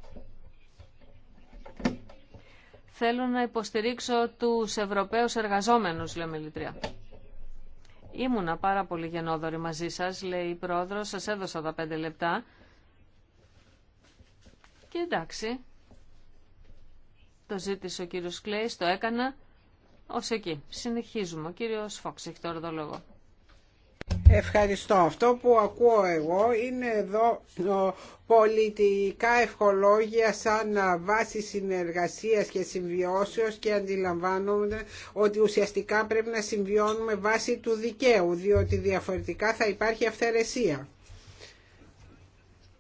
Θέλω να υποστηρίξω τους Ευρωπαίους εργαζόμενους, λέμε Λιτρία. Ήμουνα πάρα πολύ γενόδορη μαζί σας, λέει η Πρόεδρος. Σας έδωσα τα πέντε λεπτά. Και εντάξει, το ζήτησε ο κύριος Κλέης, το έκανα. Ως εκεί. Συνεχίζουμε. Ο κύριος Φόξ έχει το Ευχαριστώ. Αυτό που ακούω εγώ είναι εδώ πολιτικά ευχολόγια σαν βάση συνεργασίας και συμβιώσεως και αντιλαμβάνομαι ότι ουσιαστικά πρέπει να συμβιώνουμε βάση του δικαίου, διότι διαφορετικά θα υπάρχει αυθαιρεσία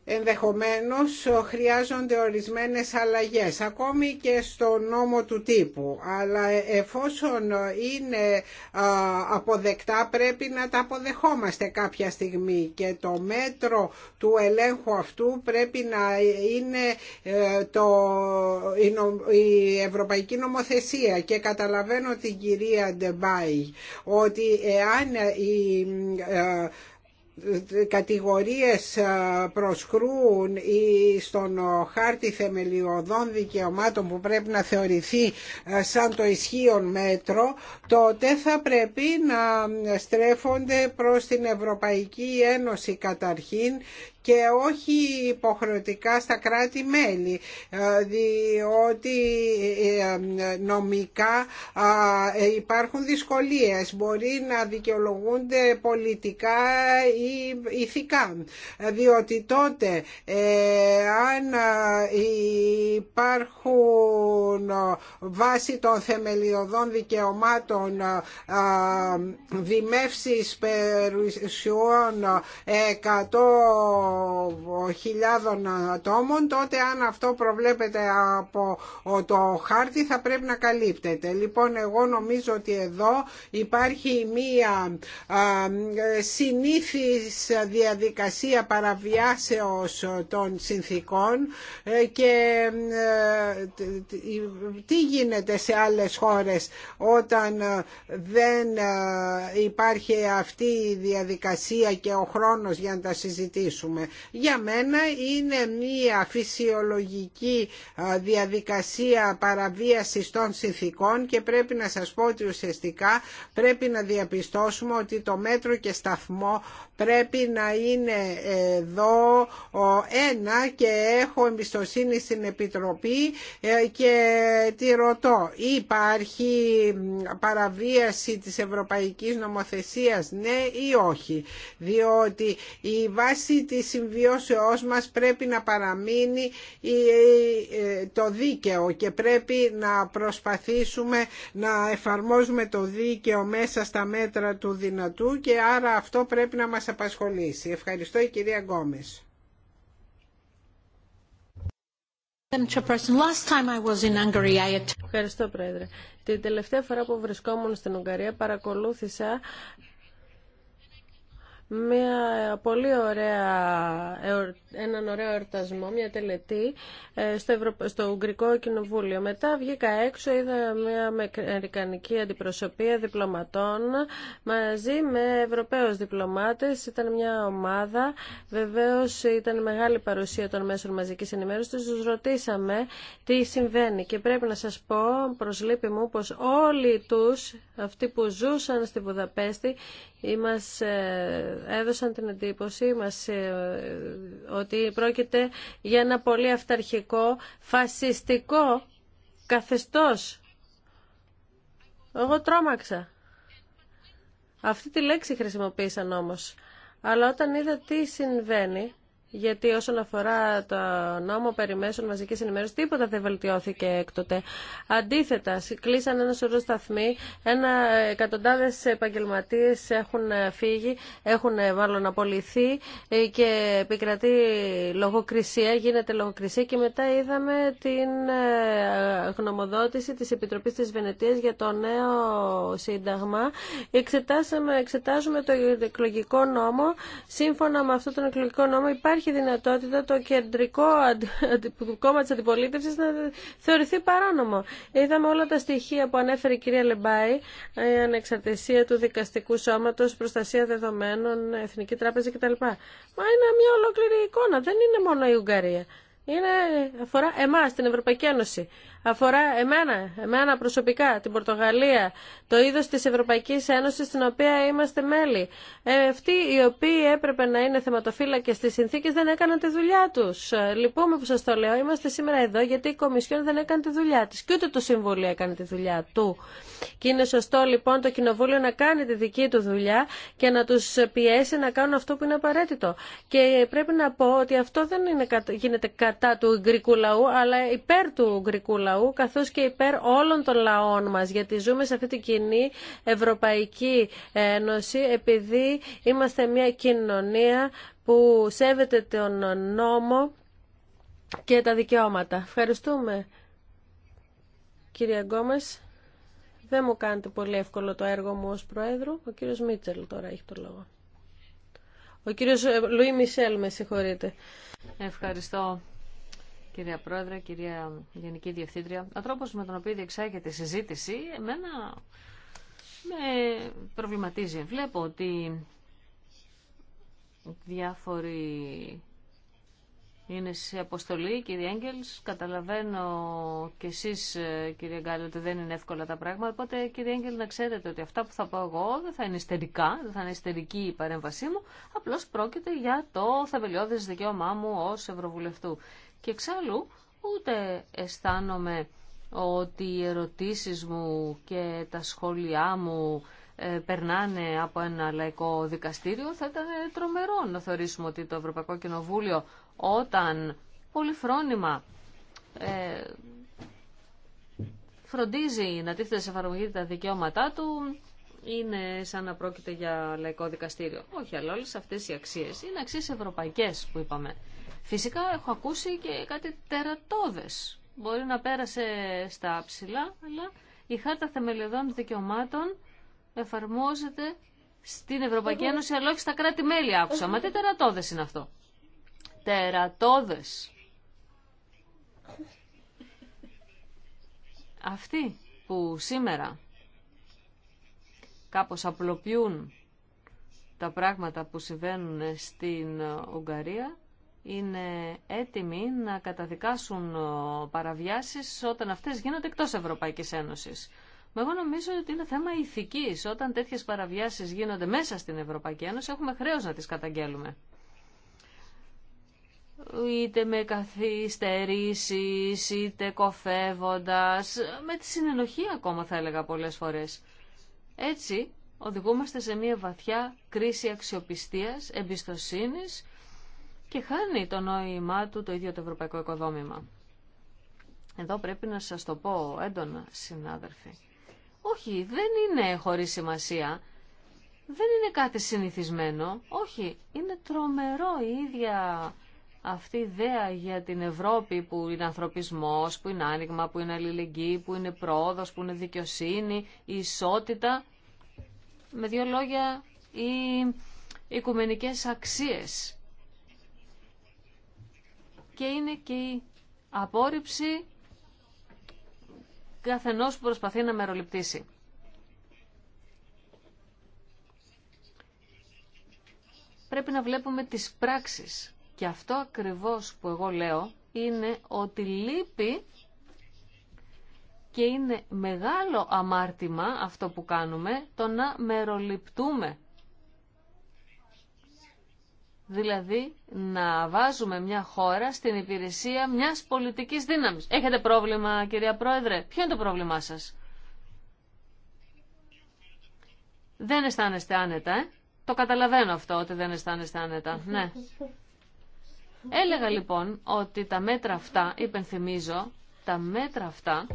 ενδεχομένως χρειάζονται ορισμένες αλλαγές ακόμη και στο νόμο του τύπου αλλά ε, εφόσον ε, είναι αποδεκτά πρέπει να τα αποδεχόμαστε κάποια στιγμή και το μέτρο του ελέγχου αυτού πρέπει να είναι ε, το, η Ευρωπαϊκή Νομοθεσία και καταλαβαίνω την κυρία Ντεμπάη ότι εάν η κατηγορίες προσκρούν ή στον χάρτη θεμελιωδών δικαιωμάτων που πρέπει να θεωρηθεί σαν το ισχύον μέτρο, τότε θα πρέπει να στρέφονται προς την Ευρωπαϊκή Ένωση καταρχήν και όχι υποχρεωτικά στα κράτη-μέλη ε, διότι ε, ε, νομικά υπάρχουν δυσκολίες μπορεί να δικαιολογούνται πολιτικά ή ηθικά διότι τότε αν υπάρχουν βάσει των θεμελιωδών δικαιωμάτων δημεύσεις περιουσιών 100 χιλιάδων ατόμων, τότε αν αυτό προβλέπεται από το χάρτη θα πρέπει να καλύπτεται. Λοιπόν, εγώ νομίζω ότι εδώ υπάρχει μία συνήθις διαδικασία παραβιάσεως των συνθήκων ε, και ε, τι γίνεται σε άλλες χώρες όταν δεν ε, υπάρχει αυτή η διαδικασία και ο χρόνος για να τα συζητήσουμε. Για μένα είναι μια φυσιολογική διαδικασία παραβίασης των συνθήκων και πρέπει να σας πω ότι ουσιαστικά πρέπει να διαπιστώσουμε ότι το μέτρο και σταθμό πρέπει να είναι ε, εδώ ένα και έχω εμπιστοσύνη στην Επιτροπή ε, και τη ρωτώ υπάρχει παραβίαση της Ευρωπαϊκής Νομοθεσίας ναι ή όχι διότι η βάση της συμβιώσεώς μας πρέπει να παραμείνει ε, το δίκαιο και πρέπει να προσπαθήσουμε να εφαρμόζουμε το δίκαιο μέσα στα μέτρα του δυνατού και άρα αυτό πρέπει να μας απασχολήσει. Ευχαριστώ η κυρία Γκόμες. Ευχαριστώ, Πρόεδρε. Την τελευταία φορά που βρισκόμουν στην Ουγγαρία παρακολούθησα μια ε, πολύ ωραία, έναν ωραίο εορτασμό, μια τελετή ε, στο, Ευρω... στο Ουγγρικό Κοινοβούλιο. Μετά βγήκα έξω, είδα μια αμερικανική αντιπροσωπεία διπλωματών μαζί με Ευρωπαίους διπλωμάτες. Ήταν μια ομάδα, βεβαίως ήταν μεγάλη παρουσία των μέσων μαζικής ενημέρωσης. Τους ρωτήσαμε τι συμβαίνει και πρέπει να σας πω προς λύπη μου πως όλοι τους αυτοί που ζούσαν στη Βουδαπέστη μας ε, έδωσαν την εντύπωση μας ε, ότι πρόκειται για ένα πολύ αυταρχικό, φασιστικό καθεστώς. Εγώ τρόμαξα. Αυτή τη λέξη χρησιμοποίησαν όμως. Αλλά όταν είδα τι συμβαίνει, γιατί όσον αφορά το νόμο περί μέσων μαζική ενημέρωση, τίποτα δεν βελτιώθηκε έκτοτε. Αντίθετα, κλείσαν ένα σωρό σταθμοί, ένα εκατοντάδες επαγγελματίες έχουν φύγει, έχουν ε, μάλλον απολυθεί ε, και επικρατεί λογοκρισία, γίνεται λογοκρισία και μετά είδαμε την ε, γνωμοδότηση της Επιτροπής της Βενετίας για το νέο σύνταγμα. Εξετάσαμε, εξετάζουμε το εκλογικό νόμο. Σύμφωνα με αυτό τον εκλογικό νόμο υπάρχει υπάρχει δυνατότητα το κεντρικό κόμμα τη αντιπολίτευσης να θεωρηθεί παράνομο. Είδαμε όλα τα στοιχεία που ανέφερε η κυρία Λεμπάη, η ε, ανεξαρτησία του δικαστικού σώματος, προστασία δεδομένων, Εθνική Τράπεζα κτλ. Μα είναι μια ολόκληρη εικόνα, δεν είναι μόνο η Ουγγαρία. Είναι, αφορά εμάς, την Ευρωπαϊκή Ένωση αφορά εμένα, εμένα προσωπικά, την Πορτογαλία, το είδος της Ευρωπαϊκής Ένωσης στην οποία είμαστε μέλη. Ε, αυτοί οι οποίοι έπρεπε να είναι θεματοφύλακες στις συνθήκες δεν έκαναν τη δουλειά τους. Ε, λυπούμε που σας το λέω, είμαστε σήμερα εδώ γιατί η Κομισιόν δεν έκανε τη δουλειά της και ούτε το Συμβούλιο έκανε τη δουλειά του. Και είναι σωστό λοιπόν το Κοινοβούλιο να κάνει τη δική του δουλειά και να τους πιέσει να κάνουν αυτό που είναι απαραίτητο. Και πρέπει να πω ότι αυτό δεν είναι, γίνεται κατά του γκρικού λαού, αλλά υπέρ του γκρικού λαού λαού καθώς και υπέρ όλων των λαών μας γιατί ζούμε σε αυτή την κοινή Ευρωπαϊκή Ένωση επειδή είμαστε μια κοινωνία που σέβεται τον νόμο και τα δικαιώματα. Ευχαριστούμε. Κύριε Γκόμες, δεν μου κάνετε πολύ εύκολο το έργο μου ως Προέδρου. Ο κύριος Μίτσελ τώρα έχει το λόγο. Ο κύριος ε, Λουί Μισελ, με συγχωρείτε. Ευχαριστώ, Κυρία Πρόεδρε, κυρία Γενική Διευθύντρια, ο τρόπο με τον οποίο διεξάγεται η συζήτηση, εμένα με προβληματίζει. Βλέπω ότι διάφοροι είναι σε αποστολή, κύριε Έγγελς. Καταλαβαίνω και εσείς, κύριε Γκάλη, ότι δεν είναι εύκολα τα πράγματα. Οπότε, κύριε Έγγελ, να ξέρετε ότι αυτά που θα πω εγώ δεν θα είναι ιστερικά, δεν θα είναι ιστερική η παρέμβασή μου. Απλώς πρόκειται για το θεμελιώδες δικαίωμά μου ως Ευρωβουλευτού. Και εξάλλου ούτε αισθάνομαι ότι οι ερωτήσεις μου και τα σχόλιά μου ε, περνάνε από ένα λαϊκό δικαστήριο. Θα ήταν τρομερό να θεωρήσουμε ότι το Ευρωπαϊκό Κοινοβούλιο όταν πολυφρόνημα ε, φροντίζει να τίθεται σε εφαρμογή τα δικαιώματά του είναι σαν να πρόκειται για λαϊκό δικαστήριο. Όχι, αλλά όλες αυτές οι αξίες είναι αξίες ευρωπαϊκές που είπαμε. Φυσικά έχω ακούσει και κάτι τερατώδες. Μπορεί να πέρασε στα ψηλά, αλλά η Χάρτα Θεμελιωδών Δικαιωμάτων εφαρμόζεται στην Ευρωπαϊκή Ένωση, αλλά όχι στα κράτη-μέλη, άκουσα. Μα τι τερατώδες είναι αυτό. Τερατώδες. Αυτοί που σήμερα κάπως απλοποιούν τα πράγματα που συμβαίνουν στην Ουγγαρία είναι έτοιμοι να καταδικάσουν ε, παραβιάσεις όταν αυτές γίνονται εκτός Ευρωπαϊκής Ένωσης. Μα εγώ νομίζω ότι είναι θέμα ηθικής. Όταν τέτοιες παραβιάσεις γίνονται μέσα στην Ευρωπαϊκή Ένωση έχουμε χρέος να τις καταγγέλουμε. Είτε με καθυστερήσεις, είτε κοφεύοντας, με τη συνενοχή ακόμα θα έλεγα πολλές φορές. Έτσι οδηγούμαστε σε μια βαθιά κρίση αξιοπιστίας, εμπιστοσύνης και χάνει το νόημά του το ίδιο το ευρωπαϊκό οικοδόμημα. Εδώ πρέπει να σας το πω έντονα, συνάδελφοι. Όχι, δεν είναι χωρίς σημασία. Δεν είναι κάτι συνηθισμένο. Όχι, είναι τρομερό η ίδια αυτή η ιδέα για την Ευρώπη που είναι ανθρωπισμός, που είναι άνοιγμα, που είναι αλληλεγγύη, που είναι πρόοδος, που είναι δικαιοσύνη, η ισότητα. Με δύο λόγια, οι οικουμενικές αξίες και είναι και η απόρριψη καθενός που προσπαθεί να μεροληπτήσει. Πρέπει να βλέπουμε τις πράξεις. Και αυτό ακριβώς που εγώ λέω είναι ότι λείπει και είναι μεγάλο αμάρτημα αυτό που κάνουμε το να μεροληπτούμε δηλαδή να βάζουμε μια χώρα στην υπηρεσία μιας πολιτικής δύναμης. Έχετε πρόβλημα κυρία Πρόεδρε, ποιο είναι το πρόβλημά σας. Δεν αισθάνεστε άνετα, ε? Το καταλαβαίνω αυτό ότι δεν αισθάνεστε άνετα, ναι. Έλεγα λοιπόν ότι τα μέτρα αυτά, υπενθυμίζω, τα μέτρα αυτά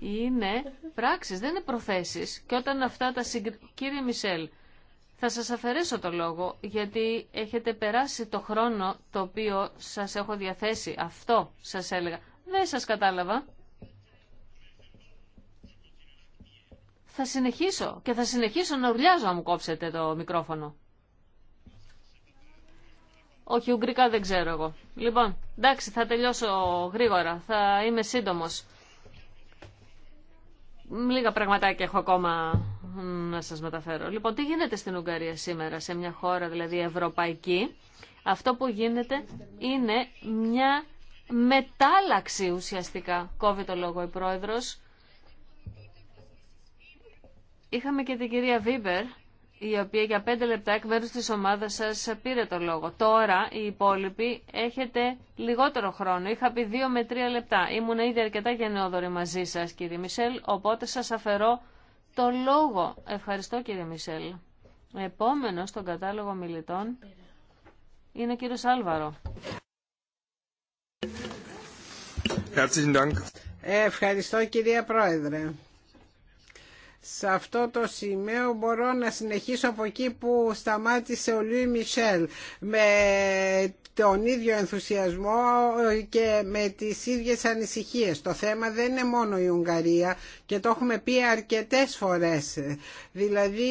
είναι πράξεις, δεν είναι προθέσεις. Και όταν αυτά τα συγκρίνει... Κύριε Μισελ, θα σας αφαιρέσω το λόγο γιατί έχετε περάσει το χρόνο το οποίο σας έχω διαθέσει. Αυτό σας έλεγα. Δεν σας κατάλαβα. Θα συνεχίσω και θα συνεχίσω να ουρλιάζω αν μου κόψετε το μικρόφωνο. Όχι, ουγγρικά δεν ξέρω εγώ. Λοιπόν, εντάξει, θα τελειώσω γρήγορα. Θα είμαι σύντομος. Λίγα πραγματάκια έχω ακόμα να σας μεταφέρω. Λοιπόν, τι γίνεται στην Ουγγαρία σήμερα, σε μια χώρα δηλαδή ευρωπαϊκή. Αυτό που γίνεται είναι μια μετάλλαξη ουσιαστικά. Κόβει το λόγο η πρόεδρος. Είχαμε και την κυρία Βίμπερ, η οποία για πέντε λεπτά εκ μέρους της ομάδας σας πήρε το λόγο. Τώρα οι υπόλοιποι έχετε λιγότερο χρόνο. Είχα πει δύο με τρία λεπτά. Ήμουν ήδη αρκετά γενναιόδορη μαζί σας κύριε Μισελ, οπότε σας αφαιρώ το λόγο. Ευχαριστώ κύριε Μισελ. επόμενο στον κατάλογο μιλητών είναι ο κύριο Άλβαρο. Ε, ευχαριστώ κυρία Πρόεδρε σε αυτό το σημείο μπορώ να συνεχίσω από εκεί που σταμάτησε ο Λουί Μισελ με τον ίδιο ενθουσιασμό και με τις ίδιες ανησυχίες. Το θέμα δεν είναι μόνο η Ουγγαρία και το έχουμε πει αρκετές φορές. Δηλαδή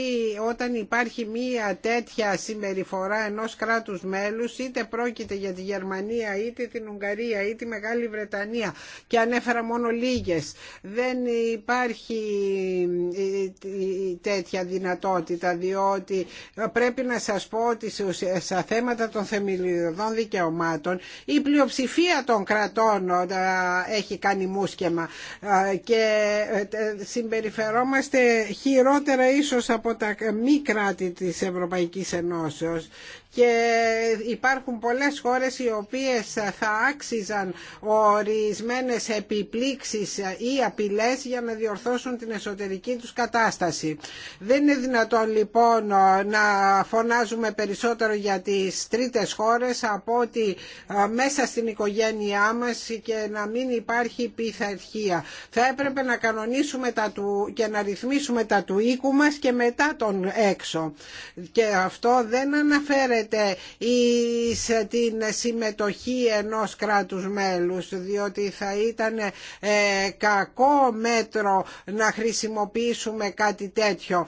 όταν υπάρχει μία τέτοια συμπεριφορά ενός κράτους μέλους είτε πρόκειται για τη Γερμανία είτε την Ουγγαρία είτε τη Μεγάλη Βρετανία και ανέφερα μόνο λίγες δεν υπάρχει τέτοια δυνατότητα διότι πρέπει να σας πω ότι σε θέματα των θεμελιωδών δικαιωμάτων η πλειοψηφία των κρατών ε, ε, έχει κάνει μουσκεμα ε, και συμπεριφερόμαστε χειρότερα ίσως από τα μη κράτη της Ευρωπαϊκής Ενώσεως και υπάρχουν πολλές χώρες οι οποίες θα άξιζαν ορισμένες επιπλήξεις ή απειλές για να διορθώσουν την εσωτερική τους κατάσταση. Δεν είναι δυνατόν λοιπόν να φωνάζουμε περισσότερο για τις τρίτες χώρες από ότι ε, μέσα στην οικογένειά μας και να μην υπάρχει πειθαρχία. Θα έπρεπε να κανονίσουμε τα του, και να ρυθμίσουμε τα του οίκου μας και μετά τον έξω. Και αυτό δεν αναφέρεται ή σε την συμμετοχή ενός κράτους μέλους διότι θα ήταν ε, κακό μέτρο να χρησιμοποιήσουμε κάτι τέτοιο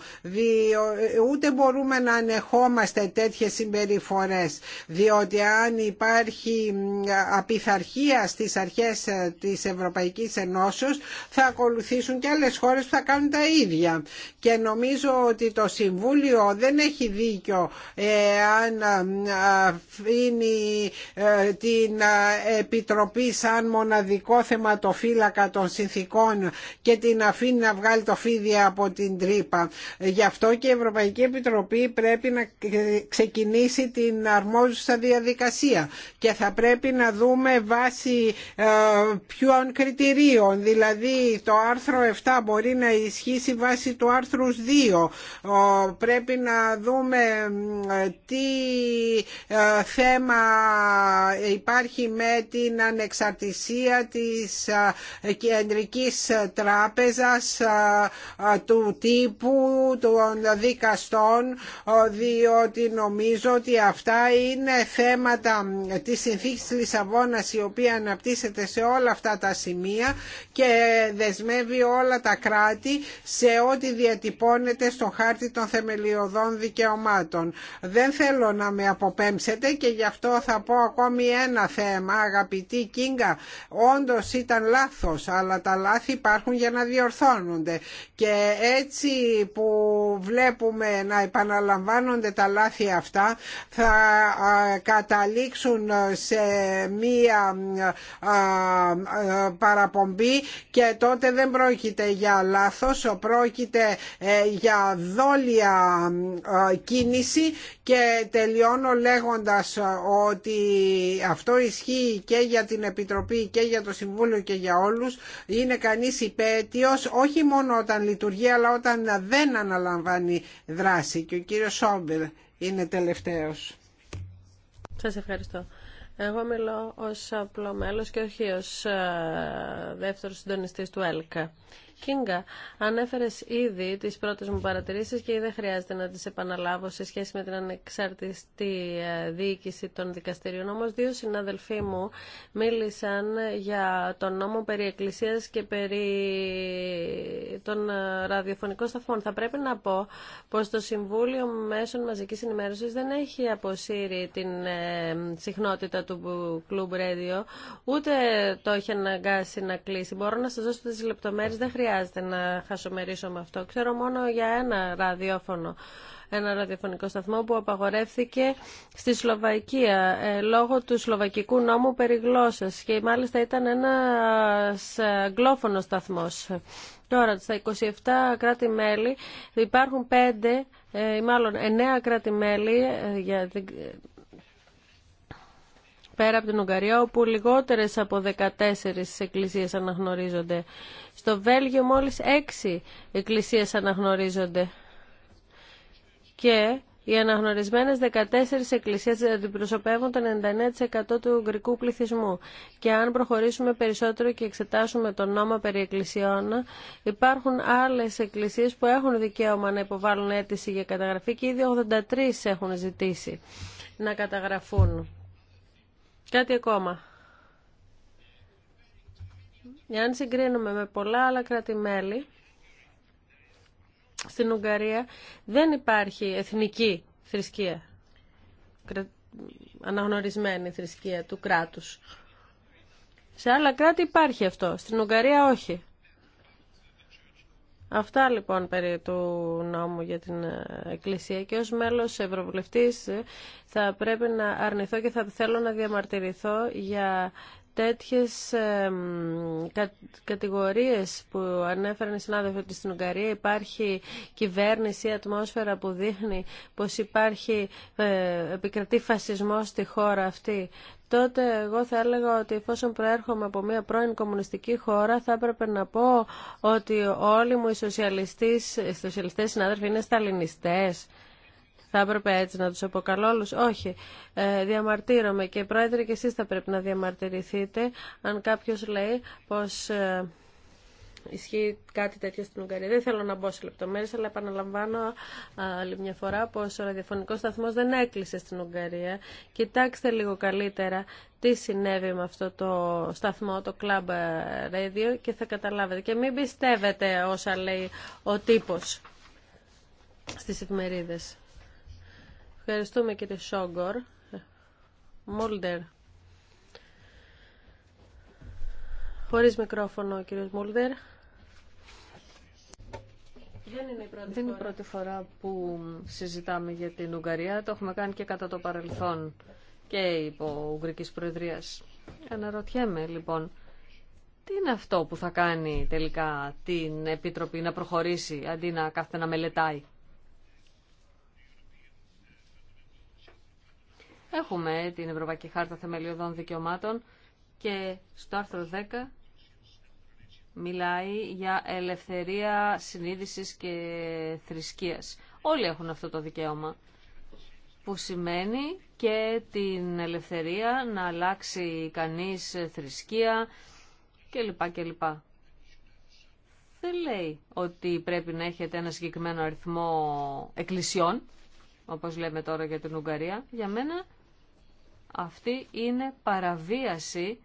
ούτε μπορούμε να ανεχόμαστε τέτοιες συμπεριφορές διότι αν υπάρχει απειθαρχία στις αρχές ε, της Ευρωπαϊκής Ενώσεως θα ακολουθήσουν και άλλες χώρες που θα κάνουν τα ίδια και νομίζω ότι το Συμβούλιο δεν έχει δίκιο αν αφήνει ε, την ε, Επιτροπή σαν μοναδικό θεματοφύλακα των συνθήκων και την αφήνει να βγάλει το φίδι από την τρύπα. Γι' αυτό και η Ευρωπαϊκή Επιτροπή πρέπει να ξεκινήσει την αρμόζουσα διαδικασία και θα πρέπει να δούμε βάσει ποιων κριτηρίων. Δηλαδή το άρθρο 7 μπορεί να ισχύσει βάσει του άρθρου 2. Πρέπει να δούμε ε, τι ε, θέμα υπάρχει με την ανεξαρτησία της ε, κεντρικής τράπεζας ε, του τύπου των δικαστών διότι νομίζω ότι αυτά είναι θέματα της συνθήκης της Λισαβόνας η οποία αναπτύσσεται σε όλα αυτά τα σημεία και δεσμεύει όλα τα κράτη σε ό,τι διατυπώνεται στο χάρτη των θεμελιωδών δικαιωμάτων. Δεν θέλω να να με αποπέμψετε και γι' αυτό θα πω ακόμη ένα θέμα αγαπητή Κίνγκα όντως ήταν λάθος αλλά τα λάθη υπάρχουν για να διορθώνονται και έτσι που βλέπουμε να επαναλαμβάνονται τα λάθη αυτά θα καταλήξουν σε μία παραπομπή και τότε δεν πρόκειται για λάθος πρόκειται ε, για δόλια κίνηση και τελικά τελειώνω λέγοντας ε, ότι αυτό ισχύει και για την Επιτροπή και για το Συμβούλιο και για όλους. Είναι κανείς υπέτειος όχι μόνο όταν λειτουργεί αλλά όταν δεν αναλαμβάνει δράση. Και ο κύριος Σόμπερ είναι τελευταίος. Σας ευχαριστώ. Εγώ μιλώ ως απλό μέλος και όχι ως ε, δεύτερος συντονιστής του ΕΛΚΑ. Κίνγκα, ανέφερε ήδη τι πρώτε μου παρατηρήσει και δεν χρειάζεται να τι επαναλάβω σε σχέση με την ανεξαρτηστή ε, διοίκηση των δικαστηρίων. Όμω, δύο συναδελφοί μου μίλησαν για τον νόμο περί εκκλησίας και περί των ε, ραδιοφωνικών σταθμών. Θα πρέπει να πω πω το Συμβούλιο Μέσων Μαζική Ενημέρωση δεν έχει αποσύρει την ε, συχνότητα του Club Radio, ούτε το έχει αναγκάσει να κλείσει. Μπορώ να σα δώσω τι λεπτομέρειε, χρειάζεται να χασομερίσω με αυτό. Ξέρω μόνο για ένα ραδιόφωνο, ένα ραδιοφωνικό σταθμό που απαγορεύθηκε στη Σλοβακία ε, λόγω του σλοβακικού νόμου περί γλώσσας και μάλιστα ήταν ένας αγγλόφωνος σταθμός. Τώρα, στα 27 κράτη-μέλη υπάρχουν 5 ε, ή μάλλον 9 κράτη-μέλη ε, για πέρα από την Ουγγαρία, όπου λιγότερες από 14 εκκλησίες αναγνωρίζονται. Στο Βέλγιο μόλις 6 εκκλησίες αναγνωρίζονται. Και οι αναγνωρισμένες 14 εκκλησίες αντιπροσωπεύουν το 99% του ουγγρικού πληθυσμού. Και αν προχωρήσουμε περισσότερο και εξετάσουμε τον νόμο περί εκκλησιών, υπάρχουν άλλες εκκλησίες που έχουν δικαίωμα να υποβάλουν αίτηση για καταγραφή και ήδη 83 έχουν ζητήσει να καταγραφούν. Κάτι ακόμα. Εάν συγκρίνουμε με πολλά άλλα κράτη-μέλη, στην Ουγγαρία δεν υπάρχει εθνική θρησκεία, αναγνωρισμένη θρησκεία του κράτους. Σε άλλα κράτη υπάρχει αυτό, στην Ουγγαρία όχι. Αυτά λοιπόν περί του νόμου για την ε, Εκκλησία και ως μέλος Ευρωβουλευτής ε, θα πρέπει να αρνηθώ και θα θέλω να διαμαρτυρηθώ για τέτοιες κα, κατηγορίες που ανέφεραν οι συνάδελφοι ότι στην Ουγγαρία υπάρχει κυβέρνηση, ατμόσφαιρα που δείχνει πως υπάρχει επικρατή επικρατεί φασισμός στη χώρα αυτή τότε εγώ θα έλεγα ότι εφόσον προέρχομαι από μια πρώην κομμουνιστική χώρα θα έπρεπε να πω ότι όλοι μου οι σοσιαλιστές, οι σοσιαλιστές συνάδελφοι είναι σταλινιστές. Θα έπρεπε έτσι να τους αποκαλώ όλους. Όχι, ε, διαμαρτύρομαι και πρόεδρε και εσείς θα πρέπει να διαμαρτυρηθείτε αν κάποιος λέει πως... Ε, ισχύει κάτι τέτοιο στην Ουγγαρία. Δεν θέλω να μπω σε λεπτομέρειε, αλλά επαναλαμβάνω άλλη μια φορά πως ο ραδιοφωνικό σταθμό δεν έκλεισε στην Ουγγαρία. Κοιτάξτε λίγο καλύτερα τι συνέβη με αυτό το σταθμό, το Club Radio και θα καταλάβετε. Και μην πιστεύετε όσα λέει ο τύπο στι εφημερίδε. Ευχαριστούμε κύριε Σόγκορ. Μόλτερ. Χωρίς μικρόφωνο ο κύριος Μούλτερ. Δεν είναι η πρώτη, φορά. που συζητάμε για την Ουγγαρία. Το έχουμε κάνει και κατά το παρελθόν και υπό Ουγγρικής Προεδρίας. Αναρωτιέμαι λοιπόν, τι είναι αυτό που θα κάνει τελικά την Επιτροπή να προχωρήσει αντί να κάθεται να μελετάει. Έχουμε την Ευρωπαϊκή Χάρτα Θεμελιωδών Δικαιωμάτων και στο άρθρο 10 μιλάει για ελευθερία συνείδησης και θρησκείας. Όλοι έχουν αυτό το δικαίωμα που σημαίνει και την ελευθερία να αλλάξει κανείς θρησκεία κλπ. κλπ. Δεν λέει ότι πρέπει να έχετε ένα συγκεκριμένο αριθμό εκκλησιών, όπως λέμε τώρα για την Ουγγαρία. Για μένα αυτή είναι παραβίαση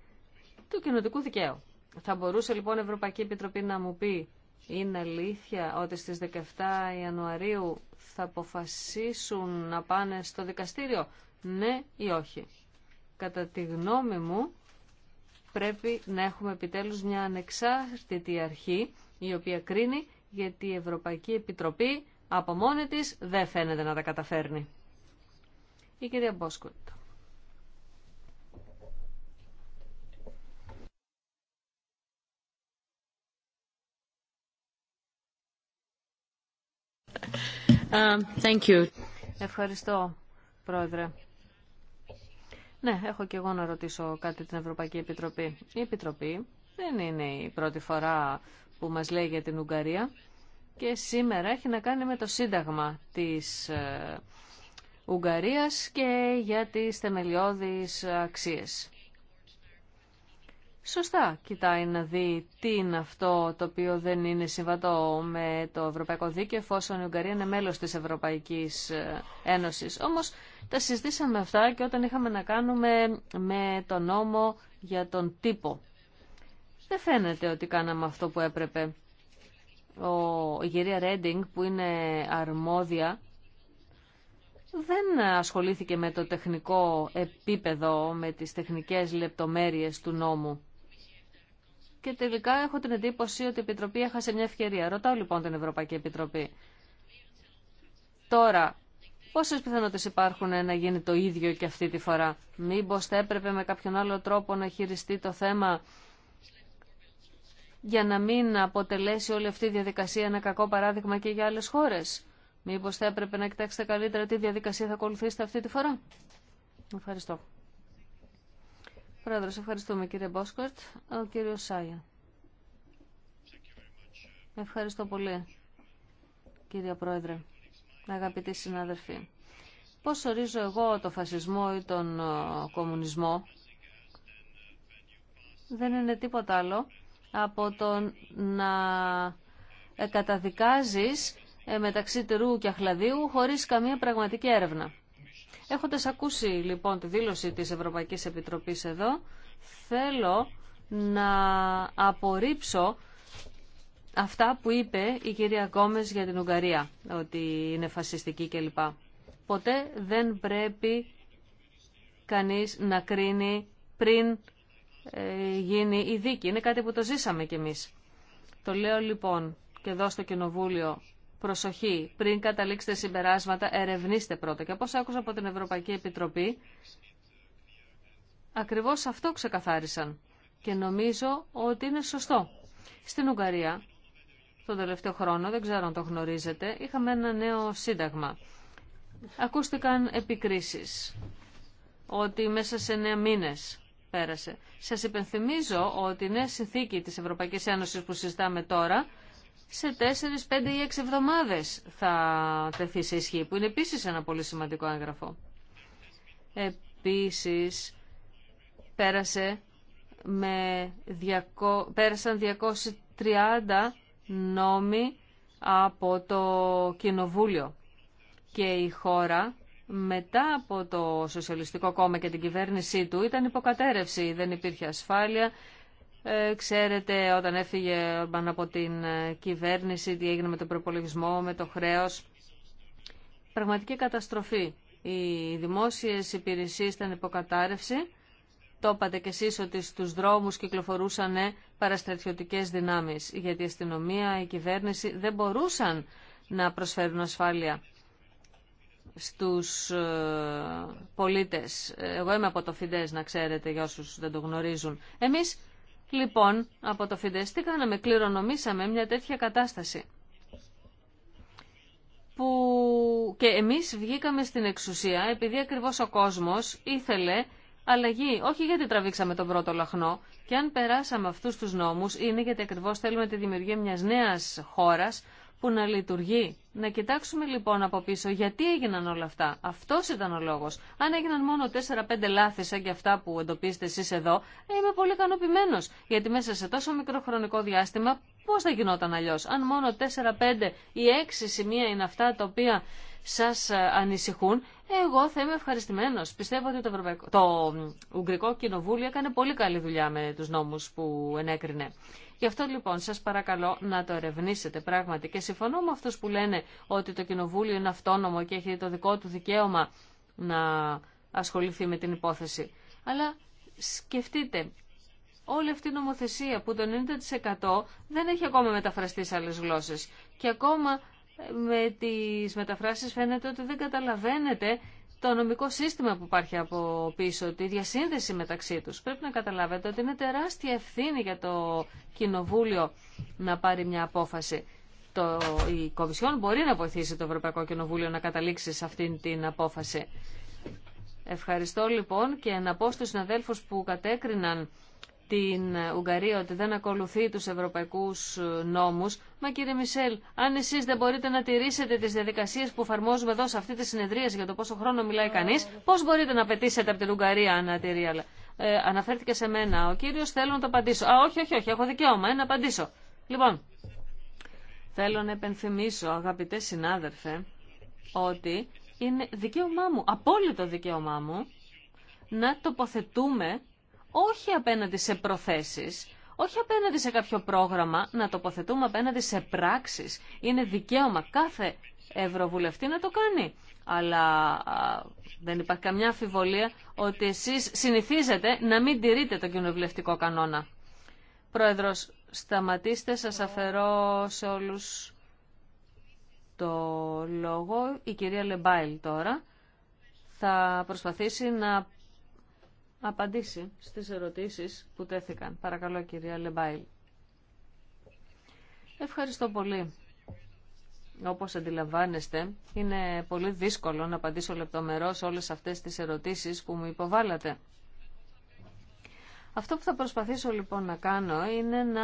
του κοινοτικού δικαίου. Θα μπορούσε λοιπόν η Ευρωπαϊκή Επιτροπή να μου πει είναι αλήθεια ότι στις 17 Ιανουαρίου θα αποφασίσουν να πάνε στο δικαστήριο, ναι ή όχι. Κατά τη γνώμη μου πρέπει να έχουμε επιτέλους μια ανεξάρτητη αρχή η οποία κρίνει γιατί η Ευρωπαϊκή Επιτροπή από μόνη της δεν φαίνεται να τα καταφέρνει. Η κυρία Μπόσκοτ. Um, Ευχαριστώ, Πρόεδρε. Ναι, έχω και εγώ να ρωτήσω κάτι την Ευρωπαϊκή Επιτροπή. Η Επιτροπή δεν είναι η πρώτη φορά που μας λέει για την Ουγγαρία και σήμερα έχει να κάνει με το Σύνταγμα της ε, Ουγγαρίας και για τις θεμελιώδεις αξίες σωστά κοιτάει να δει τι είναι αυτό το οποίο δεν είναι συμβατό με το Ευρωπαϊκό Δίκαιο εφόσον η Ουγγαρία είναι μέλος της Ευρωπαϊκής ε, Ένωσης. Όμως τα συζητήσαμε αυτά και όταν είχαμε να κάνουμε με το νόμο για τον τύπο. Δεν φαίνεται ότι κάναμε αυτό που έπρεπε. Ο, η Ρέντινγκ που είναι αρμόδια δεν ασχολήθηκε με το τεχνικό επίπεδο, με τις τεχνικές λεπτομέρειες του νόμου και τελικά έχω την εντύπωση ότι η Επιτροπή έχασε μια ευκαιρία. Ρωτάω λοιπόν την Ευρωπαϊκή Επιτροπή. Τώρα, πόσε πιθανότητε υπάρχουν να γίνει το ίδιο και αυτή τη φορά. Μήπω θα έπρεπε με κάποιον άλλο τρόπο να χειριστεί το θέμα για να μην αποτελέσει όλη αυτή η διαδικασία ένα κακό παράδειγμα και για άλλες χώρες. Μήπως θα έπρεπε να κοιτάξετε καλύτερα τι διαδικασία θα ακολουθήσετε αυτή τη φορά. Ευχαριστώ. Πρόεδρος, ευχαριστούμε κύριε Μπόσκορτ. Ο κύριος Σάγια. Ευχαριστώ πολύ, κύριε Πρόεδρε, αγαπητοί συνάδελφοι. Πώς ορίζω εγώ το φασισμό ή τον ε, κομμουνισμό, δεν είναι τίποτα άλλο από το να ε, καταδικάζεις ε, μεταξύ τερού και αχλαδίου χωρίς καμία πραγματική έρευνα. Έχοντας ακούσει λοιπόν τη δήλωση της Ευρωπαϊκής Επιτροπής εδώ, θέλω να απορρίψω αυτά που είπε η κυρία Κόμες για την Ουγγαρία, ότι είναι φασιστική κλπ. Ποτέ δεν πρέπει κανείς να κρίνει πριν ε, γίνει η δίκη. Είναι κάτι που το ζήσαμε κι εμείς. Το λέω λοιπόν και εδώ στο Κοινοβούλιο προσοχή, πριν καταλήξετε συμπεράσματα, ερευνήστε πρώτα. Και όπως άκουσα από την Ευρωπαϊκή Επιτροπή, ακριβώς αυτό ξεκαθάρισαν. Και νομίζω ότι είναι σωστό. Στην Ουγγαρία, τον τελευταίο χρόνο, δεν ξέρω αν το γνωρίζετε, είχαμε ένα νέο σύνταγμα. Ακούστηκαν επικρίσεις ότι μέσα σε νέα μήνες πέρασε. Σας υπενθυμίζω ότι η νέα συνθήκη της Ευρωπαϊκής Ένωσης που συζητάμε τώρα σε 4, 5 ή 6 εβδομάδες θα τεθεί σε ισχύ, που είναι επίση ένα πολύ σημαντικό έγγραφο. Επίσης, πέρασε με 200, πέρασαν 230 νόμοι από το Κοινοβούλιο και η χώρα μετά από το Σοσιαλιστικό Κόμμα και την κυβέρνησή του ήταν υποκατέρευση, δεν υπήρχε ασφάλεια, ε, ξέρετε όταν έφυγε ο από την ε, κυβέρνηση, τι έγινε με τον προπολογισμό, με το χρέος. Πραγματική καταστροφή. Οι δημόσιες υπηρεσίες ήταν υποκατάρρευση. Το είπατε κι εσείς ότι στους δρόμους κυκλοφορούσαν ε, παραστρατιωτικές δυνάμεις, γιατί η αστυνομία, η κυβέρνηση δεν μπορούσαν να προσφέρουν ασφάλεια στους πολίτες. Εγώ είμαι από το Φιντές, να ξέρετε, για όσους δεν το γνωρίζουν. Εμείς Λοιπόν, από το Φιντες τι κάναμε, κληρονομήσαμε μια τέτοια κατάσταση. Που και εμείς βγήκαμε στην εξουσία επειδή ακριβώς ο κόσμος ήθελε αλλαγή. Όχι γιατί τραβήξαμε τον πρώτο λαχνό. Και αν περάσαμε αυτούς τους νόμους είναι γιατί ακριβώς θέλουμε τη δημιουργία μιας νέας χώρας που να λειτουργεί. Να κοιτάξουμε λοιπόν από πίσω γιατί έγιναν όλα αυτά. Αυτό ήταν ο λόγο. Αν έγιναν μόνο 4-5 λάθη σαν και αυτά που εντοπίζετε εσεί εδώ, ε, είμαι πολύ ικανοποιημένο. Γιατί μέσα σε τόσο μικρό χρονικό διάστημα πώ θα γινόταν αλλιώ. Αν μόνο 4-5 ή 6 σημεία είναι αυτά τα οποία σα ε, ανησυχούν, εγώ θα είμαι ευχαριστημένο. Πιστεύω ότι το, Ευρωπαϊκό... το Ουγγρικό Κοινοβούλιο έκανε πολύ καλή δουλειά με του νόμου που ενέκρινε. Γι' αυτό λοιπόν σας παρακαλώ να το ερευνήσετε πράγματι και συμφωνώ με αυτού που λένε ότι το Κοινοβούλιο είναι αυτόνομο και έχει το δικό του δικαίωμα να ασχοληθεί με την υπόθεση. Αλλά σκεφτείτε, όλη αυτή η νομοθεσία που το 90% δεν έχει ακόμα μεταφραστεί σε άλλες γλώσσες και ακόμα ε, με τις μεταφράσεις φαίνεται ότι δεν καταλαβαίνετε το νομικό σύστημα που υπάρχει από πίσω, τη διασύνδεση μεταξύ τους. Πρέπει να καταλάβετε ότι είναι τεράστια ευθύνη για το Κοινοβούλιο να πάρει μια απόφαση. Το, η Κομισιόν μπορεί να βοηθήσει το Ευρωπαϊκό Κοινοβούλιο να καταλήξει σε αυτήν την απόφαση. Ευχαριστώ λοιπόν και να πω στους συναδέλφους που κατέκριναν την Ουγγαρία ότι δεν ακολουθεί τους ευρωπαϊκούς νόμους. Μα κύριε Μισελ, αν εσείς δεν μπορείτε να τηρήσετε τις διαδικασίες που εφαρμόζουμε εδώ σε αυτή τη συνεδρία για το πόσο χρόνο μιλάει κανείς, πώς μπορείτε να πετήσετε από την Ουγγαρία να τηρεί. Ε, αναφέρθηκε σε μένα. Ο κύριος θέλω να το απαντήσω. Α, όχι, όχι, όχι, έχω δικαίωμα ε, να απαντήσω. Λοιπόν, θέλω να επενθυμίσω, αγαπητέ συνάδελφε, ότι είναι δικαίωμά μου, απόλυτο δικαίωμά μου, να τοποθετούμε όχι απέναντι σε προθέσεις, όχι απέναντι σε κάποιο πρόγραμμα, να τοποθετούμε απέναντι σε πράξεις. Είναι δικαίωμα κάθε ευρωβουλευτή να το κάνει. Αλλά δεν υπάρχει καμιά αφιβολία ότι εσείς συνηθίζετε να μην τηρείτε το κοινοβουλευτικό κανόνα. Πρόεδρος, σταματήστε, σας αφαιρώ σε όλους το λόγο. Η κυρία Λεμπάιλ τώρα θα προσπαθήσει να απαντήσει στις ερωτήσεις που τέθηκαν. Παρακαλώ κυρία Λεμπάιλ. Ευχαριστώ πολύ. Όπως αντιλαμβάνεστε, είναι πολύ δύσκολο να απαντήσω λεπτομερώς όλες αυτές τις ερωτήσεις που μου υποβάλλατε. Αυτό που θα προσπαθήσω λοιπόν να κάνω είναι να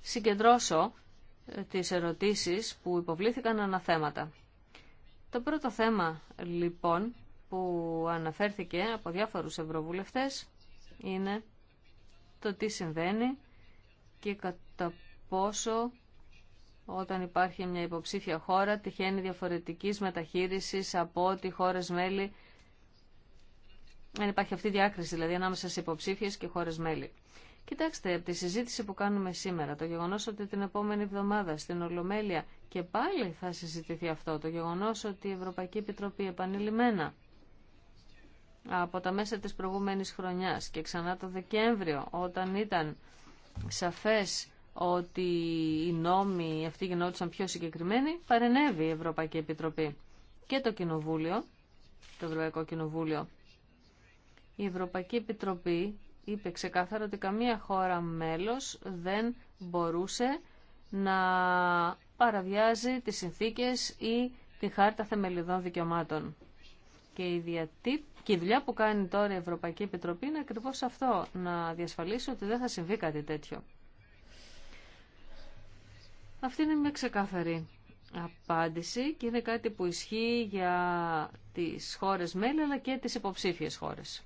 συγκεντρώσω ε, τις ερωτήσεις που υποβλήθηκαν αναθέματα. Το πρώτο θέμα λοιπόν που αναφέρθηκε από διάφορους ευρωβουλευτές είναι το τι συμβαίνει και κατά πόσο όταν υπάρχει μια υποψήφια χώρα τυχαίνει διαφορετικής μεταχείρισης από ό,τι χώρες μέλη δεν υπάρχει αυτή η διάκριση δηλαδή ανάμεσα σε υποψήφιες και χώρες μέλη. Κοιτάξτε, από τη συζήτηση που κάνουμε σήμερα, το γεγονό ότι την επόμενη εβδομάδα στην Ολομέλεια και πάλι θα συζητηθεί αυτό, το γεγονό ότι η Ευρωπαϊκή Επιτροπή επανειλημμένα από τα μέσα της προηγούμενης χρονιάς και ξανά το Δεκέμβριο όταν ήταν σαφές ότι οι νόμοι αυτοί γινόντουσαν πιο συγκεκριμένοι, παρενέβη η Ευρωπαϊκή Επιτροπή και το Κοινοβούλιο, το Ευρωπαϊκό Κοινοβούλιο. Η Ευρωπαϊκή Επιτροπή είπε ξεκάθαρα ότι καμία χώρα μέλος δεν μπορούσε να παραβιάζει τις συνθήκες ή τη χάρτα θεμελιδών δικαιωμάτων. Και η, και η δουλειά που κάνει τώρα η Ευρωπαϊκή Επιτροπή είναι ακριβώ αυτό, να διασφαλίσει ότι δεν θα συμβεί κάτι τέτοιο. Αυτή είναι μια ξεκάθαρη απάντηση και είναι κάτι που ισχύει για τις χώρες μέλη αλλά και τις υποψήφιες χώρες.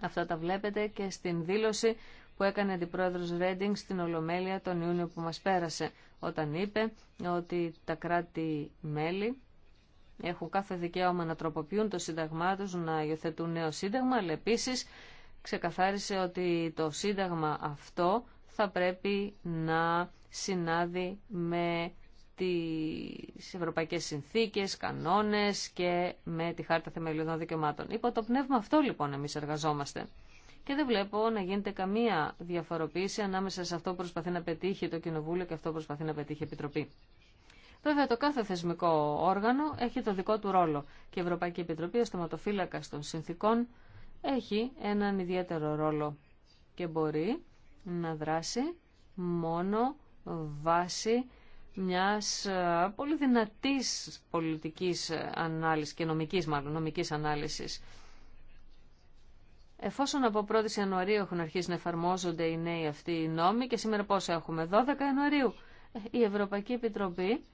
Αυτά τα βλέπετε και στην δήλωση που έκανε αντιπρόεδρος Ρέντινγκ στην Ολομέλεια τον Ιούνιο που μας πέρασε, όταν είπε ότι τα κράτη-μέλη έχουν κάθε δικαίωμα να τροποποιούν το σύνταγμά του να υιοθετούν νέο σύνταγμα, αλλά επίση, ξεκαθάρισε ότι το σύνταγμα αυτό θα πρέπει να συνάδει με τις ευρωπαϊκές συνθήκες, κανόνες και με τη Χάρτα Θεμελιωδών Δικαιωμάτων. Υπό το πνεύμα αυτό λοιπόν εμείς εργαζόμαστε. Και δεν βλέπω να γίνεται καμία διαφοροποίηση ανάμεσα σε αυτό που προσπαθεί να πετύχει το Κοινοβούλιο και αυτό που προσπαθεί να πετύχει η Επιτροπή. Βέβαια το κάθε θεσμικό όργανο έχει το δικό του ρόλο και η Ευρωπαϊκή Επιτροπή ως θεματοφύλακα των συνθήκων έχει έναν ιδιαίτερο ρόλο και μπορεί να δράσει μόνο βάσει μιας ε, πολύ δυνατής πολιτικής ανάλυσης και νομικής μάλλον, νομικής ανάλυσης. Εφόσον από 1η Ιανουαρίου έχουν αρχίσει να εφαρμόζονται οι νέοι αυτοί οι νόμοι και σήμερα πώς έχουμε, 12 Ιανουαρίου, ε, η Ευρωπαϊκή Επιτροπή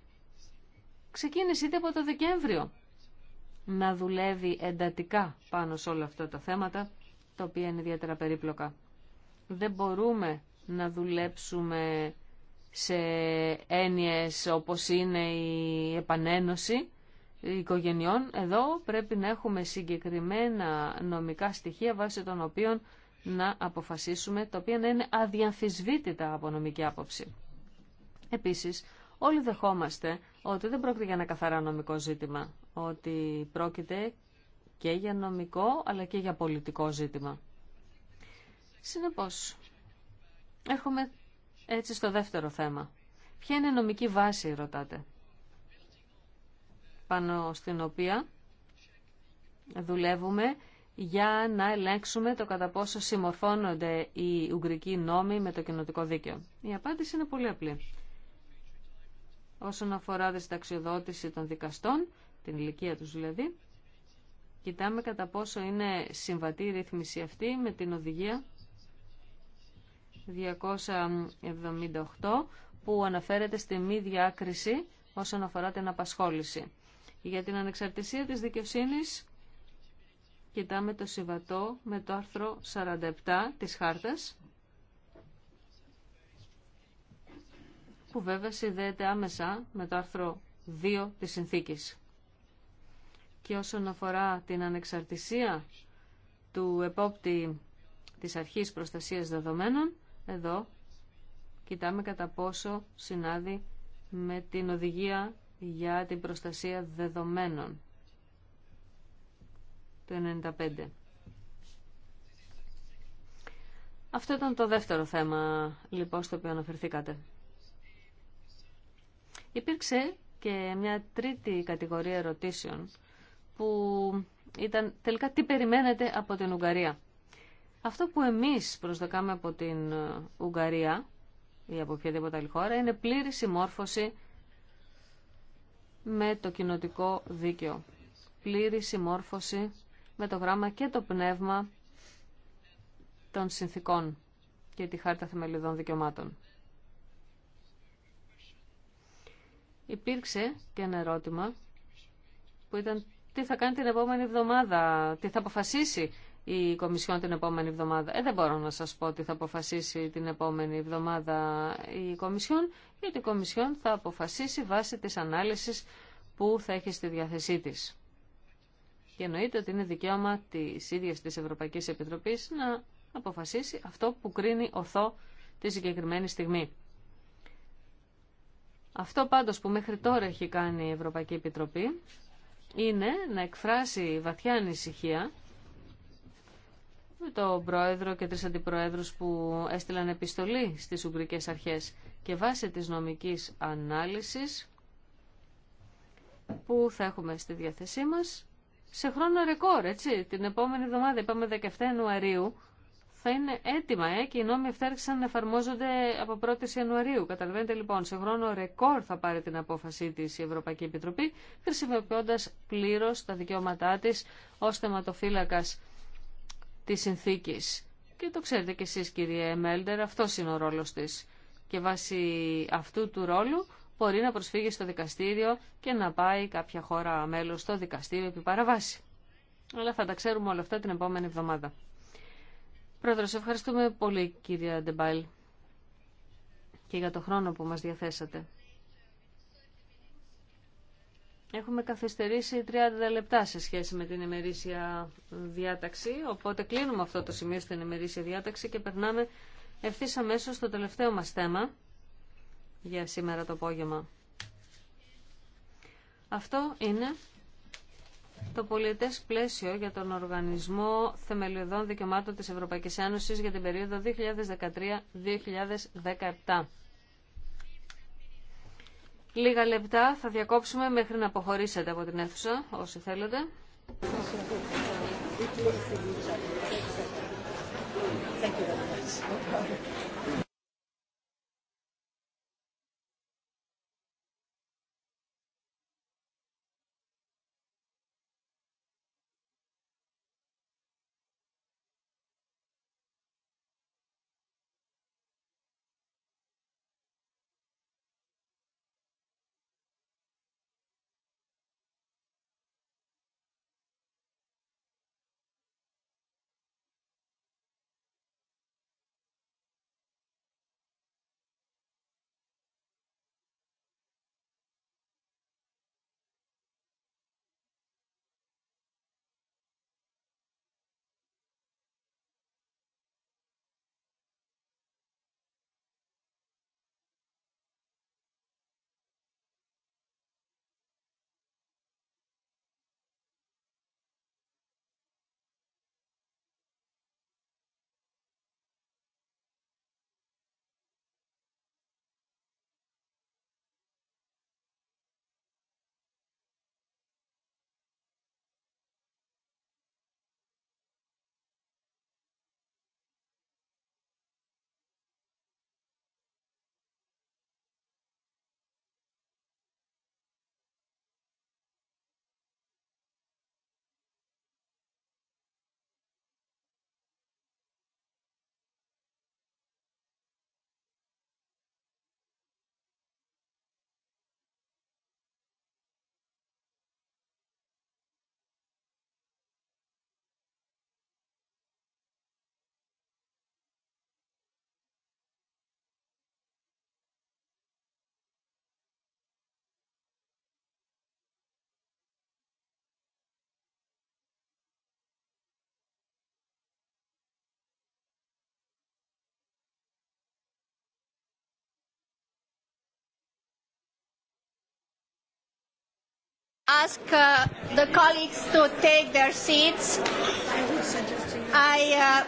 ξεκίνησε ήδη από το Δεκέμβριο να δουλεύει εντατικά πάνω σε όλα αυτά τα θέματα, τα οποία είναι ιδιαίτερα περίπλοκα. Δεν μπορούμε να δουλέψουμε σε έννοιες όπως είναι η επανένωση οικογενειών. Εδώ πρέπει να έχουμε συγκεκριμένα νομικά στοιχεία βάσει των οποίων να αποφασίσουμε, τα οποία να είναι αδιαμφισβήτητα από νομική άποψη. Επίσης, Όλοι δεχόμαστε ότι δεν πρόκειται για ένα καθαρά νομικό ζήτημα, ότι πρόκειται και για νομικό αλλά και για πολιτικό ζήτημα. Συνεπώς, έρχομαι έτσι στο δεύτερο θέμα. Ποια είναι η νομική βάση, ρωτάτε, πάνω στην οποία δουλεύουμε για να ελέγξουμε το κατά πόσο συμμορφώνονται οι ουγγρικοί νόμοι με το κοινοτικό δίκαιο. Η απάντηση είναι πολύ απλή όσον αφορά τη συνταξιοδότηση των δικαστών, την ηλικία τους δηλαδή, κοιτάμε κατά πόσο είναι συμβατή η ρύθμιση αυτή με την οδηγία 278 που αναφέρεται στη μη διάκριση όσον αφορά την απασχόληση. Για την ανεξαρτησία της δικαιοσύνης κοιτάμε το συμβατό με το άρθρο 47 της χάρτας που βέβαια συνδέεται άμεσα με το άρθρο 2 της συνθήκης. Και όσον αφορά την ανεξαρτησία του επόπτη της αρχής προστασίας δεδομένων, εδώ κοιτάμε κατά πόσο συνάδει με την οδηγία για την προστασία δεδομένων του 95. Αυτό ήταν το δεύτερο θέμα, λοιπόν, στο οποίο αναφερθήκατε. Υπήρξε και μια τρίτη κατηγορία ερωτήσεων που ήταν τελικά τι περιμένετε από την Ουγγαρία. Αυτό που εμείς προσδοκάμε από την ε, Ουγγαρία ή από οποιαδήποτε άλλη χώρα είναι πλήρη συμμόρφωση με το κοινοτικό δίκαιο. Πλήρη συμμόρφωση με το γράμμα και το πνεύμα των συνθήκων και τη Χάρτα Θεμελιδών Δικαιωμάτων. υπήρξε και ένα ερώτημα που ήταν τι θα κάνει την επόμενη εβδομάδα, τι θα αποφασίσει η Κομισιόν την επόμενη εβδομάδα. Ε, δεν μπορώ να σας πω τι θα αποφασίσει την επόμενη εβδομάδα η Κομισιόν, γιατί η Κομισιόν θα αποφασίσει βάσει της ανάλυσης που θα έχει στη διάθεσή της. Και εννοείται ότι είναι δικαίωμα της ίδιας της Ευρωπαϊκής Επιτροπής να αποφασίσει αυτό που κρίνει ορθό τη συγκεκριμένη στιγμή. Αυτό πάντως που μέχρι τώρα έχει κάνει η Ευρωπαϊκή Επιτροπή είναι να εκφράσει βαθιά ανησυχία με τον πρόεδρο και τρεις αντιπροέδρους που έστειλαν επιστολή στις Ουγγρικές Αρχές και βάσει της νομικής ανάλυσης που θα έχουμε στη διάθεσή μας σε χρόνο ρεκόρ, έτσι, την επόμενη εβδομάδα, είπαμε 17 Ιανουαρίου, θα είναι έτοιμα ε, και οι νόμοι αυτά να εφαρμόζονται από 1η Ιανουαρίου. Καταλαβαίνετε λοιπόν, σε χρόνο ρεκόρ θα πάρει την απόφασή τη η Ευρωπαϊκή Επιτροπή, χρησιμοποιώντα πλήρω τα δικαιώματά τη ω θεματοφύλακα τη συνθήκη. Και το ξέρετε κι εσεί, κύριε Μέλντερ, αυτό είναι ο ρόλο τη. Και βάσει αυτού του ρόλου μπορεί να προσφύγει στο δικαστήριο και να πάει κάποια χώρα μέλο στο δικαστήριο επί παραβάση. Αλλά θα τα ξέρουμε όλα αυτά την επόμενη εβδομάδα. Πρόεδρος, ευχαριστούμε πολύ κυρία Ντεμπάιλ και για το χρόνο που μας διαθέσατε. Έχουμε καθυστερήσει 30 λεπτά σε σχέση με την ημερήσια διάταξη, οπότε κλείνουμε αυτό το σημείο στην ημερήσια διάταξη και περνάμε ευθύς αμέσως στο τελευταίο μας θέμα για σήμερα το απόγευμα. Αυτό είναι το πολιτέ πλαίσιο για τον Οργανισμό Θεμελιωδών Δικαιωμάτων της Ευρωπαϊκής Ένωση για την περίοδο 2013-2017. Λίγα λεπτά θα διακόψουμε μέχρι να αποχωρήσετε από την αίθουσα, όσοι θέλετε. ask the colleagues to take their seats. I,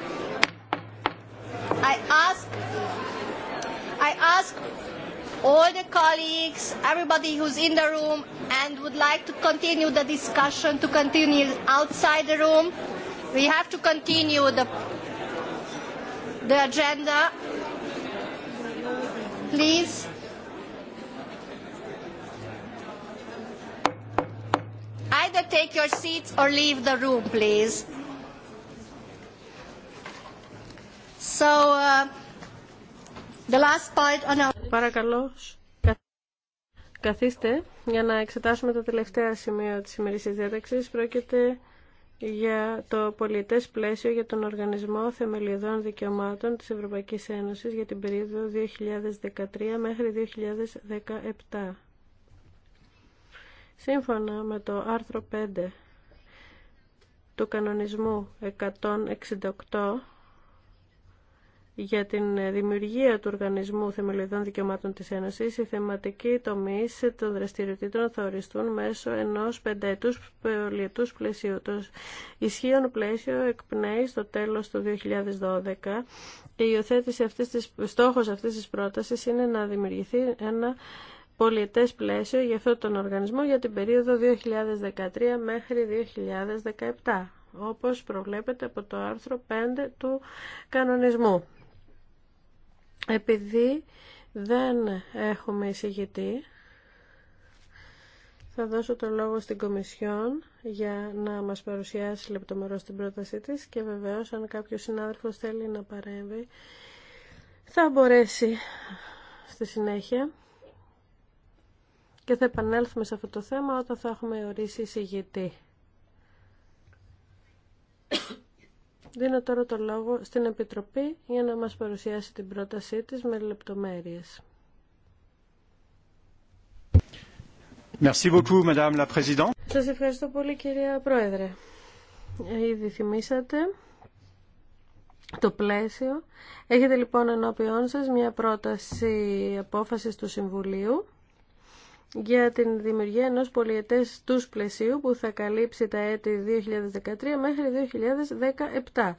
I ask, I ask all the colleagues, everybody who's in the room and would like to continue the discussion to continue outside the room. We have to continue the, the agenda. Please. Παρακαλώ, καθίστε για να εξετάσουμε το τελευταίο σημείο της σημερινής διάταξης. Πρόκειται για το πολιτές πλαίσιο για τον Οργανισμό Θεμελιωδών Δικαιωμάτων της Ευρωπαϊκής Ένωσης για την περίοδο 2013 μέχρι 2017. Σύμφωνα με το άρθρο 5 του κανονισμού 168 για την δημιουργία του Οργανισμού Θεμελιωδών Δικαιωμάτων της Ένωσης, οι θεματικοί τομείς των δραστηριοτήτων θα οριστούν μέσω ενός πενταετούς πολιετούς πλαισίου. Το ισχύον πλαίσιο εκπνέει στο τέλος του 2012 και η υιοθέτηση αυτής της, στόχος αυτής της πρότασης είναι να δημιουργηθεί ένα πολιετές πλαίσιο για αυτόν τον οργανισμό για την περίοδο 2013 μέχρι 2017 όπως προβλέπεται από το άρθρο 5 του κανονισμού. Επειδή δεν έχουμε εισηγητή, θα δώσω το λόγο στην Κομισιόν για να μας παρουσιάσει λεπτομερώς την πρότασή της και βεβαίως αν κάποιος συνάδελφος θέλει να παρέμβει θα μπορέσει στη συνέχεια και θα επανέλθουμε σε αυτό το θέμα όταν θα έχουμε ορίσει εισηγητή. Δίνω τώρα το λόγο στην Επιτροπή για να μας παρουσιάσει την πρότασή της με λεπτομέρειες. Σας ευχαριστώ πολύ κυρία Πρόεδρε. Ήδη θυμήσατε το πλαίσιο. Έχετε λοιπόν ενώπιόν σας μια πρόταση απόφασης του Συμβουλίου για την δημιουργία ενός πολιετές τους πλαισίου που θα καλύψει τα έτη 2013 μέχρι 2017.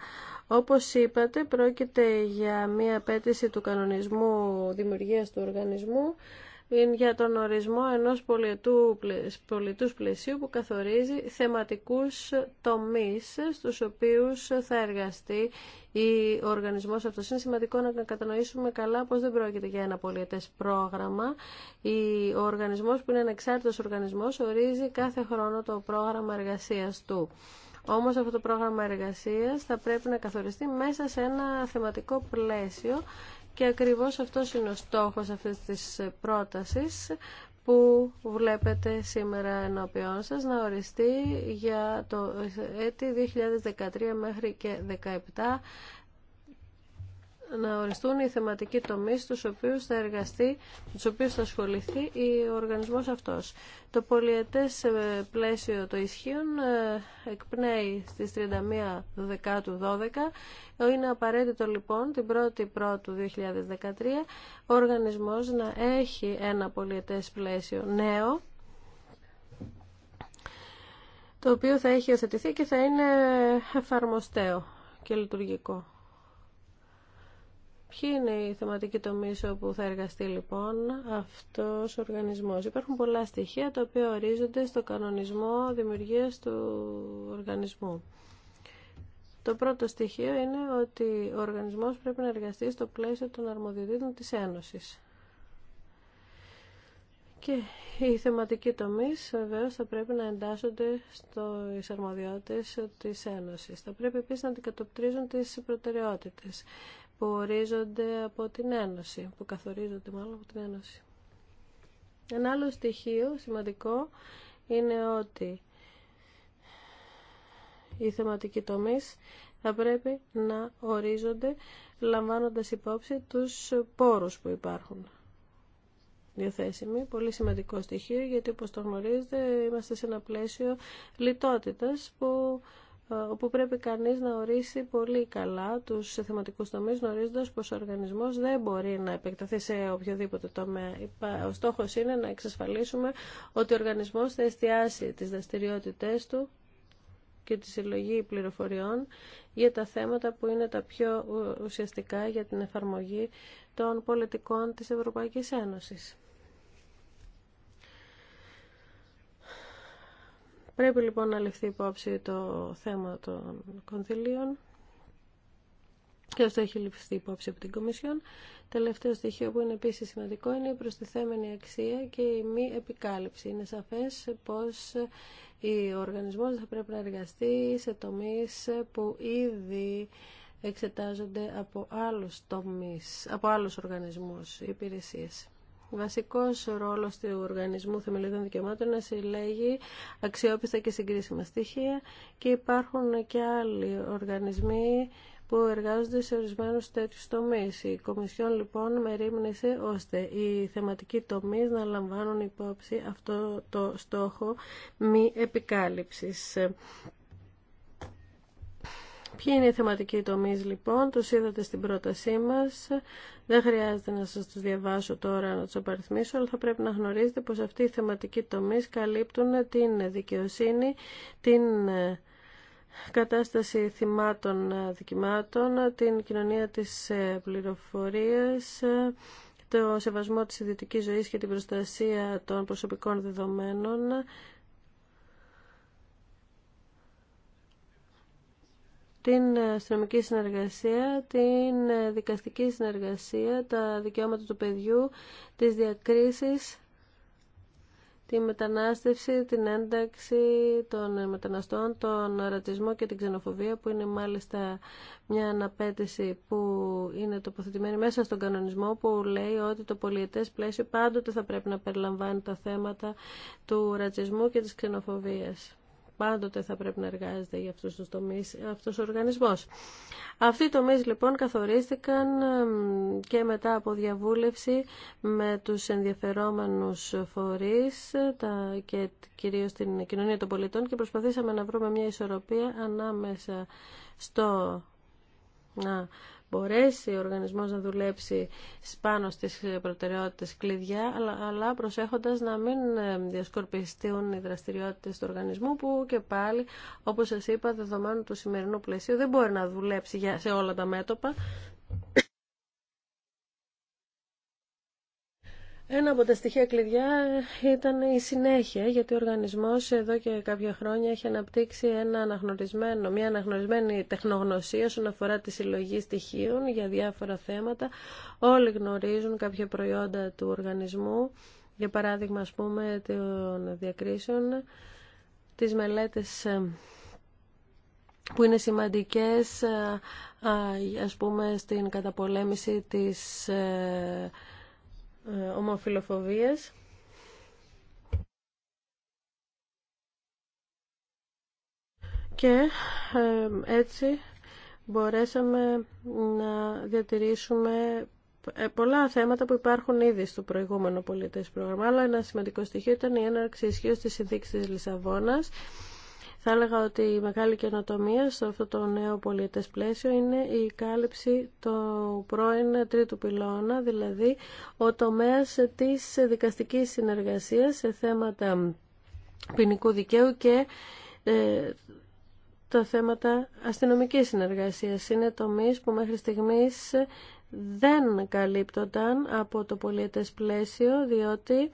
Όπως είπατε, πρόκειται για μία απέτηση του κανονισμού δημιουργίας του οργανισμού είναι για τον ορισμό ενός πολιτούς πλαισίου που καθορίζει θεματικούς τομείς στους οποίους θα εργαστεί ο οργανισμός αυτός. Είναι σημαντικό να κατανοήσουμε καλά πως δεν πρόκειται για ένα πολιετές πρόγραμμα. Ο οργανισμός που είναι εξάρτητος οργανισμός ορίζει κάθε χρόνο το πρόγραμμα εργασίας του. Όμως αυτό το πρόγραμμα εργασίας θα πρέπει να καθοριστεί μέσα σε ένα θεματικό πλαίσιο και ακριβώς αυτό είναι ο στόχος αυτής της πρότασης που βλέπετε σήμερα ενώπιόν σας να οριστεί για το έτη 2013 μέχρι και 2017 να οριστούν οι θεματικοί τομεί στους οποίους θα εργαστεί, του οποίου θα ασχοληθεί ο οργανισμό αυτό. Το πολιετέ ε, πλαίσιο των ισχύων ε, εκπνέει στις 31 Δεκάτου 12. Είναι απαραίτητο λοιπόν την 1η Πρώτου 2013 ο οργανισμός να έχει ένα πολιετέ πλαίσιο νέο το οποίο θα έχει οθετηθεί και θα είναι εφαρμοστέο και λειτουργικό. Ποιοι είναι οι θεματικοί τομεί όπου θα εργαστεί λοιπόν αυτό ο οργανισμός. Υπάρχουν πολλά στοιχεία τα οποία ορίζονται στο κανονισμό δημιουργία του οργανισμού. Το πρώτο στοιχείο είναι ότι ο οργανισμός πρέπει να εργαστεί στο πλαίσιο των αρμοδιοτήτων της Ένωσης. Και οι θεματικοί τομεί βεβαίω θα πρέπει να εντάσσονται στι αρμοδιότητε της Ένωση. Θα πρέπει επίση να αντικατοπτρίζουν τι προτεραιότητε που ορίζονται από την Ένωση, που καθορίζονται μάλλον από την Ένωση. Ένα άλλο στοιχείο σημαντικό είναι ότι οι θεματικοί τομείς θα πρέπει να ορίζονται λαμβάνοντας υπόψη τους πόρους που υπάρχουν διαθέσιμοι. Πολύ σημαντικό στοιχείο γιατί όπως το γνωρίζετε είμαστε σε ένα πλαίσιο λιτότητας που όπου πρέπει κανείς να ορίσει πολύ καλά τους θεματικούς τομείς γνωρίζοντας πως ο οργανισμός δεν μπορεί να επεκταθεί σε οποιοδήποτε τομέα. Ο στόχος είναι να εξασφαλίσουμε ότι ο οργανισμός θα εστιάσει τις δραστηριότητε του και τη συλλογή πληροφοριών για τα θέματα που είναι τα πιο ουσιαστικά για την εφαρμογή των πολιτικών της Ευρωπαϊκής Ένωσης. Πρέπει λοιπόν να ληφθεί υπόψη το θέμα των κονδυλίων και αυτό έχει ληφθεί υπόψη από την Κομισιόν. Τελευταίο στοιχείο που είναι επίσης σημαντικό είναι η προστιθέμενη αξία και η μη επικάλυψη. Είναι σαφές πως ο οργανισμός θα πρέπει να εργαστεί σε τομείς που ήδη εξετάζονται από άλλους τομείς, από άλλους οργανισμούς, υπηρεσίες βασικός ρόλος του Οργανισμού Θεμελιωδών Δικαιωμάτων είναι να συλλέγει αξιόπιστα και συγκρίσιμα στοιχεία και υπάρχουν και άλλοι οργανισμοί που εργάζονται σε ορισμένους τέτοιους τομείς. Η Κομισιόν λοιπόν μερίμνησε ώστε οι θεματικοί τομείς να λαμβάνουν υπόψη αυτό το στόχο μη επικάλυψης. Ποιοι είναι οι θεματικοί τομεί λοιπόν, του είδατε στην πρότασή μα. Δεν χρειάζεται να σας του διαβάσω τώρα, να του απαριθμίσω, αλλά θα πρέπει να γνωρίζετε πως αυτοί οι θεματικοί τομείς καλύπτουν την δικαιοσύνη, την ε, κατάσταση θυμάτων ε, δικημάτων, την κοινωνία της ε, πληροφορίας, το σεβασμό της ιδιωτικής ζωής και την προστασία των προσωπικών δεδομένων, την αστυνομική συνεργασία, την δικαστική συνεργασία, τα δικαιώματα του παιδιού, τις διακρίσεις, τη μετανάστευση, την ένταξη των μεταναστών, τον ρατσισμό και την ξενοφοβία που είναι μάλιστα μια αναπέτηση που είναι τοποθετημένη μέσα στον κανονισμό που λέει ότι το πολιετές πλαίσιο πάντοτε θα πρέπει να περιλαμβάνει τα θέματα του ρατσισμού και της ξενοφοβίας πάντοτε θα πρέπει να εργάζεται για αυτούς τους τομείς αυτός ο οργανισμός. Αυτοί οι τομείς λοιπόν καθορίστηκαν και μετά από διαβούλευση με τους ενδιαφερόμενους φορείς τα, και κυρίως την κοινωνία των πολιτών και προσπαθήσαμε να βρούμε μια ισορροπία ανάμεσα στο να μπορέσει ο οργανισμός να δουλέψει πάνω στις προτεραιότητες κλειδιά, αλλά προσέχοντας να μην ε, διασκορπιστούν οι δραστηριότητες του οργανισμού που και πάλι, όπως σας είπα, δεδομένου του σημερινού πλαισίου δεν μπορεί να δουλέψει σε όλα τα μέτωπα. Ένα από τα στοιχεία κλειδιά ήταν η συνέχεια, γιατί ο οργανισμός εδώ και κάποια χρόνια έχει αναπτύξει ένα αναγνωρισμένο, μια αναγνωρισμένη τεχνογνωσία όσον αφορά τη συλλογή στοιχείων για διάφορα θέματα. Όλοι γνωρίζουν κάποια προϊόντα του οργανισμού, για παράδειγμα ας πούμε των διακρίσεων, τις μελέτες ε, που είναι σημαντικές ε, ας πούμε στην καταπολέμηση της ε, ε, ομοφιλοφοβίας. Και ε, έτσι μπορέσαμε να διατηρήσουμε ε, πολλά θέματα που υπάρχουν ήδη στο προηγούμενο πολιτές πρόγραμμα, αλλά ένα σημαντικό στοιχείο ήταν η έναρξη ισχύω της συνθήκης της Λισαβόνας, θα έλεγα ότι η μεγάλη καινοτομία σε αυτό το νέο πολιτες πλαίσιο είναι η κάλυψη του πρώην τρίτου πυλώνα, δηλαδή ο τομέας της δικαστικής συνεργασίας σε θέματα ποινικού δικαίου και ε, τα θέματα αστυνομικής συνεργασίας. Είναι τομείς που μέχρι στιγμής δεν καλύπτονταν από το πολιετές πλαίσιο, διότι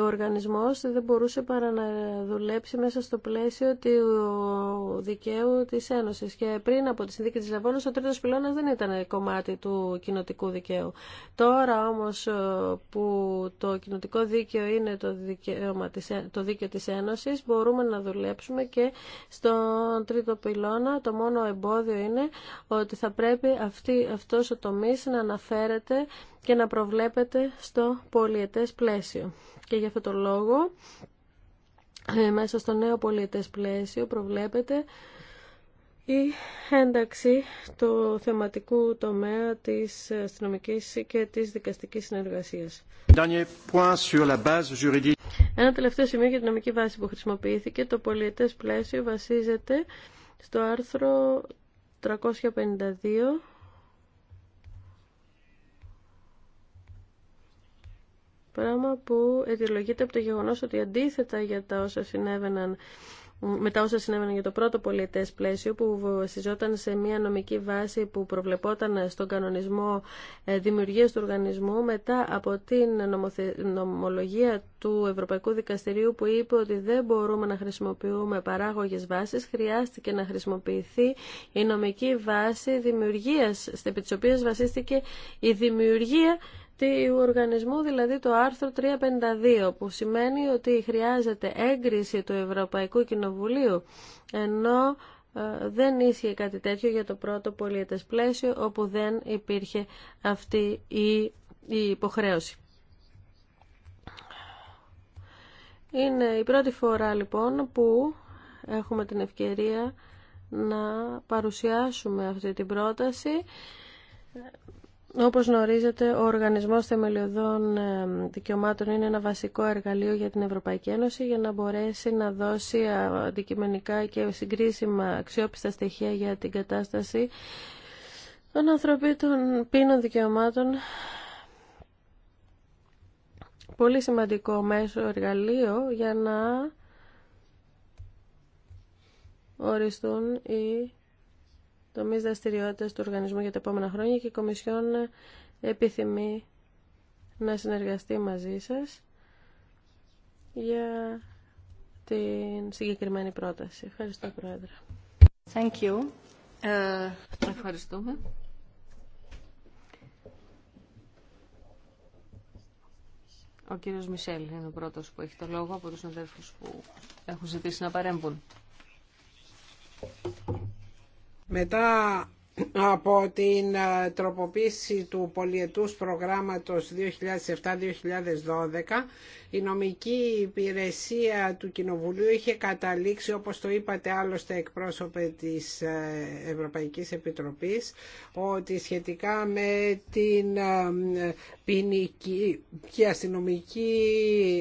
ο οργανισμός δεν μπορούσε παρά να δουλέψει μέσα στο πλαίσιο του δικαίου της Ένωσης. Και πριν από τη συνδίκη της Λαβώνας, ο τρίτος πυλώνας δεν ήταν κομμάτι του κοινοτικού δικαίου. Τώρα όμως ε, που το κοινοτικό δίκαιο είναι το, δικαίωμα ε, το δίκαιο της Ένωσης, μπορούμε να δουλέψουμε και στον τρίτο πυλώνα. Το μόνο εμπόδιο είναι ότι θα πρέπει αυτή, αυτός ο τομής να αναφέρεται και να προβλέπεται στο πολιετές πλαίσιο. Και για αυτό το λόγο, ε, μέσα στο νέο πολιετές πλαίσιο προβλέπεται η ένταξη του θεματικού τομέα της αστυνομικής και της δικαστικής συνεργασίας. Ένα τελευταίο σημείο για την νομική βάση που χρησιμοποιήθηκε. Το πολιετές πλαίσιο βασίζεται στο άρθρο 352 Πράγμα που αιτιολογείται από το γεγονός ότι αντίθετα για τα όσα συνέβαιναν μετά όσα συνέβαιναν για το πρώτο πολιτέ πλαίσιο που βασιζόταν σε μια νομική βάση που προβλεπόταν στον κανονισμό ε, δημιουργίας του οργανισμού μετά από την νομολογία του Ευρωπαϊκού Δικαστηρίου που είπε ότι δεν μπορούμε να χρησιμοποιούμε παράγωγες βάσεις χρειάστηκε να χρησιμοποιηθεί η νομική βάση δημιουργίας στην οποία βασίστηκε η δημιουργία του οργανισμού, δηλαδή το άρθρο 352, που σημαίνει ότι χρειάζεται έγκριση του Ευρωπαϊκού Κοινοβουλίου, ενώ ε, δεν ίσχυε κάτι τέτοιο για το πρώτο πολιετές πλαίσιο, όπου δεν υπήρχε αυτή η υποχρέωση. Είναι η πρώτη φορά λοιπόν που έχουμε την ευκαιρία να παρουσιάσουμε αυτή την πρόταση όπως γνωρίζετε, ο Οργανισμός Θεμελιωδών ε, Δικαιωμάτων είναι ένα βασικό εργαλείο για την Ευρωπαϊκή Ένωση για να μπορέσει να δώσει ε, αντικειμενικά και συγκρίσιμα αξιόπιστα στοιχεία για την κατάσταση των ανθρωπίνων των πίνων δικαιωμάτων. Πολύ σημαντικό μέσο εργαλείο για να οριστούν οι τομεί δραστηριότητα του οργανισμού για τα επόμενα χρόνια και η Κομισιόν επιθυμεί να συνεργαστεί μαζί σα για την συγκεκριμένη πρόταση. Ευχαριστώ, Πρόεδρε. Thank you. Ε, ευχαριστούμε. Ο κύριος Μισελ είναι ο πρώτος που έχει το λόγο από τους συναδέλφους που έχουν ζητήσει να παρέμβουν. Μετά από την ε, τροποποίηση του πολιετούς προγράμματος 2007-2012 η νομική υπηρεσία του Κοινοβουλίου είχε καταλήξει όπως το είπατε άλλωστε εκπρόσωπε της ε, Ευρωπαϊκής Επιτροπής ότι σχετικά με την ε, ποινική και αστυνομική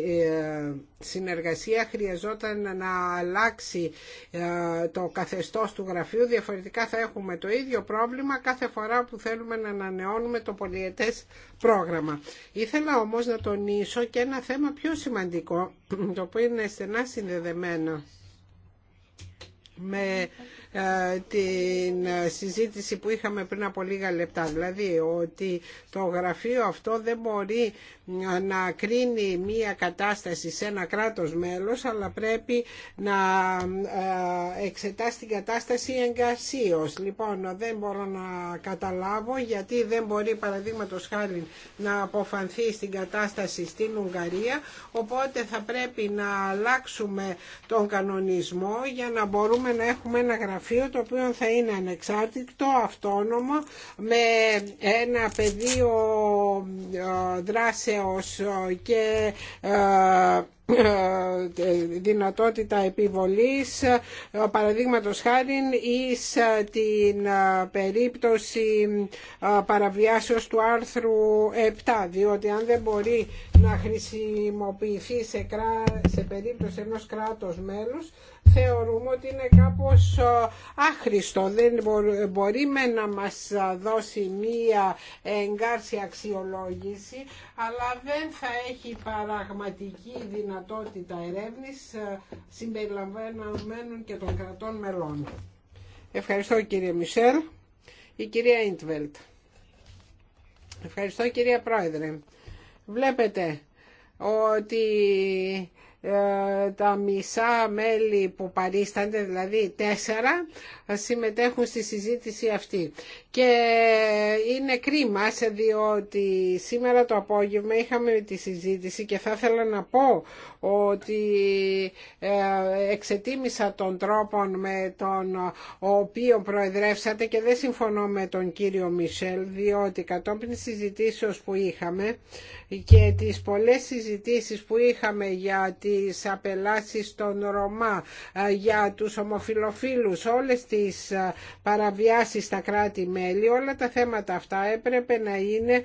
ε, συνεργασία χρειαζόταν να αλλάξει ε, το καθεστώς του γραφείου διαφορετικά θα έχουμε το ίδιο πρόβλημα κάθε φορά που θέλουμε να ανανεώνουμε το πολιετές πρόγραμμα. Ήθελα όμως να τονίσω και ένα θέμα πιο σημαντικό το οποίο είναι στενά συνδεδεμένο με ε, την συζήτηση που είχαμε πριν από λίγα λεπτά. Δηλαδή ότι το γραφείο αυτό δεν μπορεί να κρίνει μία κατάσταση σε ένα κράτος μέλος αλλά πρέπει να ε, εξετάσει την κατάσταση εγκασίως Λοιπόν, δεν μπορώ να καταλάβω γιατί δεν μπορεί παραδείγματο χάρη να αποφανθεί στην κατάσταση στην Ουγγαρία οπότε θα πρέπει να αλλάξουμε τον κανονισμό για να μπορούμε να έχουμε ένα γραφείο γραφείο το οποίο θα είναι ανεξάρτητο, αυτόνομο, με ένα πεδίο ε, δράσεως και ε, ε, δυνατότητα επιβολής ε, Παραδείγματο χάρη ή ε, την περίπτωση παραβιάσεως του άρθρου 7 διότι αν δεν μπορεί να χρησιμοποιηθεί σε, κρά... σε περίπτωση ενός κράτος μέλους θεωρούμε ότι είναι κάπως άχρηστο. Δεν μπορεί με να μας δώσει μία εγκάρση αξιολόγηση, αλλά δεν θα έχει παραγματική δυνατότητα δυνατότητα ερεύνης ε, συμπεριλαμβανομένων και των κρατών μελών. Ευχαριστώ κύριε Μισελ. Η κυρία Ιντβελτ. Ευχαριστώ κυρία Πρόεδρε. Βλέπετε ότι ε, τα μισά μέλη που παρίστανται, δηλαδή τέσσερα, συμμετέχουν στη συζήτηση αυτή. Και είναι κρίμα διότι σήμερα το απόγευμα είχαμε τη συζήτηση και θα ήθελα να πω ότι ε, εξετίμησα τον τρόπο με τον οποίο προεδρεύσατε και δεν συμφωνώ με τον κύριο Μισελ διότι κατόπιν συζητήσεως που είχαμε και τις πολλές συζητήσεις που είχαμε για τις απελάσεις των Ρωμά, ε, για τους ομοφιλοφίλους, όλες τις παραβιάσεις στα κράτη-μέλη, όλα τα θέματα αυτά έπρεπε να είναι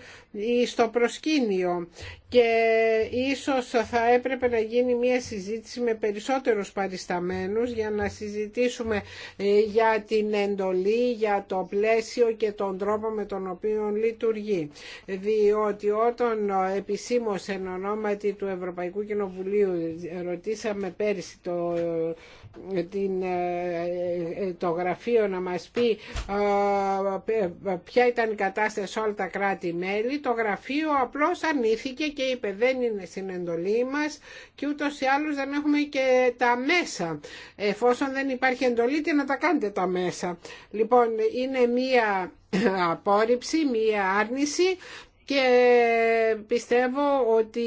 στο προσκήνιο και ίσως θα έπρεπε να γίνει μια συζήτηση με περισσότερους παρισταμένους για να συζητήσουμε ε, για την εντολή, για το πλαίσιο και τον τρόπο με τον οποίο λειτουργεί. Διότι όταν ε, επισήμως εν ονόματι του Ευρωπαϊκού Κοινοβουλίου ε, ρωτήσαμε πέρσι το, την, το γραφείο να μας πει ποια ήταν η κατάσταση σε όλα τα κράτη-μέλη, το γραφείο απλώς ανήθηκε και είπε δεν είναι στην εντολή μας και ούτως ή άλλως δεν έχουμε και τα μέσα. Εφόσον δεν υπάρχει εντολή, τι να τα κάνετε τα μέσα. Λοιπόν, είναι μία απόρριψη, μία άρνηση και πιστεύω ότι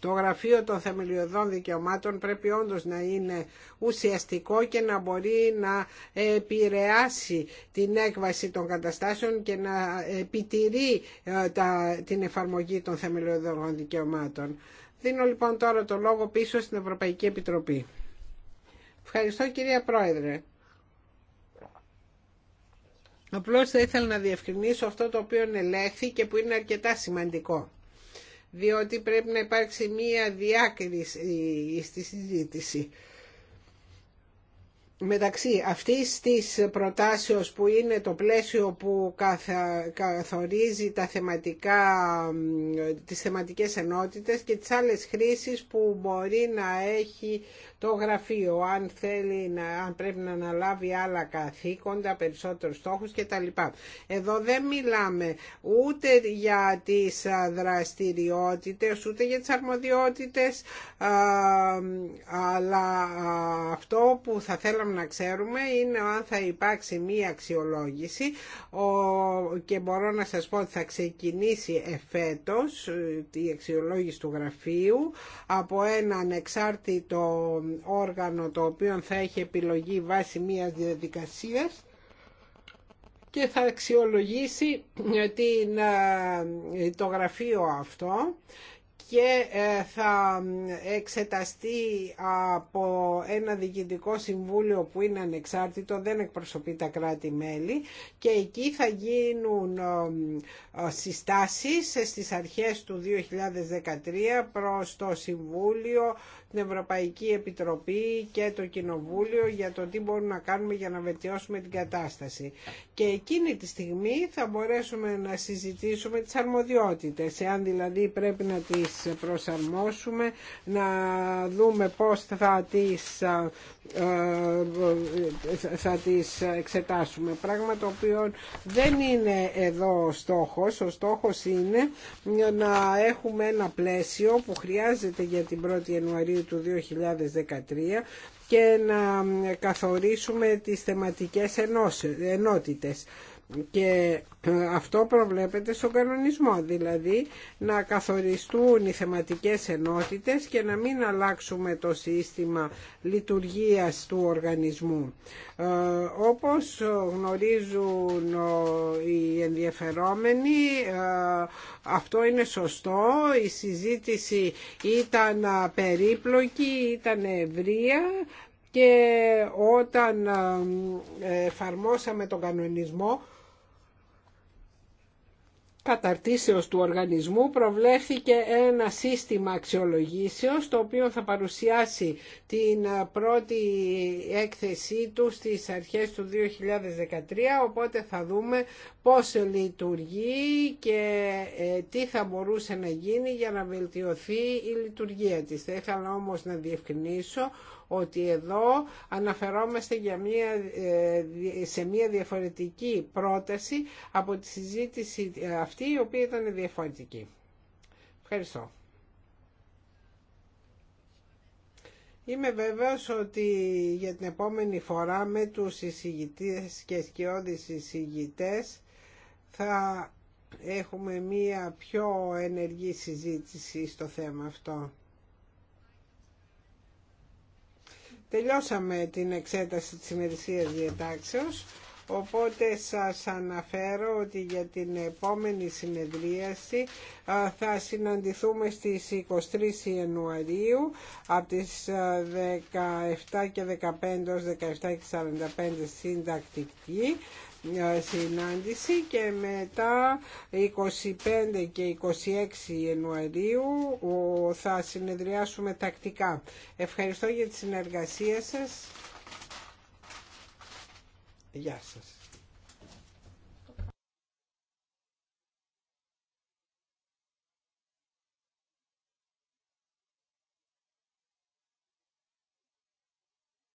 το Γραφείο των Θεμελιωδών Δικαιωμάτων πρέπει όντως να είναι ουσιαστικό και να μπορεί να επηρεάσει την έκβαση των καταστάσεων και να επιτηρεί ε, την εφαρμογή των θεμελιωδών δικαιωμάτων. Δίνω λοιπόν τώρα το λόγο πίσω στην Ευρωπαϊκή Επιτροπή. Ευχαριστώ κυρία Πρόεδρε. Απλώς θα ήθελα να διευκρινίσω αυτό το οποίο ελέγχθη και που είναι αρκετά σημαντικό διότι πρέπει να υπάρξει μία διάκριση στη συζήτηση μεταξύ αυτής της προτάσεως που είναι το πλαίσιο που καθορίζει τα θεματικά, τις θεματικές ενότητες και τις άλλες χρήσεις που μπορεί να έχει το γραφείο αν, θέλει να, αν πρέπει να αναλάβει άλλα καθήκοντα, περισσότερους στόχους κτλ. Εδώ δεν μιλάμε ούτε για τις δραστηριότητες ούτε για τις αρμοδιότητες αλλά αυτό που θα θέλαμε να ξέρουμε είναι αν θα υπάρξει μία αξιολόγηση ο και μπορώ να σας πω ότι θα ξεκινήσει εφέτος ε, η αξιολόγηση του γραφείου από ένα το όργανο το οποίο θα έχει επιλογή βάσει μίας διαδικασίας και θα αξιολογήσει ε, την, ε, το γραφείο αυτό και ε, θα εξεταστεί από ένα διοικητικό συμβούλιο που είναι ανεξάρτητο, δεν εκπροσωπεί τα κράτη-μέλη και εκεί θα γίνουν ε, ε, συστάσεις στις αρχές του 2013 προς το Συμβούλιο την Ευρωπαϊκή Επιτροπή και το Κοινοβούλιο για το τι μπορούμε να κάνουμε για να βελτιώσουμε την κατάσταση. Και εκείνη τη στιγμή θα μπορέσουμε να συζητήσουμε τις αρμοδιότητες, εάν δηλαδή πρέπει να τις προσαρμόσουμε, να δούμε πώς θα τις ε, ε, θα τις εξετάσουμε πράγμα το οποίο δεν είναι εδώ ο στόχος ο στόχος είναι να έχουμε ένα πλαίσιο που χρειάζεται για την 1η Ιανουαρίου του 2013 και να καθορίσουμε τις θεματικές ενότητες και ε, αυτό προβλέπεται στον κανονισμό, δηλαδή να καθοριστούν οι θεματικές ενότητες και να μην αλλάξουμε το σύστημα λειτουργίας του οργανισμού. Ε, όπως γνωρίζουν ε, οι ενδιαφερόμενοι, αυτό είναι σωστό, η συζήτηση ήταν περίπλοκη, ήταν ευρεία, και όταν εφαρμόσαμε τον κανονισμό καταρτήσεως του οργανισμού προβλέφθηκε ένα σύστημα αξιολογήσεως το οποίο θα παρουσιάσει την πρώτη έκθεσή του στις αρχές του 2013 οπότε θα δούμε πώς λειτουργεί και ε, τι θα μπορούσε να γίνει για να βελτιωθεί η λειτουργία της. Θα ήθελα όμως να διευκρινίσω ότι εδώ αναφερόμαστε ε, σε μια διαφορετική πρόταση από τη συζήτηση ε, αυτή η οποία ήταν διαφορετική. Ευχαριστώ. Είμαι βέβαιος ότι για την επόμενη φορά με τους εισηγητές και σκιώδεις εισηγητές θα έχουμε μία πιο ενεργή συζήτηση στο θέμα αυτό. Τελειώσαμε την εξέταση της ημερησίας διατάξεως, οπότε σας αναφέρω ότι για την επόμενη συνεδρίαση θα συναντηθούμε στις 23 Ιανουαρίου από τις 17 και 15 ως 17 και 45 συντακτική συνάντηση και μετά 25 και 26 Ιανουαρίου θα συνεδριάσουμε τακτικά. Ευχαριστώ για τη συνεργασία σας. Γεια σας.